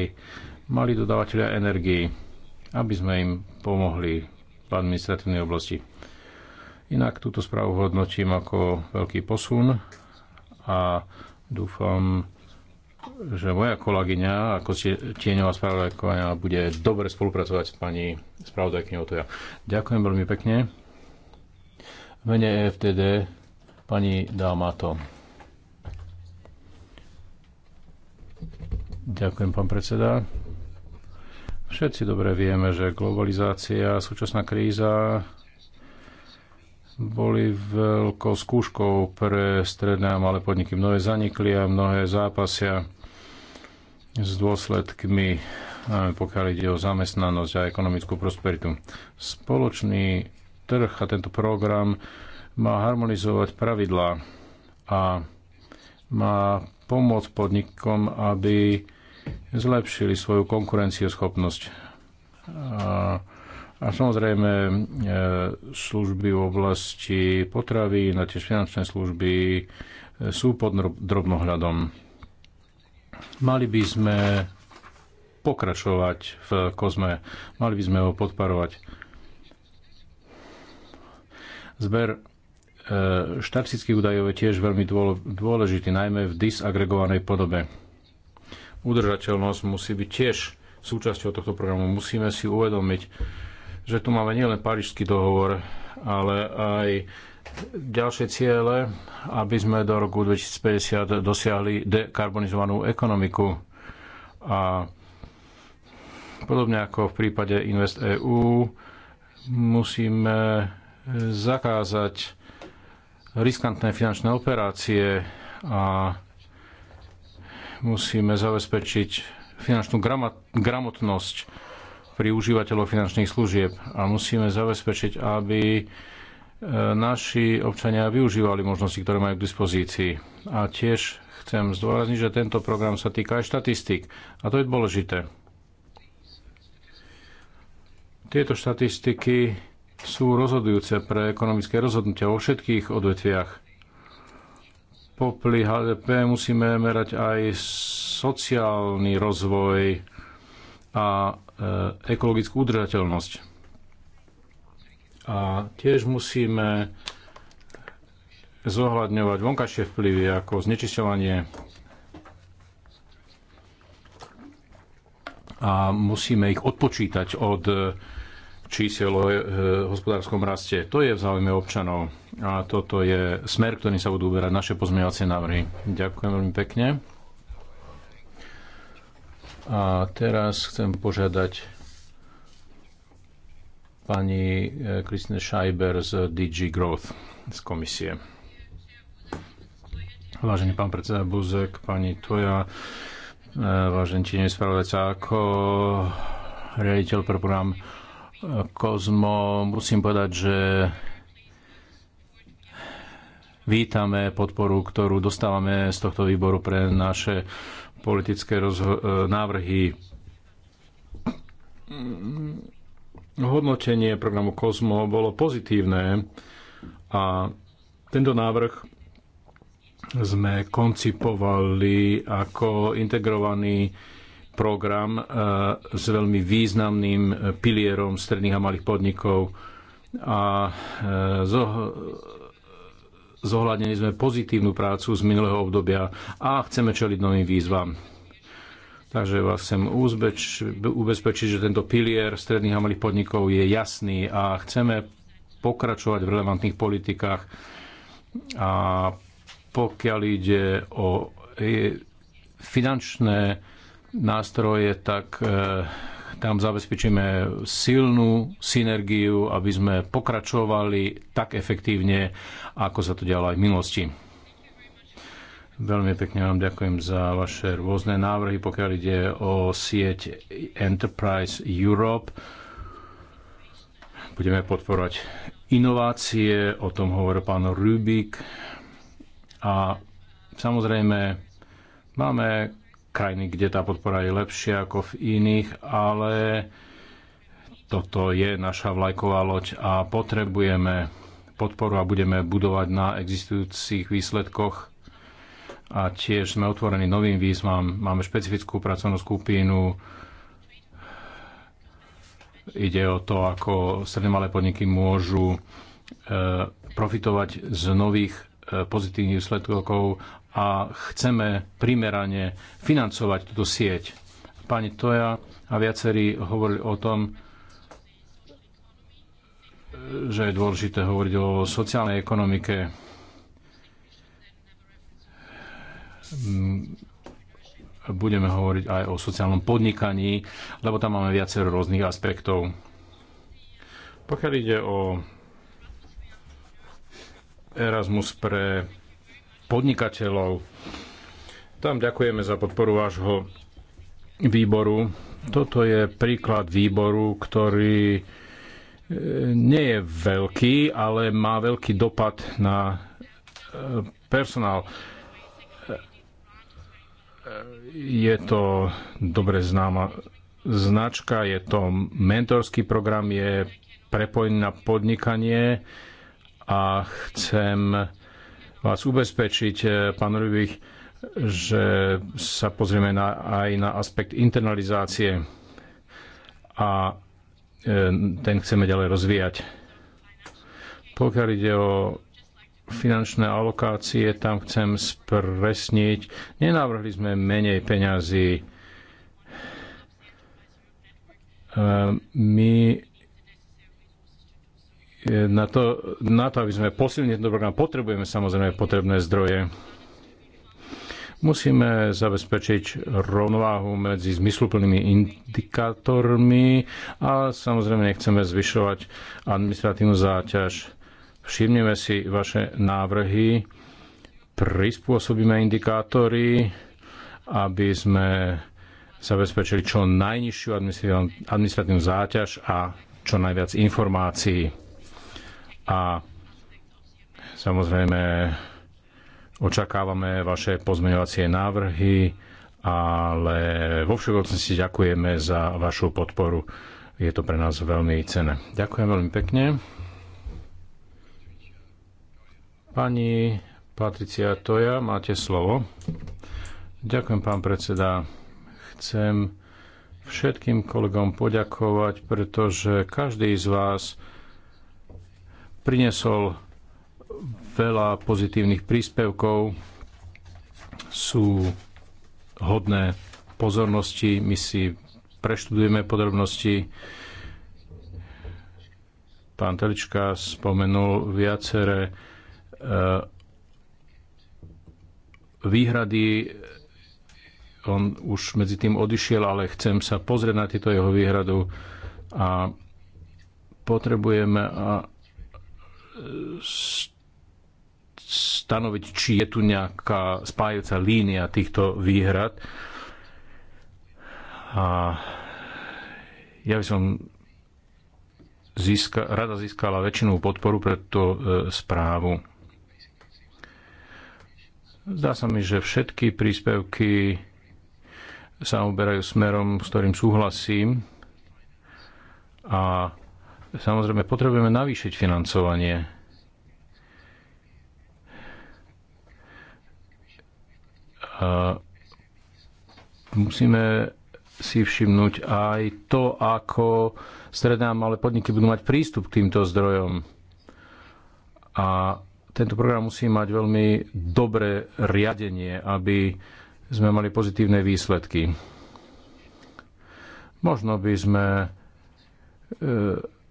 mali dodávateľia energii, aby sme im pomohli v administratívnej oblasti. Inak túto správu hodnotím ako veľký posun a dúfam, že moja kolegyňa ako tieňová spravodajkovania bude dobre spolupracovať s pani spravodajkyňou Toja. Ďakujem veľmi pekne. mene EFTD pani Dalmato. Ďakujem, pán predseda. Všetci dobre vieme, že globalizácia, súčasná kríza boli veľkou skúškou pre stredné a malé podniky. Mnohé zanikli a mnohé zápasia s dôsledkmi, pokiaľ ide o zamestnanosť a ekonomickú prosperitu. Spoločný trh a tento program má harmonizovať pravidlá a má pomôcť podnikom, aby zlepšili svoju konkurencieschopnosť. A a samozrejme e, služby v oblasti potravy, na tiež finančné služby e, sú pod drobnohľadom. Mali by sme pokračovať v kozme, mali by sme ho podporovať. Zber e, štatistických údajov je tiež veľmi dôležitý, najmä v disagregovanej podobe. Udržateľnosť musí byť tiež súčasťou tohto programu. Musíme si uvedomiť, že tu máme nielen Parížský dohovor, ale aj ďalšie ciele, aby sme do roku 2050 dosiahli dekarbonizovanú ekonomiku. A podobne ako v prípade Invest EU, musíme zakázať riskantné finančné operácie a musíme zabezpečiť finančnú gramotnosť pri užívateľov finančných služieb a musíme zabezpečiť, aby e, naši občania využívali možnosti, ktoré majú k dispozícii. A tiež chcem zdôrazniť, že tento program sa týka aj štatistík. A to je dôležité. Tieto štatistiky sú rozhodujúce pre ekonomické rozhodnutia vo všetkých odvetviach. Popri HDP musíme merať aj sociálny rozvoj a E, ekologickú udržateľnosť. A tiež musíme zohľadňovať vonkajšie vplyvy ako znečisťovanie a musíme ich odpočítať od čísel o e, hospodárskom raste. To je v záujme občanov a toto je smer, ktorým sa budú uberať naše pozmeňovacie návrhy. Ďakujem veľmi pekne. A teraz chcem požiadať pani Kristine e, Scheiber z DG Growth z komisie. Vážený pán predseda Buzek, pani Toja, e, vážený tieň spravodajca, ako riaditeľ pre program e, Kozmo, musím povedať, že vítame podporu, ktorú dostávame z tohto výboru pre naše politické e, návrhy. Hodnotenie programu Kozmo bolo pozitívne a tento návrh sme koncipovali ako integrovaný program e, s veľmi významným pilierom stredných a malých podnikov a e, zohľadnili sme pozitívnu prácu z minulého obdobia a chceme čeliť novým výzvam. Takže vás chcem uzbeč, ubezpečiť, že tento pilier stredných a malých podnikov je jasný a chceme pokračovať v relevantných politikách. A pokiaľ ide o e, finančné nástroje, tak e, tam zabezpečíme silnú synergiu, aby sme pokračovali tak efektívne, ako sa to dialo aj v minulosti. Veľmi pekne vám ďakujem za vaše rôzne návrhy, pokiaľ ide o sieť Enterprise Europe. Budeme podporovať inovácie, o tom hovoril pán Rubik. A samozrejme máme krajiny, kde tá podpora je lepšia ako v iných, ale toto je naša vlajková loď a potrebujeme podporu a budeme budovať na existujúcich výsledkoch. A tiež sme otvorení novým výzvam. Máme špecifickú pracovnú skupinu. Ide o to, ako stredné malé podniky môžu eh, profitovať z nových eh, pozitívnych výsledkov a chceme primerane financovať túto sieť. Pani Toja a viacerí hovorili o tom, že je dôležité hovoriť o sociálnej ekonomike. Budeme hovoriť aj o sociálnom podnikaní, lebo tam máme viacero rôznych aspektov. Pokiaľ ide o Erasmus pre podnikateľov. Tam ďakujeme za podporu vášho výboru. Toto je príklad výboru, ktorý e, nie je veľký, ale má veľký dopad na e, personál. E, je to dobre známa značka, je to mentorský program, je prepojený na podnikanie a chcem vás ubezpečiť, eh, pán Rubich, že sa pozrieme na, aj na aspekt internalizácie a eh, ten chceme ďalej rozvíjať. Pokiaľ ide o finančné alokácie, tam chcem spresniť. Nenavrhli sme menej peňazí. Eh, my na to, na to, aby sme posilnili tento program, potrebujeme samozrejme potrebné zdroje. Musíme zabezpečiť rovnováhu medzi zmysluplnými indikátormi a samozrejme nechceme zvyšovať administratívnu záťaž. Všimneme si vaše návrhy, prispôsobíme indikátory, aby sme zabezpečili čo najnižšiu administratívnu záťaž a čo najviac informácií a samozrejme očakávame vaše pozmeňovacie návrhy, ale vo všeobecnosti ďakujeme za vašu podporu. Je to pre nás veľmi cené. Ďakujem veľmi pekne. Pani Patricia Toja, máte slovo. Ďakujem, pán predseda. Chcem všetkým kolegom poďakovať, pretože každý z vás priniesol veľa pozitívnych príspevkov, sú hodné pozornosti, my si preštudujeme podrobnosti. Pán Telička spomenul viaceré e, výhrady. On už medzi tým odišiel, ale chcem sa pozrieť na tieto jeho výhradu a potrebujeme stanoviť, či je tu nejaká spájajúca línia týchto výhrad. A ja by som získa, rada získala väčšinou podporu pre tú e, správu. Zdá sa mi, že všetky príspevky sa uberajú smerom, s ktorým súhlasím a Samozrejme, potrebujeme navýšiť financovanie. A musíme si všimnúť aj to, ako stredné a malé podniky budú mať prístup k týmto zdrojom. A tento program musí mať veľmi dobré riadenie, aby sme mali pozitívne výsledky. Možno by sme e,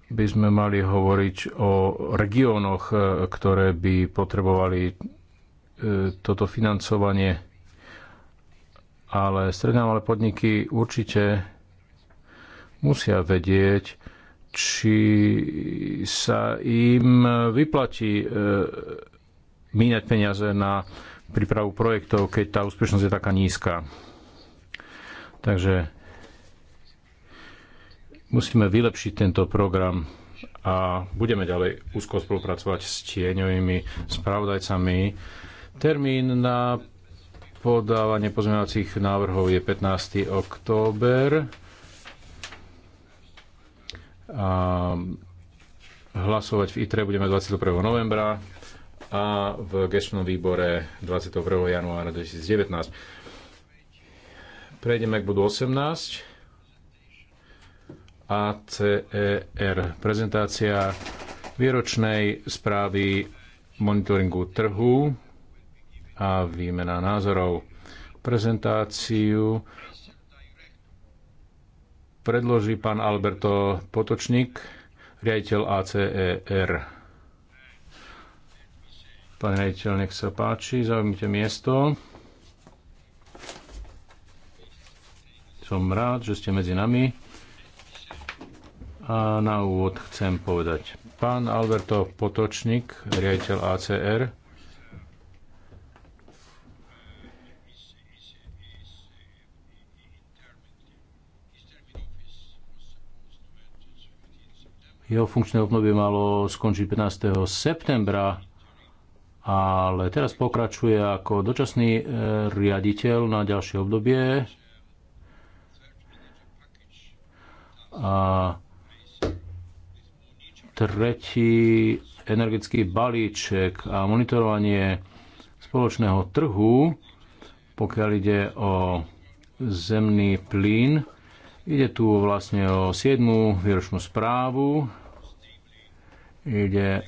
by sme mali hovoriť o regiónoch, e, ktoré by potrebovali e, toto financovanie. Ale stredné malé podniky určite musia vedieť, či sa im vyplatí e, míňať peniaze na prípravu projektov, keď tá úspešnosť je taká nízka. Takže Musíme vylepšiť tento program a budeme ďalej úzko spolupracovať s tieňovými spravodajcami. Termín na podávanie pozmeňovacích návrhov je 15. október. A hlasovať v ITRE budeme 21. novembra a v gestnom výbore 21. januára 2019. Prejdeme k bodu 18. ACER. Prezentácia výročnej správy monitoringu trhu a výmena názorov. Prezentáciu predloží pán Alberto Potočník, riaditeľ ACER. Pán riaditeľ, nech sa páči, zaujímite miesto. Som rád, že ste medzi nami. A na úvod chcem povedať, pán Alberto Potočník, riaditeľ ACR, Jeho funkčné obnovy malo skončiť 15. septembra, ale teraz pokračuje ako dočasný e, riaditeľ na ďalšie obdobie. A tretí energetický balíček a monitorovanie spoločného trhu, pokiaľ ide o zemný plyn. Ide tu vlastne o 7. výročnú správu, ide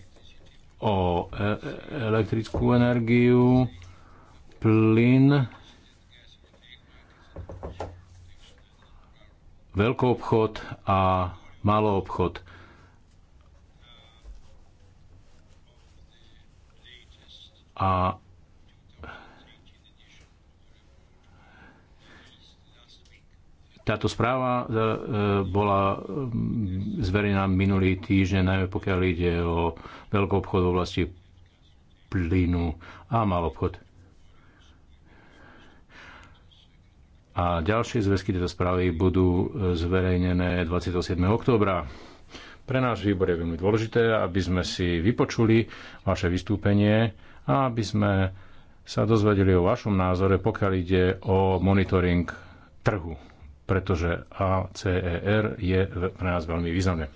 o e- e- elektrickú energiu, plyn, veľký obchod a malý obchod. A táto správa e, e, bola mm, zverejná minulý týždeň, najmä pokiaľ ide o veľký obchod v oblasti plynu a mal obchod. A ďalšie zväzky tejto správy budú e, zverejnené 27. októbra. Pre náš výbor je veľmi dôležité, aby sme si vypočuli vaše vystúpenie a aby sme sa dozvedeli o vašom názore, pokiaľ ide o monitoring trhu, pretože ACER je pre nás veľmi významné.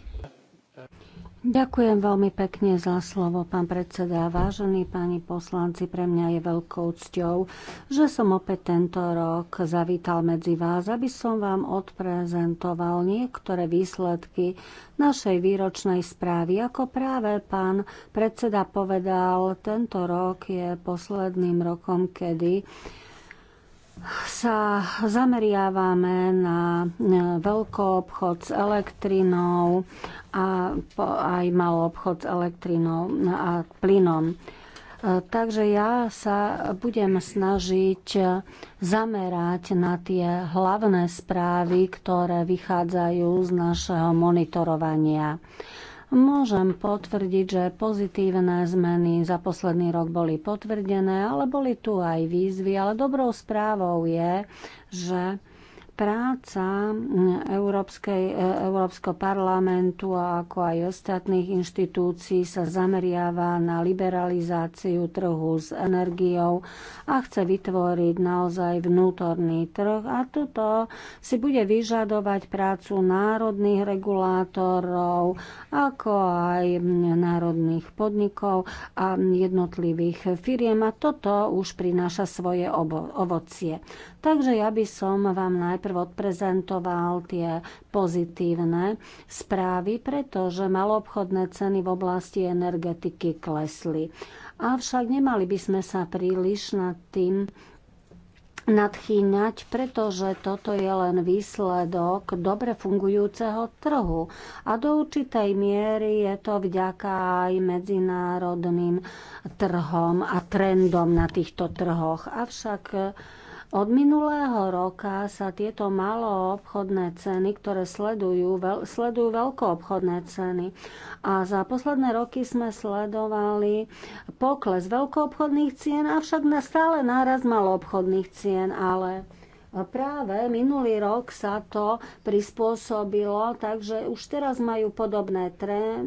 Ďakujem veľmi pekne za slovo, pán predseda. Vážení páni poslanci, pre mňa je veľkou cťou, že som opäť tento rok zavítal medzi vás, aby som vám odprezentoval niektoré výsledky našej výročnej správy. Ako práve pán predseda povedal, tento rok je posledným rokom, kedy sa zameriavame na e, veľkoobchod s elektrinou a aj malý obchod s elektrinou a plynom. E, takže ja sa budem snažiť zamerať na tie hlavné správy, ktoré vychádzajú z našeho monitorovania. Môžem potvrdiť, že pozitívne zmeny za posledný rok boli potvrdené, ale boli tu aj výzvy. Ale dobrou správou je, že práca Európskej, e, Európskeho parlamentu a ako aj ostatných inštitúcií sa zameriava na liberalizáciu trhu s energiou a chce vytvoriť naozaj vnútorný trh. A toto si bude vyžadovať prácu národných regulátorov, ako aj národných podnikov a jednotlivých firiem. A toto už prináša svoje ovocie. Takže ja by som vám najprv odprezentoval tie pozitívne správy, pretože maloobchodné ceny v oblasti energetiky klesli. Avšak nemali by sme sa príliš nad tým nadchýňať, pretože toto je len výsledok dobre fungujúceho trhu. A do určitej miery je to vďaka aj medzinárodným trhom a trendom na týchto trhoch. Avšak od minulého roka sa tieto maloobchodné ceny, ktoré sledujú, veľ, sledujú veľkoobchodné ceny. A za posledné roky sme sledovali pokles veľkoobchodných cien, avšak na stále náraz maloobchodných cien, ale Práve minulý rok sa to prispôsobilo, takže už teraz majú podobné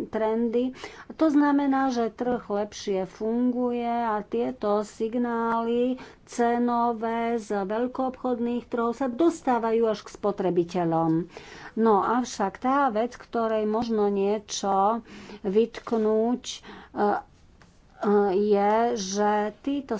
trendy. To znamená, že trh lepšie funguje a tieto signály cenové z veľkoobchodných trhov sa dostávajú až k spotrebiteľom. No avšak tá vec, ktorej možno niečo vytknúť, e, e, je, že títo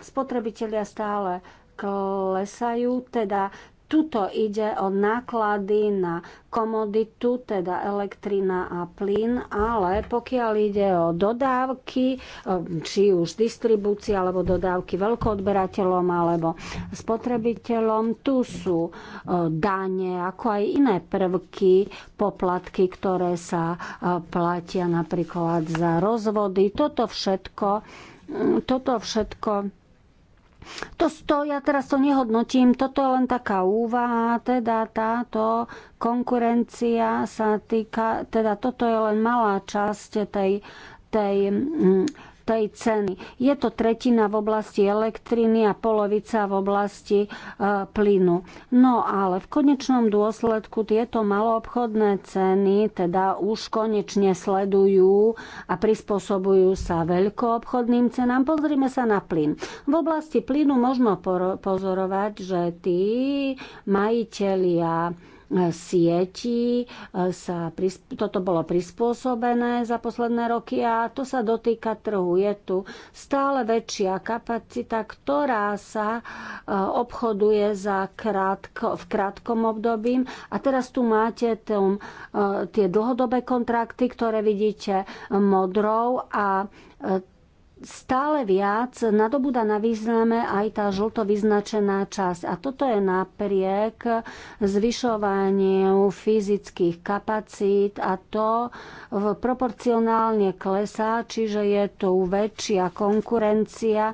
spotrebitelia stále klesajú, teda Tuto ide o náklady na komoditu, teda elektrina a plyn, ale pokiaľ ide o dodávky, eh, či už distribúcia alebo dodávky veľkoodberateľom alebo spotrebiteľom, tu sú eh, dane, ako aj iné prvky, poplatky, ktoré sa eh, platia napríklad za rozvody. Toto všetko, mm, toto všetko to, to ja teraz to nehodnotím, toto je len taká úvaha, teda táto konkurencia sa týka, teda toto je len malá časť tej, tej mm, tej ceny. Je to tretina v oblasti elektriny a polovica v oblasti e, plynu. No ale v konečnom dôsledku tieto maloobchodné ceny teda už konečne sledujú a prispôsobujú sa veľkoobchodným cenám. Pozrime sa na plyn. V oblasti plynu možno pozorovať, že tí majitelia sieti e, Sa Toto bolo prispôsobené za posledné roky a to sa dotýka trhu. Je tu stále väčšia kapacita, ktorá sa e, obchoduje za krátko, v krátkom období. A teraz tu máte tom, e, tie dlhodobé kontrakty, ktoré vidíte modrou a stále viac nadobúda na význame aj tá žlto vyznačená časť. A toto je napriek zvyšovaniu fyzických kapacít a to v proporcionálne klesá, čiže je tu väčšia konkurencia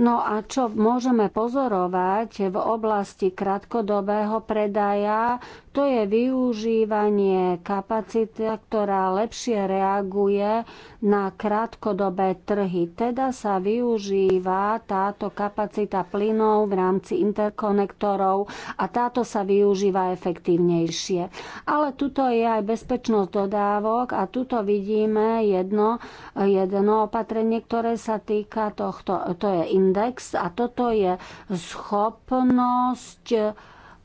No a čo môžeme pozorovať v oblasti krátkodobého predaja, to je využívanie kapacity, ktorá lepšie reaguje na krátkodobé trhy. Teda sa využíva táto kapacita plynov v rámci interkonektorov a táto sa využíva efektívnejšie. Ale tuto je aj bezpečnosť dodávok a tuto vidíme jedno, jedno opatrenie, ktoré sa týka tohto. To je index a toto je schopnosť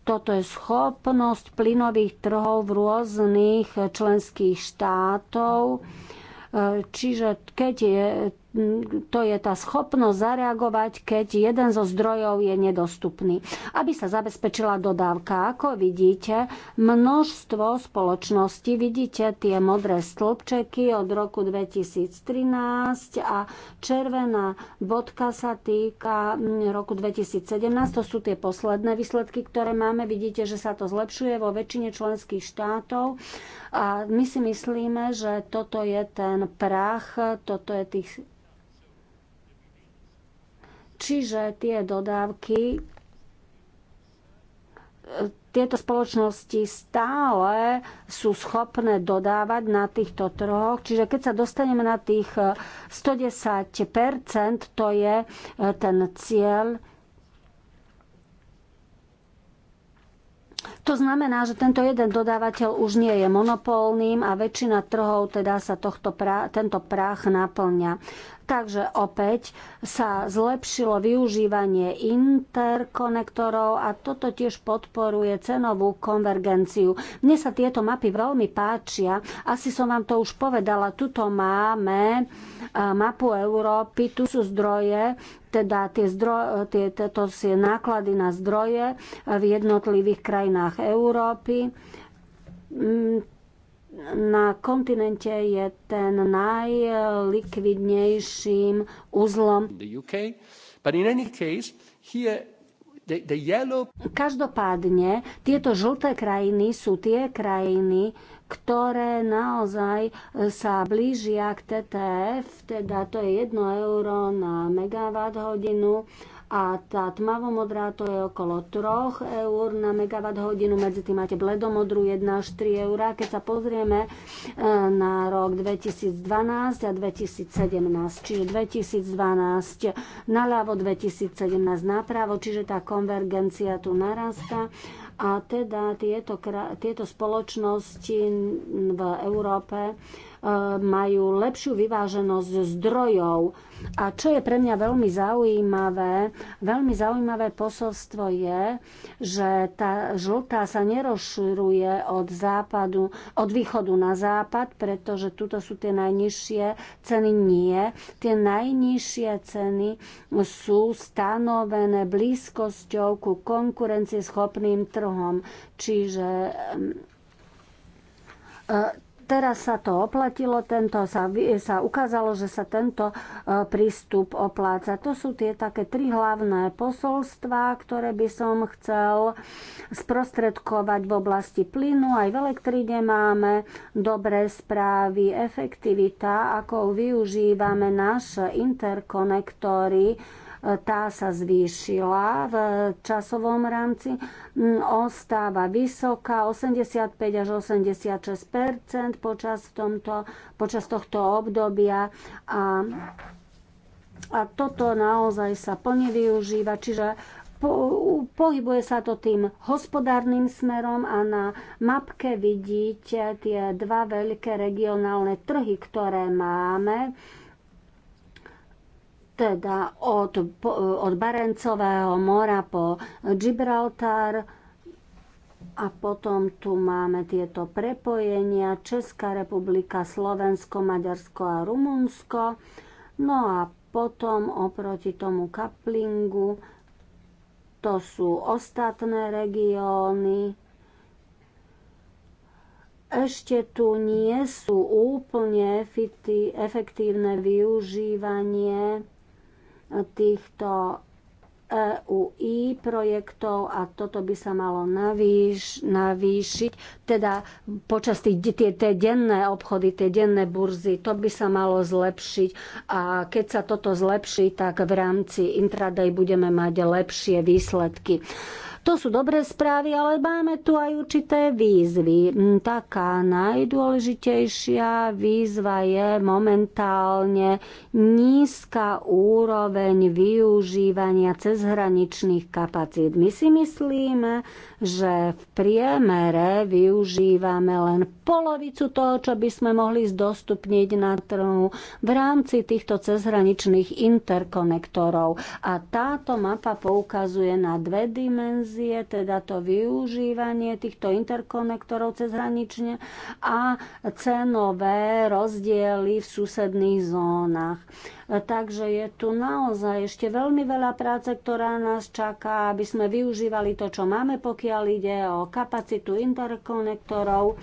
toto je schopnosť plynových trhov v rôznych členských štátov. Čiže keď je to je tá schopnosť zareagovať, keď jeden zo zdrojov je nedostupný, aby sa zabezpečila dodávka. Ako vidíte, množstvo spoločností, vidíte tie modré stĺpčeky od roku 2013 a červená bodka sa týka mm, roku 2017. To sú tie posledné výsledky, ktoré máme. Vidíte, že sa to zlepšuje vo väčšine členských štátov a my si myslíme, že toto je ten prach, toto je tých Čiže tie dodávky tieto spoločnosti stále sú schopné dodávať na týchto trhoch. Čiže keď sa dostaneme na tých 110 eh, to je eh, ten cieľ. To znamená, že tento jeden dodávateľ už nie je monopolným a väčšina trhov teda sa tohto prá, tento práh naplňa. Takže opäť sa zlepšilo využívanie interkonektorov a toto tiež podporuje cenovú konvergenciu. Mne sa tieto mapy veľmi páčia. Asi som vám to už povedala. Tuto máme mapu Európy. Tu sú zdroje, teda tie, zdroje, tie, tieto náklady na zdroje v jednotlivých krajinách Európy mm, na kontinente je ten najlikvidnejším uzlom. Každopádne, tieto žlté krajiny sú tie krajiny, ktoré naozaj e, sa blížia k TTF, teda to je 1 euro na megawatt hodinu a tá tmavomodrá to je okolo 3 eur na megawatt hodinu, medzi tým máte bledomodrú 1 až 3 eur. Keď sa pozrieme e, na rok 2012 a 2017, čiže 2012 naľavo, 2017 napravo, čiže tá konvergencia tu narastá a teda tieto, tieto spoločnosti v Európe E, majú lepšiu vyváženosť zdrojov. A čo je pre mňa veľmi zaujímavé, veľmi zaujímavé posolstvo je, že tá žltá sa nerozširuje od západu, od východu na západ, pretože tuto sú tie najnižšie ceny nie. Tie najnižšie ceny sú stanovené blízkosťou ku konkurencieschopným trhom. Čiže Teraz sa to oplatilo, tento sa, sa ukázalo, že sa tento e, prístup opláca. To sú tie také tri hlavné posolstva, ktoré by som chcel sprostredkovať v oblasti plynu. Aj v elektríne máme dobré správy, efektivita, ako využívame naše interkonektory, tá sa zvýšila v časovom rámci, mm, ostáva vysoká 85 až 86 počas, tomto, počas tohto obdobia a, a toto naozaj sa plne využíva, čiže po, pohybuje sa to tým hospodárnym smerom a na mapke vidíte tie dva veľké regionálne trhy, ktoré máme teda od, od Barencového mora po Gibraltar a potom tu máme tieto prepojenia Česká republika, Slovensko, Maďarsko a Rumunsko. No a potom oproti tomu kaplingu to sú ostatné regióny, ešte tu nie sú úplne efektívne využívanie týchto EUI projektov a toto by sa malo navýš, navýšiť, teda počas tých, tie, tie denné obchody, tie denné burzy, to by sa malo zlepšiť a keď sa toto zlepší, tak v rámci intraday budeme mať lepšie výsledky. To sú dobré správy, ale máme tu aj určité výzvy. Mm, taká najdôležitejšia výzva je momentálne nízka úroveň využívania cezhraničných kapacít. My si myslíme, že v priemere využívame len polovicu toho, čo by sme mohli zdostupniť na trhu v rámci týchto cezhraničných interkonektorov. A táto mapa poukazuje na dve dimenzie konverzie, teda to využívanie týchto interkonektorov cezhranične a cenové rozdiely v susedných zónach. Takže je tu naozaj ešte veľmi veľa práce, ktorá nás čaká, aby sme využívali to, čo máme, pokiaľ ide o kapacitu interkonektorov,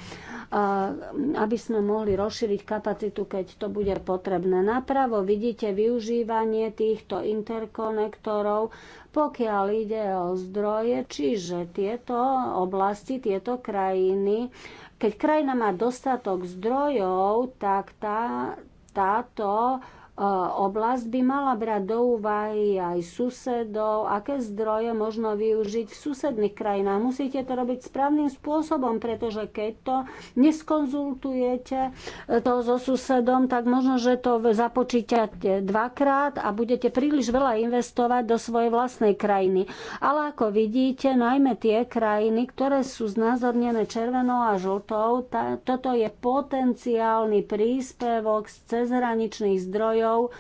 aby sme mohli rozšíriť kapacitu, keď to bude potrebné. Napravo vidíte využívanie týchto interkonektorov pokiaľ ide o zdroje, čiže tieto oblasti, tieto krajiny, keď krajina má dostatok zdrojov, tak tá, táto E, oblasť by mala brať do úvahy aj susedov, aké zdroje možno využiť v susedných krajinách. Musíte to robiť správnym spôsobom, pretože keď to neskonzultujete e, to so susedom, tak možno, že to započítate dvakrát a budete príliš veľa investovať do svojej vlastnej krajiny. Ale ako vidíte, najmä tie krajiny, ktoré sú znázornené červenou a žltou, tá, toto je potenciálny príspevok z cezhraničných zdrojov štátov,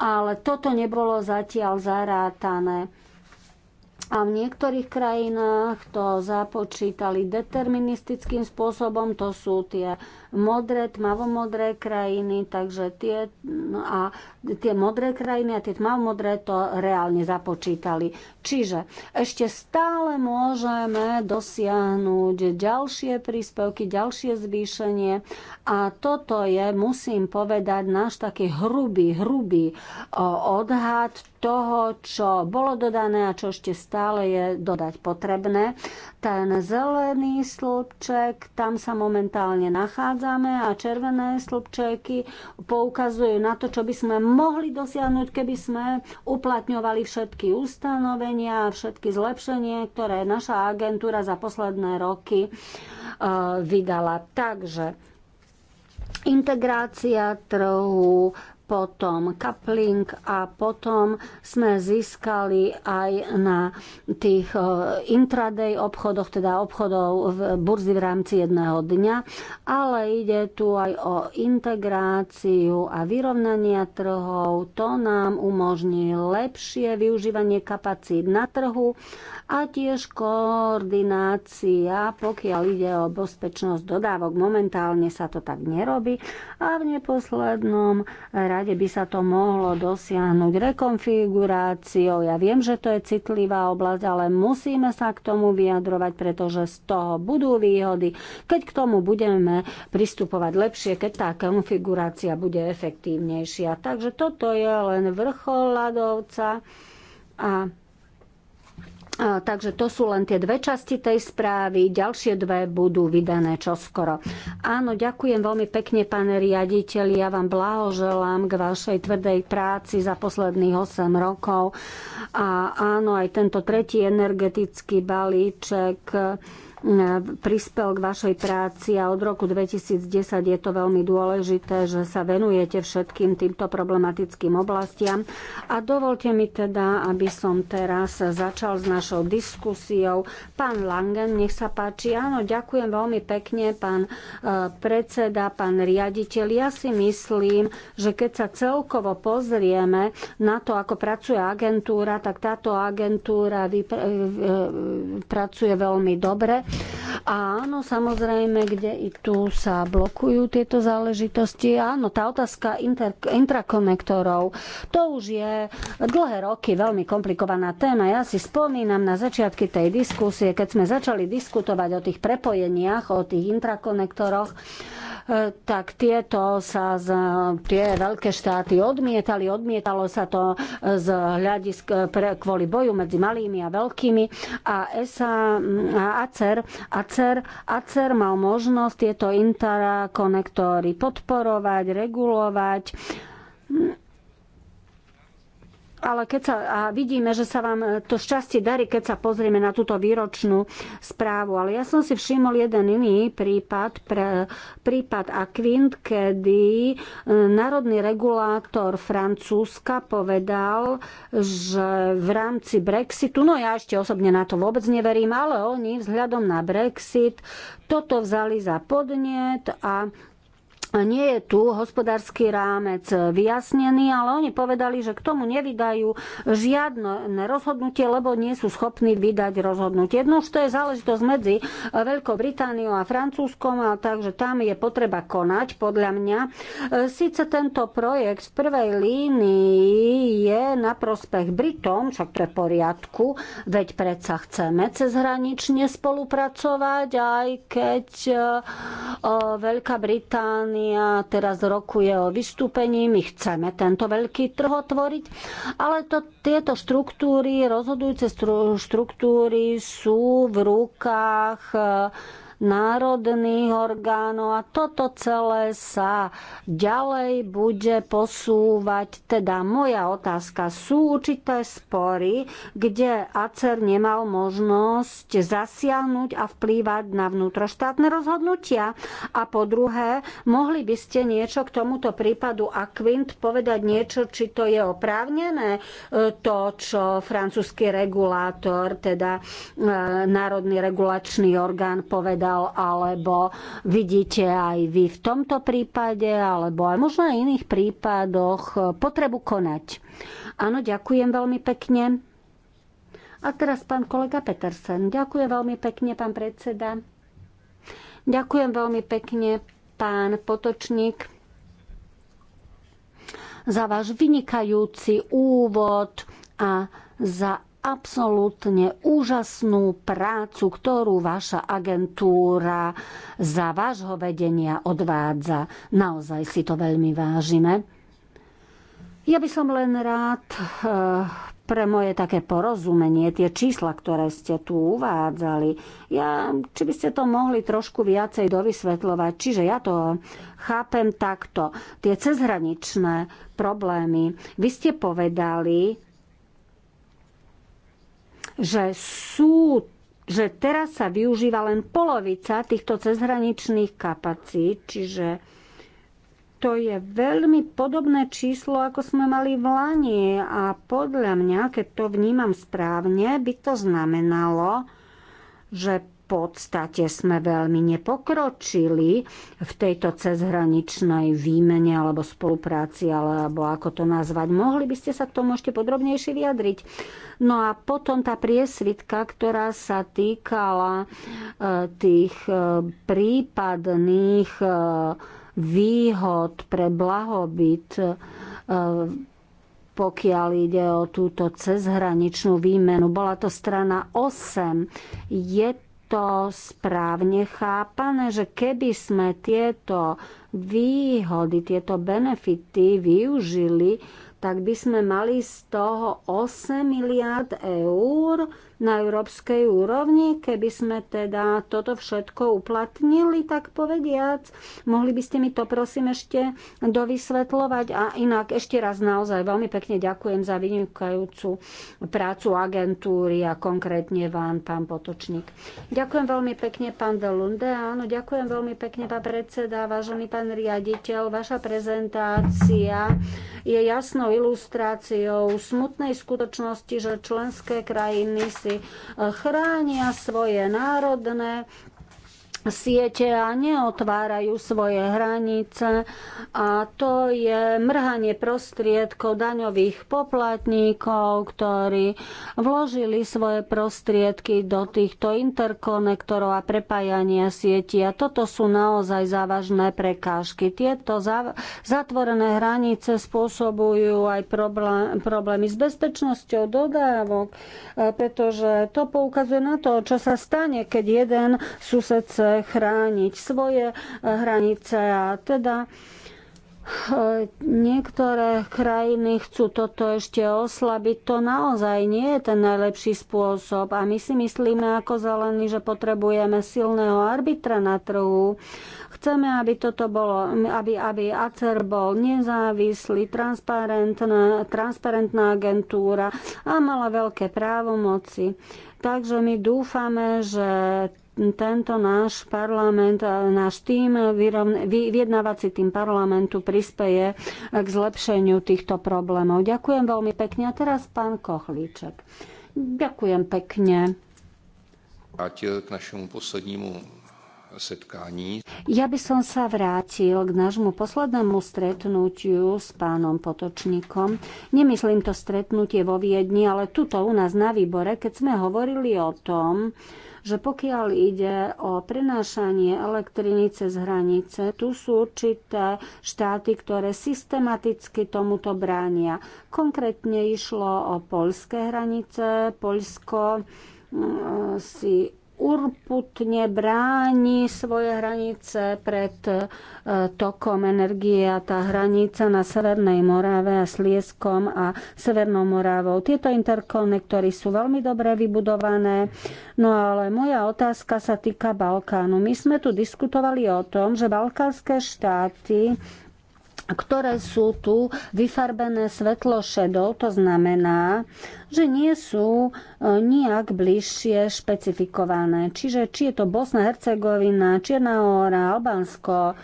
ale toto nebolo zatiaľ zarátané. A v niektorých krajinách to započítali deterministickým spôsobom, to sú tie modré, tmavomodré krajiny, takže tie, no a tie modré krajiny a tie tmavmodré to reálne započítali. Čiže ešte stále môžeme dosiahnuť ďalšie príspevky, ďalšie zvýšenie a toto je, musím povedať, náš taký hrubý, hrubý odhad toho, čo bolo dodané a čo ešte stále je dodať potrebné. Ten zelený slupček, tam sa momentálne nachádzame a červené slupčeky poukazujú na to, čo by sme mohli dosiahnuť, keby sme uplatňovali všetky ustanovenia, všetky zlepšenie, ktoré naša agentúra za posledné roky e, vydala. Takže integrácia trhu, potom kapling a potom sme získali aj na tých eh, intraday obchodoch, teda obchodov v burzi v rámci jedného dňa, ale ide tu aj o integráciu a vyrovnania trhov. To nám umožní lepšie využívanie kapacít na trhu a tiež koordinácia, pokiaľ ide o bezpečnosť dodávok. Momentálne sa to tak nerobí a v neposlednom rade rade by sa to mohlo dosiahnuť rekonfiguráciou. Ja viem, že to je citlivá oblasť, ale musíme sa k tomu vyjadrovať, pretože z toho budú výhody, keď k tomu budeme pristupovať lepšie, keď tá konfigurácia bude efektívnejšia. Takže toto je len vrchol ľadovca a Takže to sú len tie dve časti tej správy, ďalšie dve budú vydané čoskoro. Áno, ďakujem veľmi pekne, pane riaditeľ, ja vám blahoželám k vašej tvrdej práci za posledných 8 rokov. A áno, aj tento tretí energetický balíček prispel k vašej práci a od roku 2010 je to veľmi dôležité, že sa venujete všetkým týmto problematickým oblastiam. A dovolte mi teda, aby som teraz začal s našou diskusiou. Pán Langen, nech sa páči. Áno, ďakujem veľmi pekne, pán e, predseda, pán riaditeľ. Ja si myslím, že keď sa celkovo pozrieme na to, ako pracuje agentúra, tak táto agentúra e, e, pracuje veľmi dobre Áno, samozrejme, kde i tu sa blokujú tieto záležitosti. Áno, tá otázka inter, intrakonektorov, to už je dlhé roky veľmi komplikovaná téma. Ja si spomínam na začiatky tej diskusie, keď sme začali diskutovať o tých prepojeniach, o tých intrakonektoroch, E, tak tieto sa z, tie veľké štáty odmietali, odmietalo sa to e, z hľadisk e, pre, kvôli boju medzi malými a veľkými a ESA a ACER, ACER, ACER mal možnosť tieto interkonektory podporovať, regulovať ale keď sa, a vidíme, že sa vám to šťastie darí, keď sa pozrieme na túto výročnú správu. Ale ja som si všimol jeden iný prípad, pre, prípad Aquint, kedy e, národný regulátor Francúzska povedal, že v rámci Brexitu, no ja ešte osobne na to vôbec neverím, ale oni vzhľadom na Brexit toto vzali za podnet a nie je tu hospodársky rámec vyjasnený, ale oni povedali, že k tomu nevydajú žiadne rozhodnutie, lebo nie sú schopní vydať rozhodnutie. No už to je záležitosť medzi Veľkou Britániou a Francúzskom, a takže tam je potreba konať, podľa mňa. Sice tento projekt v prvej línii je na prospech Britom, však pre poriadku, veď predsa chceme cezhranične spolupracovať, aj keď eh, Veľká Británia Únia teraz rokuje o vystúpení, my chceme tento veľký trh otvoriť, ale to, tieto štruktúry, rozhodujúce štruktúry sú v rukách národných orgánov a toto celé sa ďalej bude posúvať. Teda moja otázka, sú určité spory, kde ACER nemal možnosť zasiahnuť a vplývať na vnútroštátne rozhodnutia? A po druhé, mohli by ste niečo k tomuto prípadu Aquint povedať niečo, či to je oprávnené, e, to, čo francúzsky regulátor, teda e, národný regulačný orgán povedal, model, alebo vidíte aj vy v tomto prípade, alebo aj možno aj iných prípadoch e, potrebu konať. Áno, ďakujem veľmi pekne. A teraz pán kolega Petersen. Ďakujem veľmi pekne, pán predseda. Ďakujem veľmi pekne, pán Potočník, za váš vynikajúci úvod a za absolútne úžasnú prácu, ktorú vaša agentúra za vášho vedenia odvádza. Naozaj si to veľmi vážime. Ja by som len rád eh, pre moje také porozumenie, tie čísla, ktoré ste tu uvádzali, ja, či by ste to mohli trošku viacej dovysvetľovať. Čiže ja to chápem takto. Tie cezhraničné problémy. Vy ste povedali, že sú že teraz sa využíva len polovica týchto cezhraničných kapacít, čiže to je veľmi podobné číslo, ako sme mali v Lani a podľa mňa, keď to vnímam správne, by to znamenalo, že podstate sme veľmi nepokročili v tejto cezhraničnej výmene alebo spolupráci, alebo ako to nazvať. Mohli by ste sa k tomu ešte podrobnejšie vyjadriť? No a potom tá priesvitka, ktorá sa týkala e, tých e, prípadných e, výhod pre blahobyt pokiaľ ide o túto cezhraničnú výmenu. Bola to strana 8. Je to správne chápané, že keby sme tieto výhody, tieto benefity využili, tak by sme mali z toho 8 miliard eur na európskej úrovni. Keby sme teda toto všetko uplatnili, tak povediac, mohli by ste mi to prosím ešte dovysvetľovať. A inak ešte raz naozaj veľmi pekne ďakujem za vynikajúcu prácu agentúry a konkrétne vám, pán Potočník. Ďakujem veľmi pekne, pán Delunde. Áno, ďakujem veľmi pekne, pán predseda, vážený pán riaditeľ. Vaša prezentácia je jasnou ilustráciou smutnej skutočnosti, že členské krajiny si Ukrajinci e, chránia svoje národné siete a neotvárajú svoje hranice a to je mrhanie prostriedkov daňových poplatníkov, ktorí vložili svoje prostriedky do týchto interkonektorov a prepájania sieti. A toto sú naozaj závažné prekážky. Tieto zatvorené hranice spôsobujú aj problémy s bezpečnosťou dodávok, e, pretože to poukazuje na to, čo sa stane, keď jeden sused sa chrániť svoje eh, hranice a teda eh, niektoré krajiny chcú toto ešte oslabiť, to naozaj nie je ten najlepší spôsob. A my si myslíme ako zelení, že potrebujeme silného arbitra na trhu. Chceme, aby toto bolo, aby, aby ACER bol nezávislý, transparentná, transparentná agentúra a mala veľké právomoci. Takže my dúfame, že tento náš parlament, náš tým, vyjednávací tým parlamentu prispeje k zlepšeniu týchto problémov. Ďakujem veľmi pekne. A teraz pán Kochlíček. Ďakujem pekne. Vrátil k našemu poslednímu setkání. Ja by som sa vrátil k nášmu poslednému stretnutiu s pánom Potočníkom. Nemyslím to stretnutie vo Viedni, ale tuto u nás na výbore, keď sme hovorili o tom, že pokiaľ ide o prenášanie elektriny cez hranice, tu sú určité štáty, ktoré systematicky tomuto bránia. Konkrétne išlo o poľské hranice. Poľsko mm, e, si urputne bráni svoje hranice pred e, tokom energie a tá hranica na Severnej Morave a Slieskom a Severnou Moravou. Tieto interkonektory sú veľmi dobre vybudované, no ale moja otázka sa týka Balkánu. My sme tu diskutovali o tom, že balkánske štáty ktoré sú tu vyfarbené svetlo šedou, to znamená, že nie sú e, nijak bližšie špecifikované. Čiže či je to Bosna, Hercegovina, Čierna hora, Albánsko,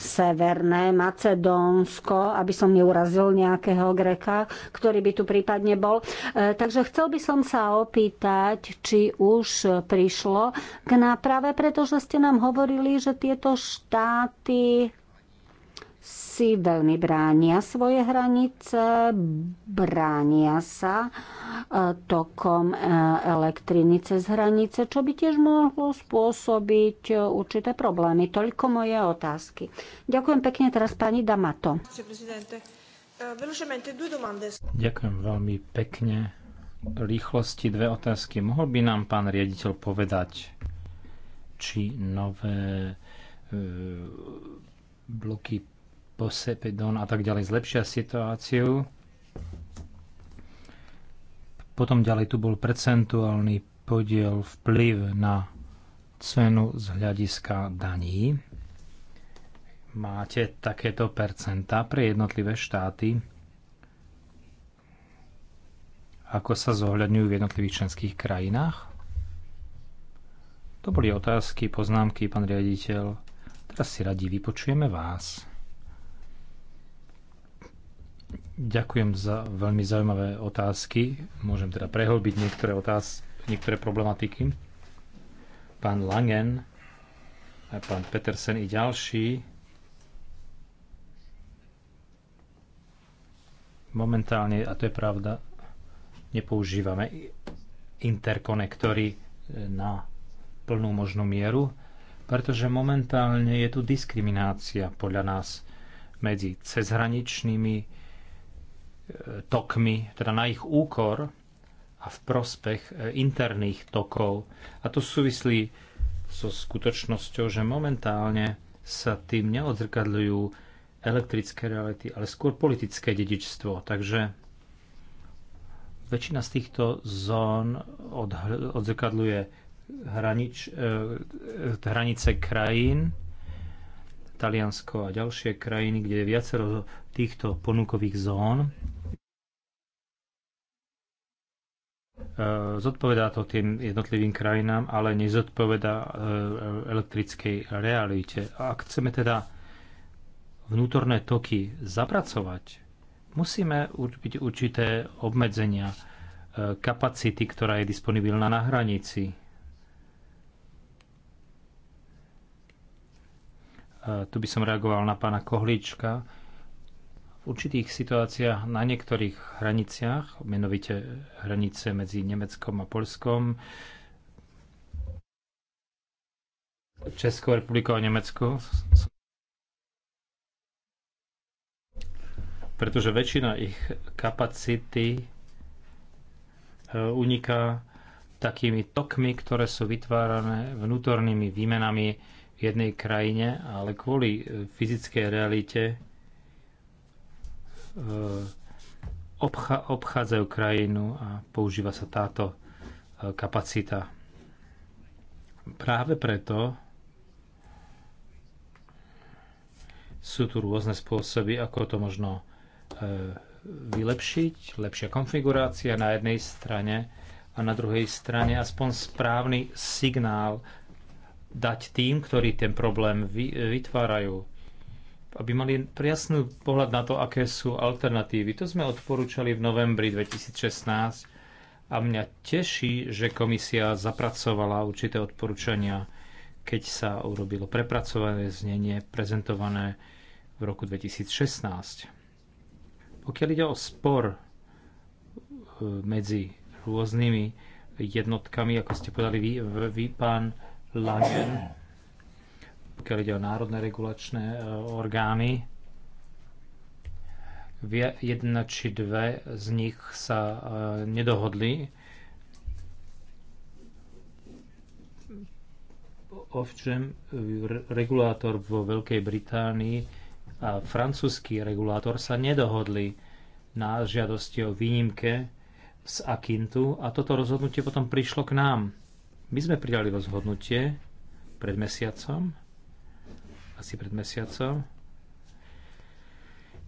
Severné Macedónsko, aby som neurazil nejakého Greka, ktorý by tu prípadne bol. E, takže chcel by som sa opýtať, či už prišlo k náprave, pretože ste nám hovorili, že tieto štáty si veľmi bránia svoje hranice, bránia sa e, tokom e, elektriny cez hranice, čo by tiež mohlo spôsobiť e, určité problémy. Toľko moje otázky. Ďakujem pekne teraz pani Damato. Ďakujem veľmi pekne. Rýchlosti dve otázky. Mohol by nám pán riaditeľ povedať, či nové bloky Posepedon a tak ďalej zlepšia situáciu. Potom ďalej tu bol percentuálny podiel vplyv na cenu z hľadiska daní. Máte takéto percentá pre jednotlivé štáty, ako sa zohľadňujú v jednotlivých členských krajinách? To boli otázky, poznámky, pán riaditeľ. Teraz si radi vypočujeme vás. Ďakujem za veľmi zaujímavé otázky. Môžem teda prehlbiť niektoré otázky, niektoré problematiky. Pán Langen, pán Petersen i ďalší. Momentálne, a to je pravda, nepoužívame interkonektory e, na plnú možnú mieru, pretože momentálne je tu diskriminácia podľa nás medzi cezhraničnými tokmi, teda na ich úkor a v prospech e, interných tokov. A to súvislí so skutočnosťou, že momentálne sa tým neodzrkadľujú elektrické reality, ale skôr politické dedičstvo. Takže väčšina z týchto zón odzrkadľuje hranič, e, e, hranice krajín, Taliansko a ďalšie krajiny, kde je viacero týchto ponukových zón. E, zodpovedá to tým jednotlivým krajinám, ale nezodpovedá e, elektrickej realite. A ak chceme teda vnútorné toky zapracovať, musíme byť určité obmedzenia e, kapacity, ktorá je disponibilná na hranici. Tu by som reagoval na pána Kohlíčka v určitých situáciách na niektorých hraniciach, menovite hranice medzi Nemeckom a Polskom, Českou republikou a Nemeckou. Pretože väčšina ich kapacity e, uniká takými tokmi, ktoré sú vytvárané vnútornými výmenami v jednej krajine, ale kvôli e, fyzickej realite Eh, obchádzajú krajinu a používa sa táto eh, kapacita. Práve preto sú tu rôzne spôsoby, ako to možno eh, vylepšiť. Lepšia konfigurácia na jednej strane a na druhej strane aspoň správny signál dať tým, ktorí ten problém vytvárajú aby mali priasný pohľad na to, aké sú alternatívy. To sme odporúčali v novembri 2016 a mňa teší, že komisia zapracovala určité odporúčania, keď sa urobilo prepracované znenie prezentované v roku 2016. Pokiaľ ide o spor e, medzi rôznymi jednotkami, ako ste povedali vy, vy pán Langen, pokiaľ ide o národné regulačné e, orgány, jedna či dve z nich sa e, nedohodli. Ovšem, regulátor vo Veľkej Británii a francúzsky regulátor sa nedohodli na žiadosti o výnimke z Akintu a toto rozhodnutie potom prišlo k nám. My sme pridali rozhodnutie pred mesiacom asi pred mesiacom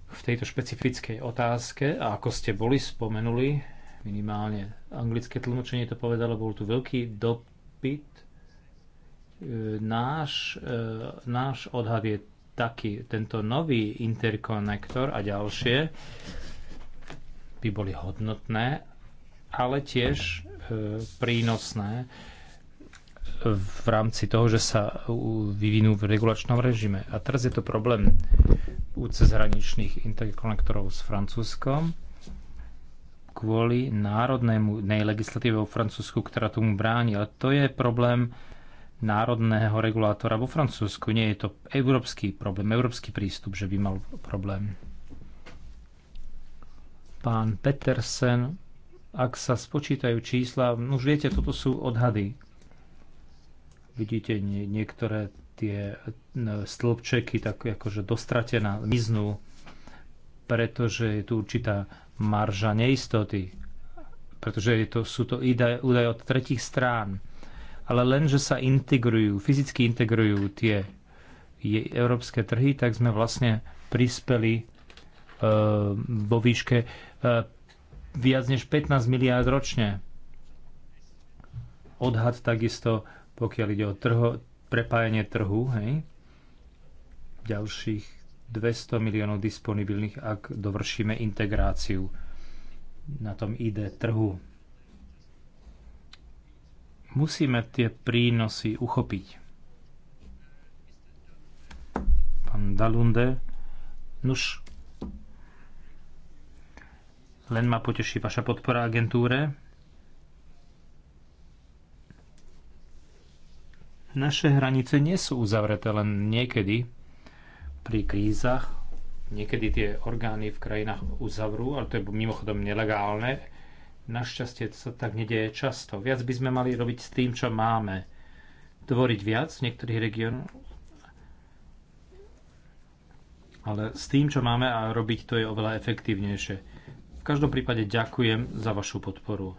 v tejto špecifickej otázke a ako ste boli spomenuli, minimálne anglické tlmočenie to povedalo, bol tu veľký dopyt. E, náš, e, náš odhad je taký, tento nový interkonektor a ďalšie by boli hodnotné, ale tiež e, prínosné v rámci toho, že sa vyvinú v regulačnom režime. A teraz je to problém u cezhraničných interkonektorov s Francúzskom kvôli národnému nejlegislatíve vo Francúzsku, ktorá tomu bráni. Ale to je problém národného regulátora vo Francúzsku. Nie je to európsky problém, európsky prístup, že by mal problém. Pán Petersen, ak sa spočítajú čísla, už viete, toto sú odhady. Vidíte niektoré tie stĺpčeky tak akože dostratená miznú, pretože je tu určitá marža neistoty, pretože je to, sú to údaje, údaje od tretich strán. Ale len, že sa integrujú, fyzicky integrujú tie je, európske trhy, tak sme vlastne prispeli e, vo výške e, viac než 15 miliárd ročne. Odhad takisto pokiaľ ide o trho, prepájanie trhu, hej, ďalších 200 miliónov disponibilných, ak dovršíme integráciu na tom ID trhu. Musíme tie prínosy uchopiť. Pán Dalunde, nuž, len ma poteší vaša podpora agentúre. Naše hranice nie sú uzavreté len niekedy pri krízach. Niekedy tie orgány v krajinách uzavrú, ale to je mimochodom nelegálne. Našťastie sa tak nedieje často. Viac by sme mali robiť s tým, čo máme. Tvoriť viac v niektorých regiónoch, ale s tým, čo máme a robiť, to je oveľa efektívnejšie. V každom prípade ďakujem za vašu podporu.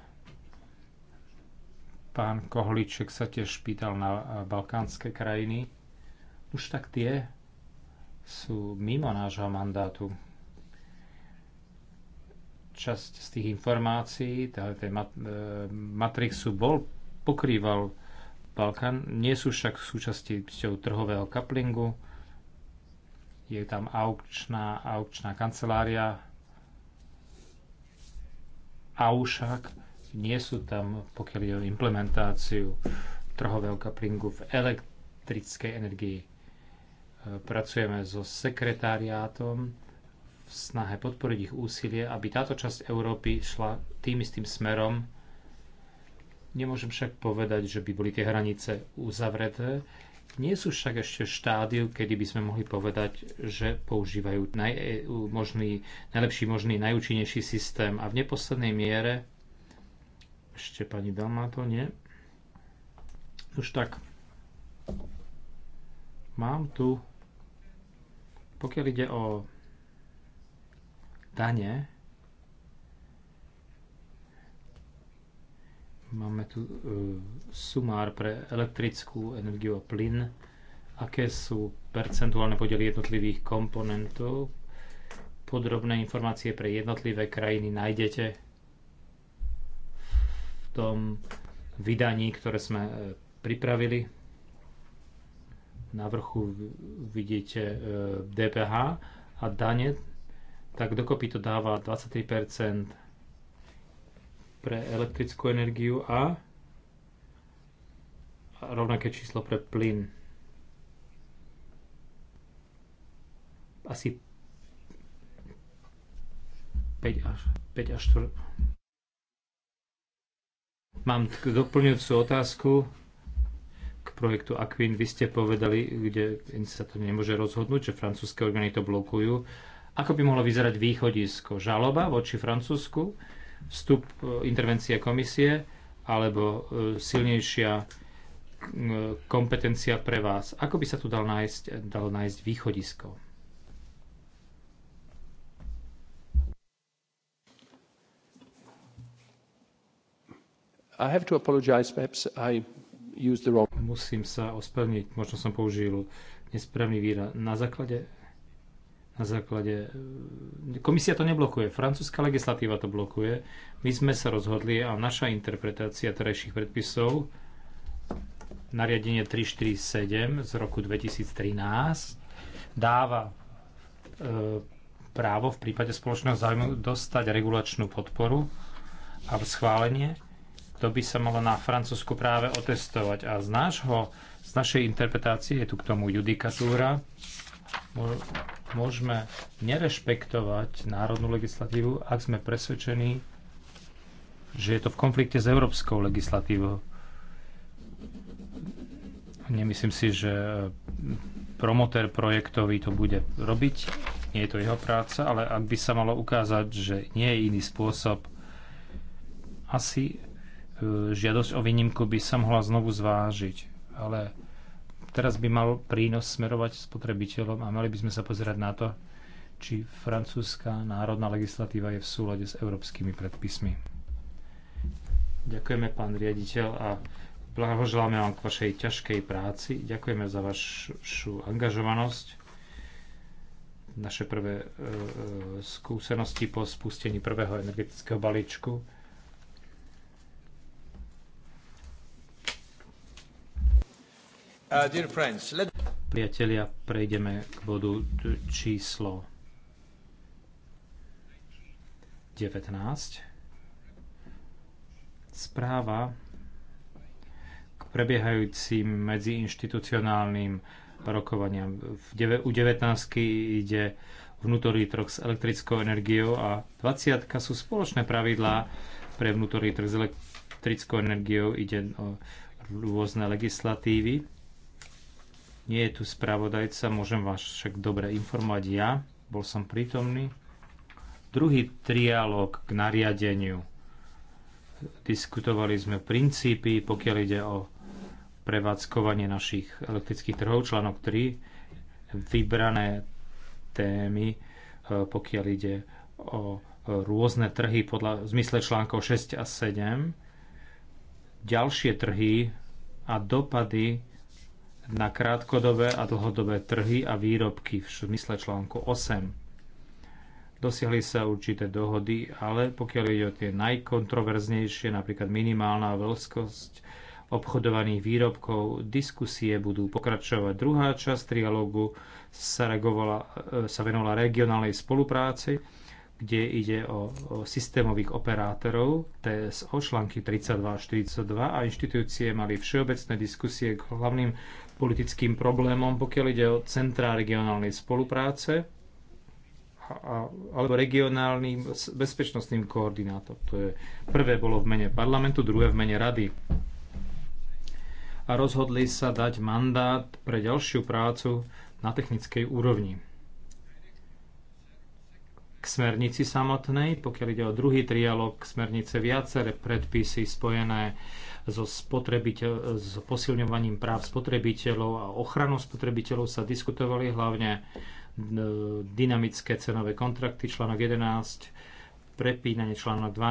Pán Kohliček sa tiež pýtal na eh, balkánske krajiny. Už tak tie sú mimo nášho mandátu. Časť z tých informácií, teda tej mat, eh, Matrixu bol, pokrýval Balkán, nie sú však súčasťou trhového kaplingu, je tam aukčná, aukčná kancelária, Aušak, nie sú tam, pokiaľ je o implementáciu trhového kaplingu v elektrickej energii. E, pracujeme so sekretariátom v snahe podporiť ich úsilie, aby táto časť Európy šla tým istým smerom. Nemôžem však povedať, že by boli tie hranice uzavreté. Nie sú však ešte štádiu, kedy by sme mohli povedať, že používajú naj, e, možný, najlepší možný, najúčinnejší systém a v neposlednej miere ešte pani Dalmato, nie? Už tak. Mám tu, pokiaľ ide o dane, máme tu e, sumár pre elektrickú energiu a plyn, aké sú percentuálne podiely jednotlivých komponentov. Podrobné informácie pre jednotlivé krajiny nájdete tom vydaní, ktoré sme e, pripravili. Na vrchu vidíte e, DPH a dane, tak dokopy to dáva 23% pre elektrickú energiu a rovnaké číslo pre plyn. Asi 5 až, 5 až 4 Mám doplňujúcu otázku k projektu Aquin. Vy ste povedali, kde sa to nemôže rozhodnúť, že francúzske orgány to blokujú. Ako by mohlo vyzerať východisko? Žaloba voči Francúzsku? Vstup e, intervencie komisie? Alebo e, silnejšia e, kompetencia pre vás? Ako by sa tu dal nájsť, dalo nájsť východisko? I have to apologize, perhaps I used the wrong... Musím sa ospravniť, možno som použil nesprávny výraz. Na základe na základe... E, komisia to neblokuje, francúzska legislatíva to blokuje. My sme sa rozhodli a naša interpretácia terajších predpisov nariadenie 347 z roku 2013 dáva e, právo v prípade spoločného záujmu dostať regulačnú podporu a schválenie to by sa malo na Francúzsku práve otestovať. A z, nášho, z našej interpretácie je tu k tomu judikatúra. Môžeme nerešpektovať národnú legislatívu, ak sme presvedčení, že je to v konflikte s európskou legislatívou. Nemyslím si, že e, promotér projektový to bude robiť. Nie je to jeho práca, ale ak by sa malo ukázať, že nie je iný spôsob, asi žiadosť o výnimku by sa mohla znovu zvážiť, ale teraz by mal prínos smerovať spotrebiteľom a mali by sme sa pozerať na to, či francúzska národná legislatíva je v súlade s európskymi predpismi. Ďakujeme, pán riaditeľ, a blahoželáme vám k vašej ťažkej práci. Ďakujeme za vašu angažovanosť. Naše prvé e, e, skúsenosti po spustení prvého energetického balíčku Uh, Priatelia, prejdeme k bodu číslo 19. Správa k prebiehajúcim medziinštitucionálnym rokovaniam. U 19 ide vnútorný trh s elektrickou energiou a 20 sú spoločné pravidlá pre vnútorný trh s elektrickou energiou. Ide o rôzne legislatívy nie je tu spravodajca, môžem vás však dobre informovať ja. Bol som prítomný. Druhý trialog k nariadeniu. Diskutovali sme princípy, pokiaľ ide o prevádzkovanie našich elektrických trhov, článok 3, vybrané témy, e, pokiaľ ide o rôzne trhy podľa v zmysle článkov 6 a 7, ďalšie trhy a dopady na krátkodobé a dlhodobé trhy a výrobky v smysle článku 8. Dosiahli sa určité dohody, ale pokiaľ ide o tie najkontroverznejšie, napríklad minimálna veľkosť obchodovaných výrobkov, diskusie budú pokračovať. Druhá časť trialógu sa, e, sa venovala regionálnej spolupráci kde ide o, o systémových operátorov TSO články 32 a 42 a inštitúcie mali všeobecné diskusie k hlavným politickým problémom, pokiaľ ide o centrá regionálnej spolupráce a, alebo regionálnym bezpečnostným koordinátor. To je, prvé bolo v mene parlamentu, druhé v mene rady. A rozhodli sa dať mandát pre ďalšiu prácu na technickej úrovni k smernici samotnej, pokiaľ ide o druhý trialog smernice viaceré predpisy spojené so, spotrebiteľ, s posilňovaním práv spotrebiteľov a ochranou spotrebiteľov sa diskutovali hlavne e, dynamické cenové kontrakty, článok 11, prepínanie článok 12, e,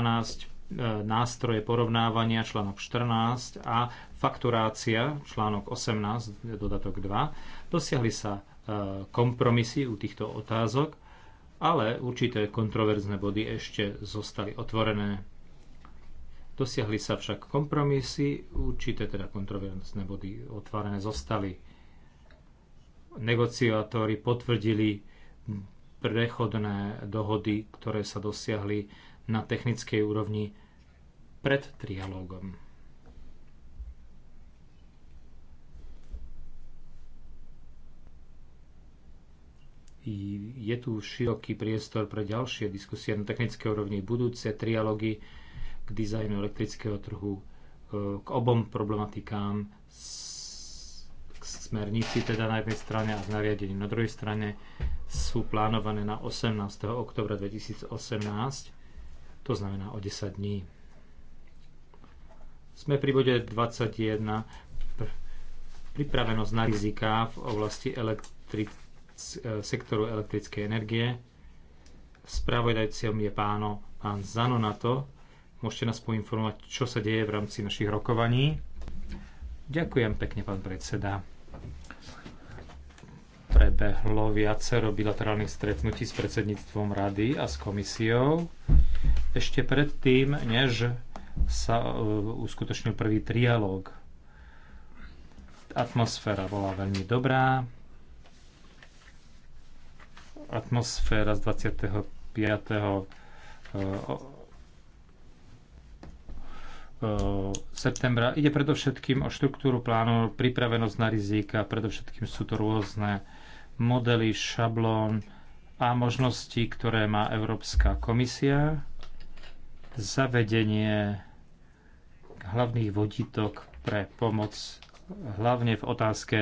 nástroje porovnávania, článok 14 a fakturácia, článok 18, dodatok 2. Dosiahli sa e, kompromisy u týchto otázok ale určité kontroverzné body ešte zostali otvorené. Dosiahli sa však kompromisy, určité teda kontroverzné body otvorené zostali. Negociátori potvrdili prechodné dohody, ktoré sa dosiahli na technickej úrovni pred trialógom. je tu široký priestor pre ďalšie diskusie na technické úrovni, budúce trialógy k dizajnu elektrického trhu, e, k obom problematikám, k smernici teda na jednej strane a k nariadeniu na druhej strane sú plánované na 18. oktobra 2018, to znamená o 10 dní. Sme pri bode 21, pripravenosť na riziká v oblasti elektrického Eh, sektoru elektrickej energie. Spravodajcom je páno, pán Zanonato. Môžete nás poinformovať, čo sa deje v rámci našich rokovaní. Ďakujem pekne, pán predseda. Prebehlo viacero bilaterálnych stretnutí s predsedníctvom rady a s komisiou. Ešte predtým, než sa eh, uskutočnil prvý trialóg. Atmosféra bola veľmi dobrá, atmosféra z 25. E, e, septembra. Ide predovšetkým o štruktúru plánu, pripravenosť na rizika, predovšetkým sú to rôzne modely, šablón a možnosti, ktoré má Európska komisia, zavedenie hlavných vodítok pre pomoc, hlavne v otázke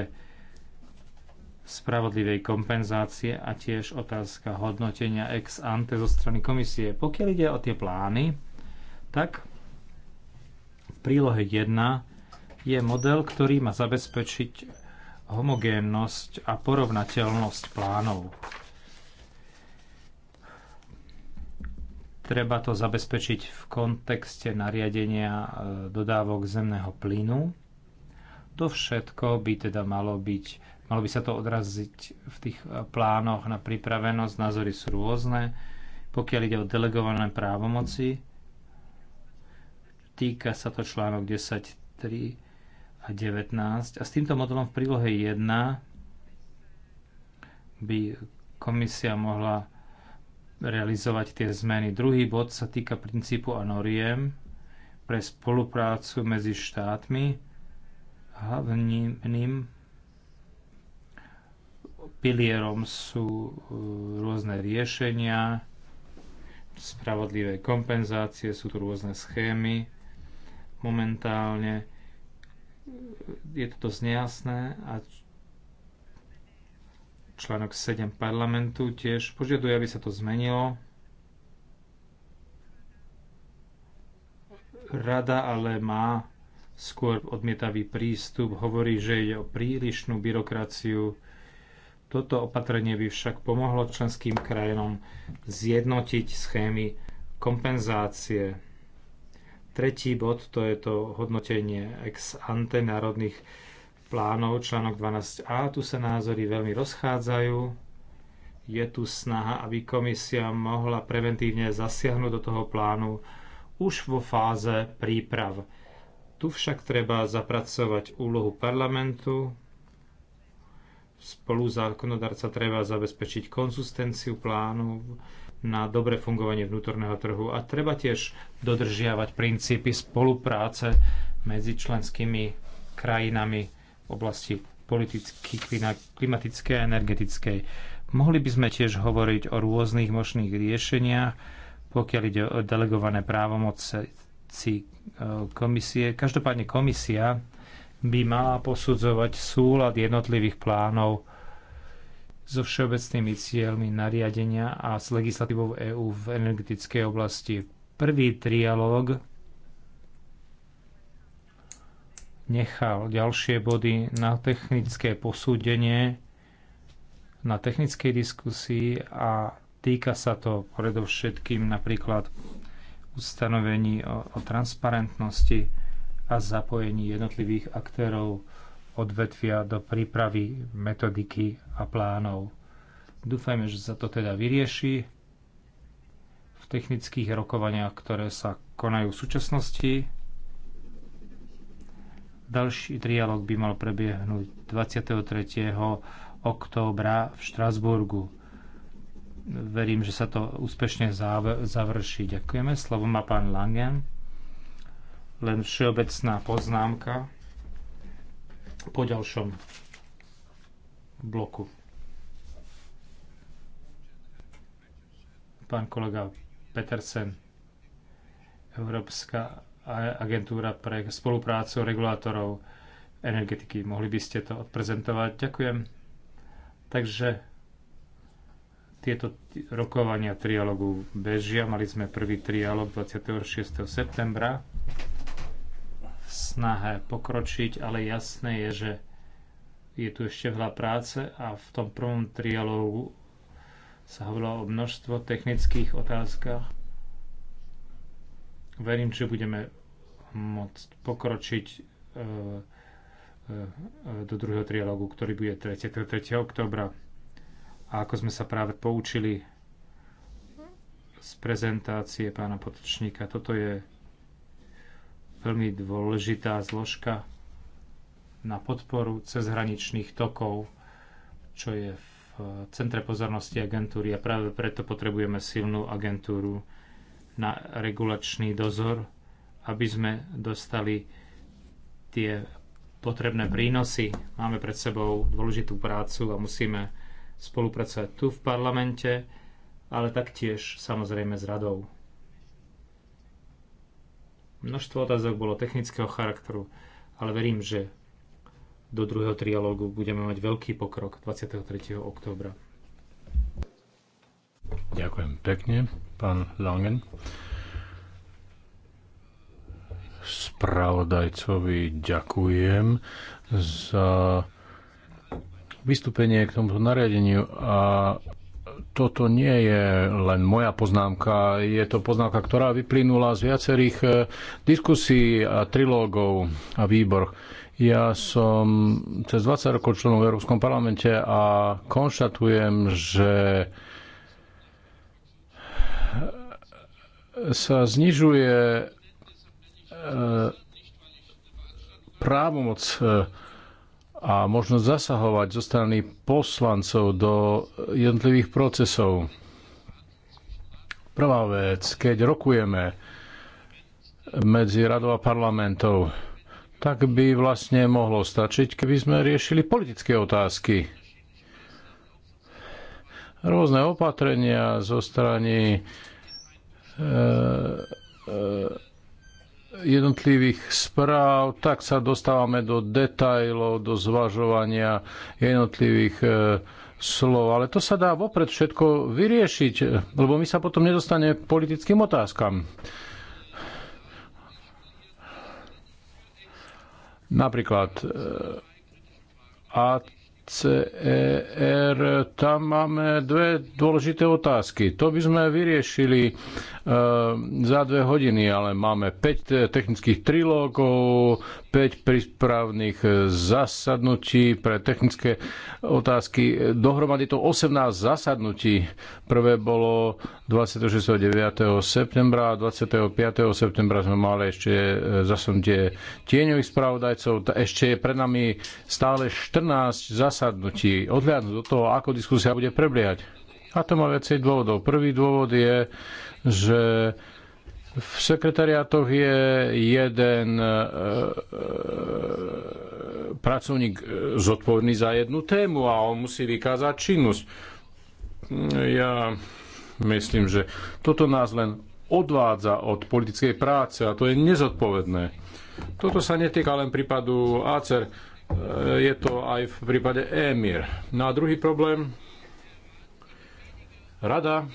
spravodlivej kompenzácie a tiež otázka hodnotenia ex ante zo strany komisie. Pokiaľ ide o tie plány, tak v prílohe 1 je model, ktorý má zabezpečiť homogénnosť a porovnateľnosť plánov. Treba to zabezpečiť v kontexte nariadenia e, dodávok zemného plynu. To všetko by teda malo byť Malo by sa to odraziť v tých e, plánoch na pripravenosť. Názory sú rôzne. Pokiaľ ide o delegované právomoci, týka sa to článok 10.3 a 19. A s týmto modelom v prílohe 1 by komisia mohla realizovať tie zmeny. Druhý bod sa týka princípu a noriem pre spoluprácu medzi štátmi. Hlavným pilierom sú e, rôzne riešenia, spravodlivé kompenzácie, sú tu rôzne schémy. Momentálne je to dosť nejasné a článok 7 parlamentu tiež požiaduje, aby sa to zmenilo. Rada ale má skôr odmietavý prístup, hovorí, že ide o prílišnú byrokraciu, toto opatrenie by však pomohlo členským krajinom zjednotiť schémy kompenzácie. Tretí bod to je to hodnotenie ex ante národných plánov, článok 12a. Tu sa názory veľmi rozchádzajú. Je tu snaha, aby komisia mohla preventívne zasiahnuť do toho plánu už vo fáze príprav. Tu však treba zapracovať úlohu parlamentu, Spolu zákonodarca treba zabezpečiť konzistenciu plánov na dobre fungovanie vnútorného trhu a treba tiež dodržiavať princípy spolupráce medzi členskými krajinami v oblasti politicky, klimatickej a energetickej. Mohli by sme tiež hovoriť o rôznych možných riešeniach, pokiaľ ide o delegované právomoci eh, komisie. Každopádne komisia by mala posudzovať súlad jednotlivých plánov so všeobecnými cieľmi nariadenia a s legislatívou EÚ v energetickej oblasti. Prvý trialóg nechal ďalšie body na technické posúdenie, na technickej diskusii a týka sa to predovšetkým napríklad ustanovení o, o transparentnosti, a zapojení jednotlivých aktérov odvetvia do prípravy metodiky a plánov. Dúfajme, že sa to teda vyrieši v technických rokovaniach, ktoré sa konajú v súčasnosti. Ďalší trialog by mal prebiehnúť 23. októbra v Štrasburgu. Verím, že sa to úspešne završí. Ďakujeme. Slovo má pán Langen. Len všeobecná poznámka po ďalšom bloku. Pán kolega Petersen, Európska agentúra pre spoluprácu regulátorov energetiky. Mohli by ste to odprezentovať? Ďakujem. Takže tieto rokovania trialogu bežia. Mali sme prvý trialog 26. septembra snahe pokročiť, ale jasné je, že je tu ešte veľa práce a v tom prvom trialógu sa hovorilo o množstvo technických otázkach. Verím, že budeme môcť pokročiť e, e, e, do druhého trialógu, ktorý bude 3. 3. oktobra. A ako sme sa práve poučili z prezentácie pána Potočníka, toto je veľmi dôležitá zložka na podporu cezhraničných tokov, čo je v centre pozornosti agentúry a práve preto potrebujeme silnú agentúru na regulačný dozor, aby sme dostali tie potrebné prínosy. Máme pred sebou dôležitú prácu a musíme spolupracovať tu v parlamente, ale taktiež samozrejme s radou. Množstvo otázok bolo technického charakteru, ale verím, že do druhého trialógu budeme mať veľký pokrok 23. októbra. Ďakujem pekne, pán Langen. Spravodajcovi ďakujem za vystúpenie k tomuto nariadeniu a toto nie je len moja poznámka, je to poznámka, ktorá vyplynula z viacerých e, diskusí a trilógov a výbor. Ja som cez 20 rokov členom v Európskom parlamente a konštatujem, že sa znižuje e, právomoc e, a možno zasahovať zo strany poslancov do jednotlivých procesov. Prvá vec, keď rokujeme medzi radou a parlamentov, tak by vlastne mohlo stačiť, keby sme riešili politické otázky. Rôzne opatrenia zo strany e, e, jednotlivých správ, tak sa dostávame do detajlov, do zvažovania jednotlivých e, slov. Ale to sa dá vopred všetko vyriešiť, lebo my sa potom nedostane k politickým otázkam. Napríklad e, ACER, tam máme dve dôležité otázky. To by sme vyriešili Ehm, za dve hodiny, ale máme 5 technických trilógov, 5 prípravných e, zasadnutí pre technické otázky. Dohromady to 18 zasadnutí. Prvé bolo 26. 9. septembra a 25. septembra sme mali ešte e, zasadnutie tieňových spravodajcov. Ešte je pred nami stále 14 zasadnutí. Odhľadnúť do toho, ako diskusia bude prebiehať. A to má viacej dôvodov. Prvý dôvod je, že v sekretariátoch je jeden e, e, pracovník e, zodpovedný za jednu tému a on musí vykázať činnosť. Ja myslím, že toto nás len odvádza od politickej práce a to je nezodpovedné. Toto sa netýka len prípadu ACER, e, je to aj v prípade EMIR. No a druhý problém, rada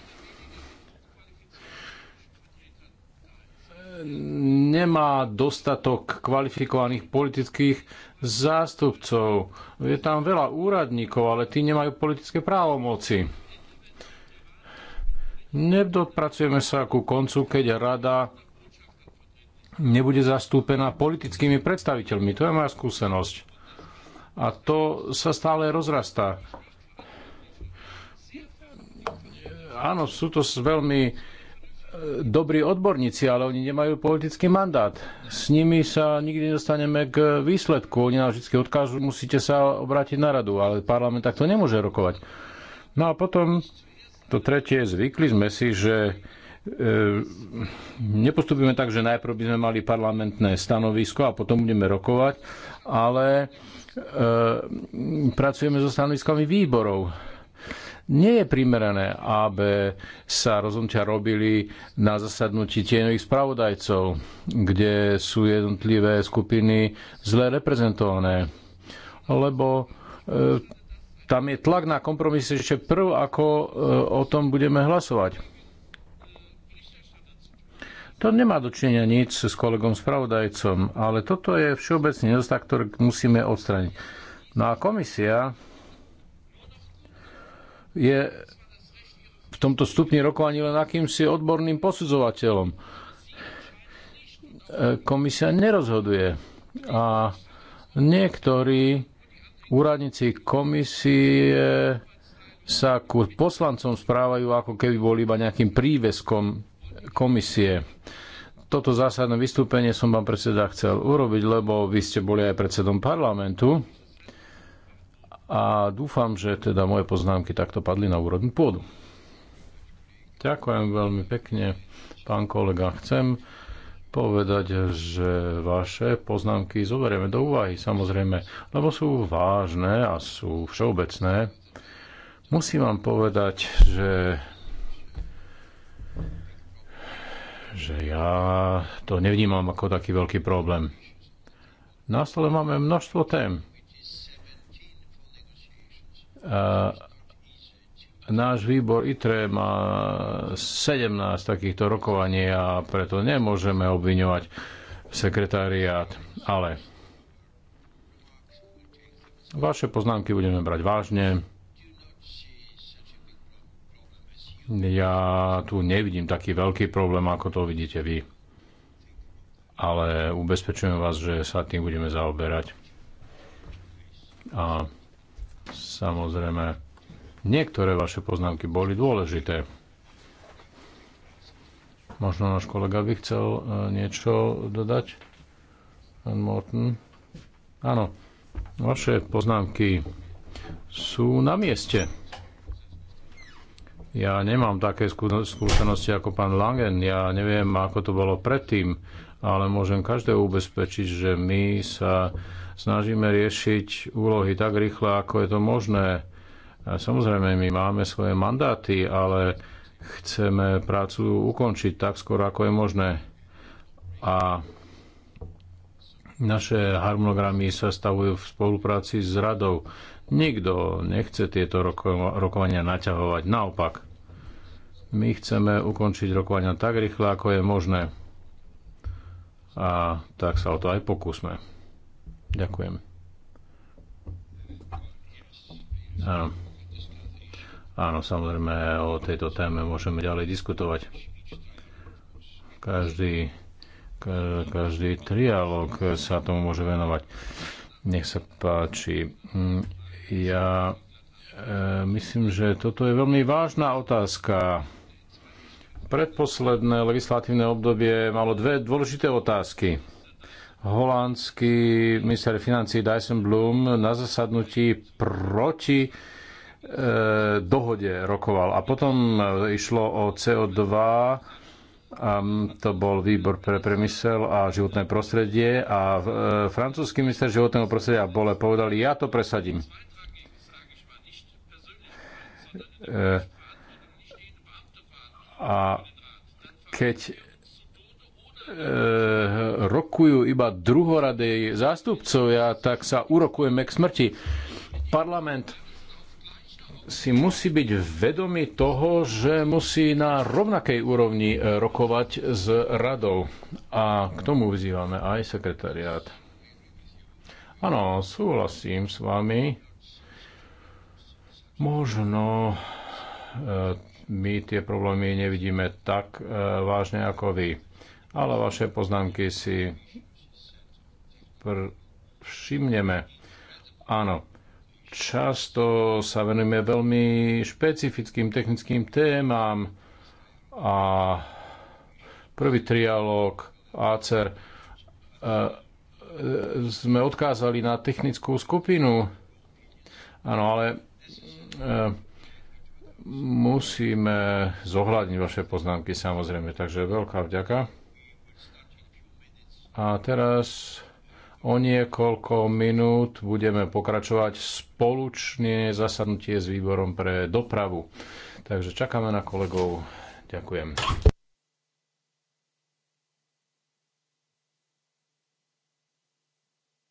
nemá dostatok kvalifikovaných politických zástupcov. Je tam veľa úradníkov, ale tí nemajú politické právomoci. Nedopracujeme sa ku koncu, keď rada nebude zastúpená politickými predstaviteľmi. To je moja skúsenosť. A to sa stále rozrastá. Áno, sú to veľmi dobrí odborníci, ale oni nemajú politický mandát. S nimi sa nikdy nedostaneme k výsledku. Oni nám vždy odkážu, musíte sa obrátiť na radu, ale parlament takto nemôže rokovať. No a potom to tretie, zvykli sme si, že e, nepostupíme tak, že najprv by sme mali parlamentné stanovisko a potom budeme rokovať, ale e, pracujeme so stanoviskami výborov nie je primerané, aby sa rozhodnutia robili na zasadnutí tieňových spravodajcov, kde sú jednotlivé skupiny zle reprezentované. Lebo e, tam je tlak na kompromis ešte prv, ako e, o tom budeme hlasovať. To nemá dočinenia nič s kolegom spravodajcom, ale toto je všeobecný nedostatok, ktorý musíme odstrániť. No a komisia je v tomto stupni rokovaní len akýmsi odborným posudzovateľom. E, komisia nerozhoduje a niektorí úradníci komisie sa ku poslancom správajú ako keby boli iba nejakým príveskom komisie. Toto zásadné vystúpenie som vám predseda chcel urobiť, lebo vy ste boli aj predsedom parlamentu a dúfam, že teda moje poznámky takto padli na úrodnú pôdu. Ďakujem veľmi pekne, pán kolega. Chcem povedať, že vaše poznámky zoberieme do úvahy, samozrejme, lebo sú vážne a sú všeobecné. Musím vám povedať, že že ja to nevnímam ako taký veľký problém. Na stole máme množstvo tém. E, náš výbor ITRE má 17 takýchto rokovaní a preto nemôžeme obviňovať sekretariát, ale vaše poznámky budeme brať vážne. Ja tu nevidím taký veľký problém, ako to vidíte vy. Ale ubezpečujem vás, že sa tým budeme zaoberať. A Samozrejme, niektoré vaše poznámky boli dôležité. Možno náš kolega by chcel e, niečo dodať? Pán Morton? Áno, vaše poznámky sú na mieste. Ja nemám také skúsenosti ako pán Langen. Ja neviem, ako to bolo predtým, ale môžem každého ubezpečiť, že my sa snažíme riešiť úlohy tak rýchle, ako je to možné. Samozrejme, my máme svoje mandáty, ale chceme prácu ukončiť tak skoro, ako je možné. A naše harmonogramy sa stavujú v spolupráci s radou. Nikto nechce tieto roko- rokovania naťahovať. Naopak, my chceme ukončiť rokovania tak rýchle, ako je možné. A tak sa o to aj pokúsme. Ďakujem. Áno. Áno, samozrejme, o tejto téme môžeme ďalej diskutovať. Každý, každý trialog sa tomu môže venovať. Nech sa páči. Ja e, myslím, že toto je veľmi vážna otázka. Predposledné legislatívne obdobie malo dve dôležité otázky holandský minister financí Dyson Bloom na zasadnutí proti e, dohode rokoval. A potom e, išlo o CO2, a to bol výbor pre premysel a životné prostredie a e, francúzsky minister životného prostredia Bole povedali, ja to presadím. E, a keď Eh, rokujú iba druhoradej zástupcovia, tak sa urokujeme k smrti. Parlament si musí byť vedomý toho, že musí na rovnakej úrovni eh, rokovať s radou. A k tomu vyzývame aj sekretariát. Áno, súhlasím s vami. Možno eh, my tie problémy nevidíme tak vážne ako vy ale vaše poznámky si pr- všimneme. Áno, často sa venujeme veľmi špecifickým technickým témam a prvý trialóg ACER e, e, sme odkázali na technickú skupinu. Áno, ale e, musíme zohľadniť vaše poznámky samozrejme, takže veľká vďaka. A teraz o niekoľko minút budeme pokračovať spolučne zasadnutie s výborom pre dopravu. Takže čakáme na kolegov. Ďakujem.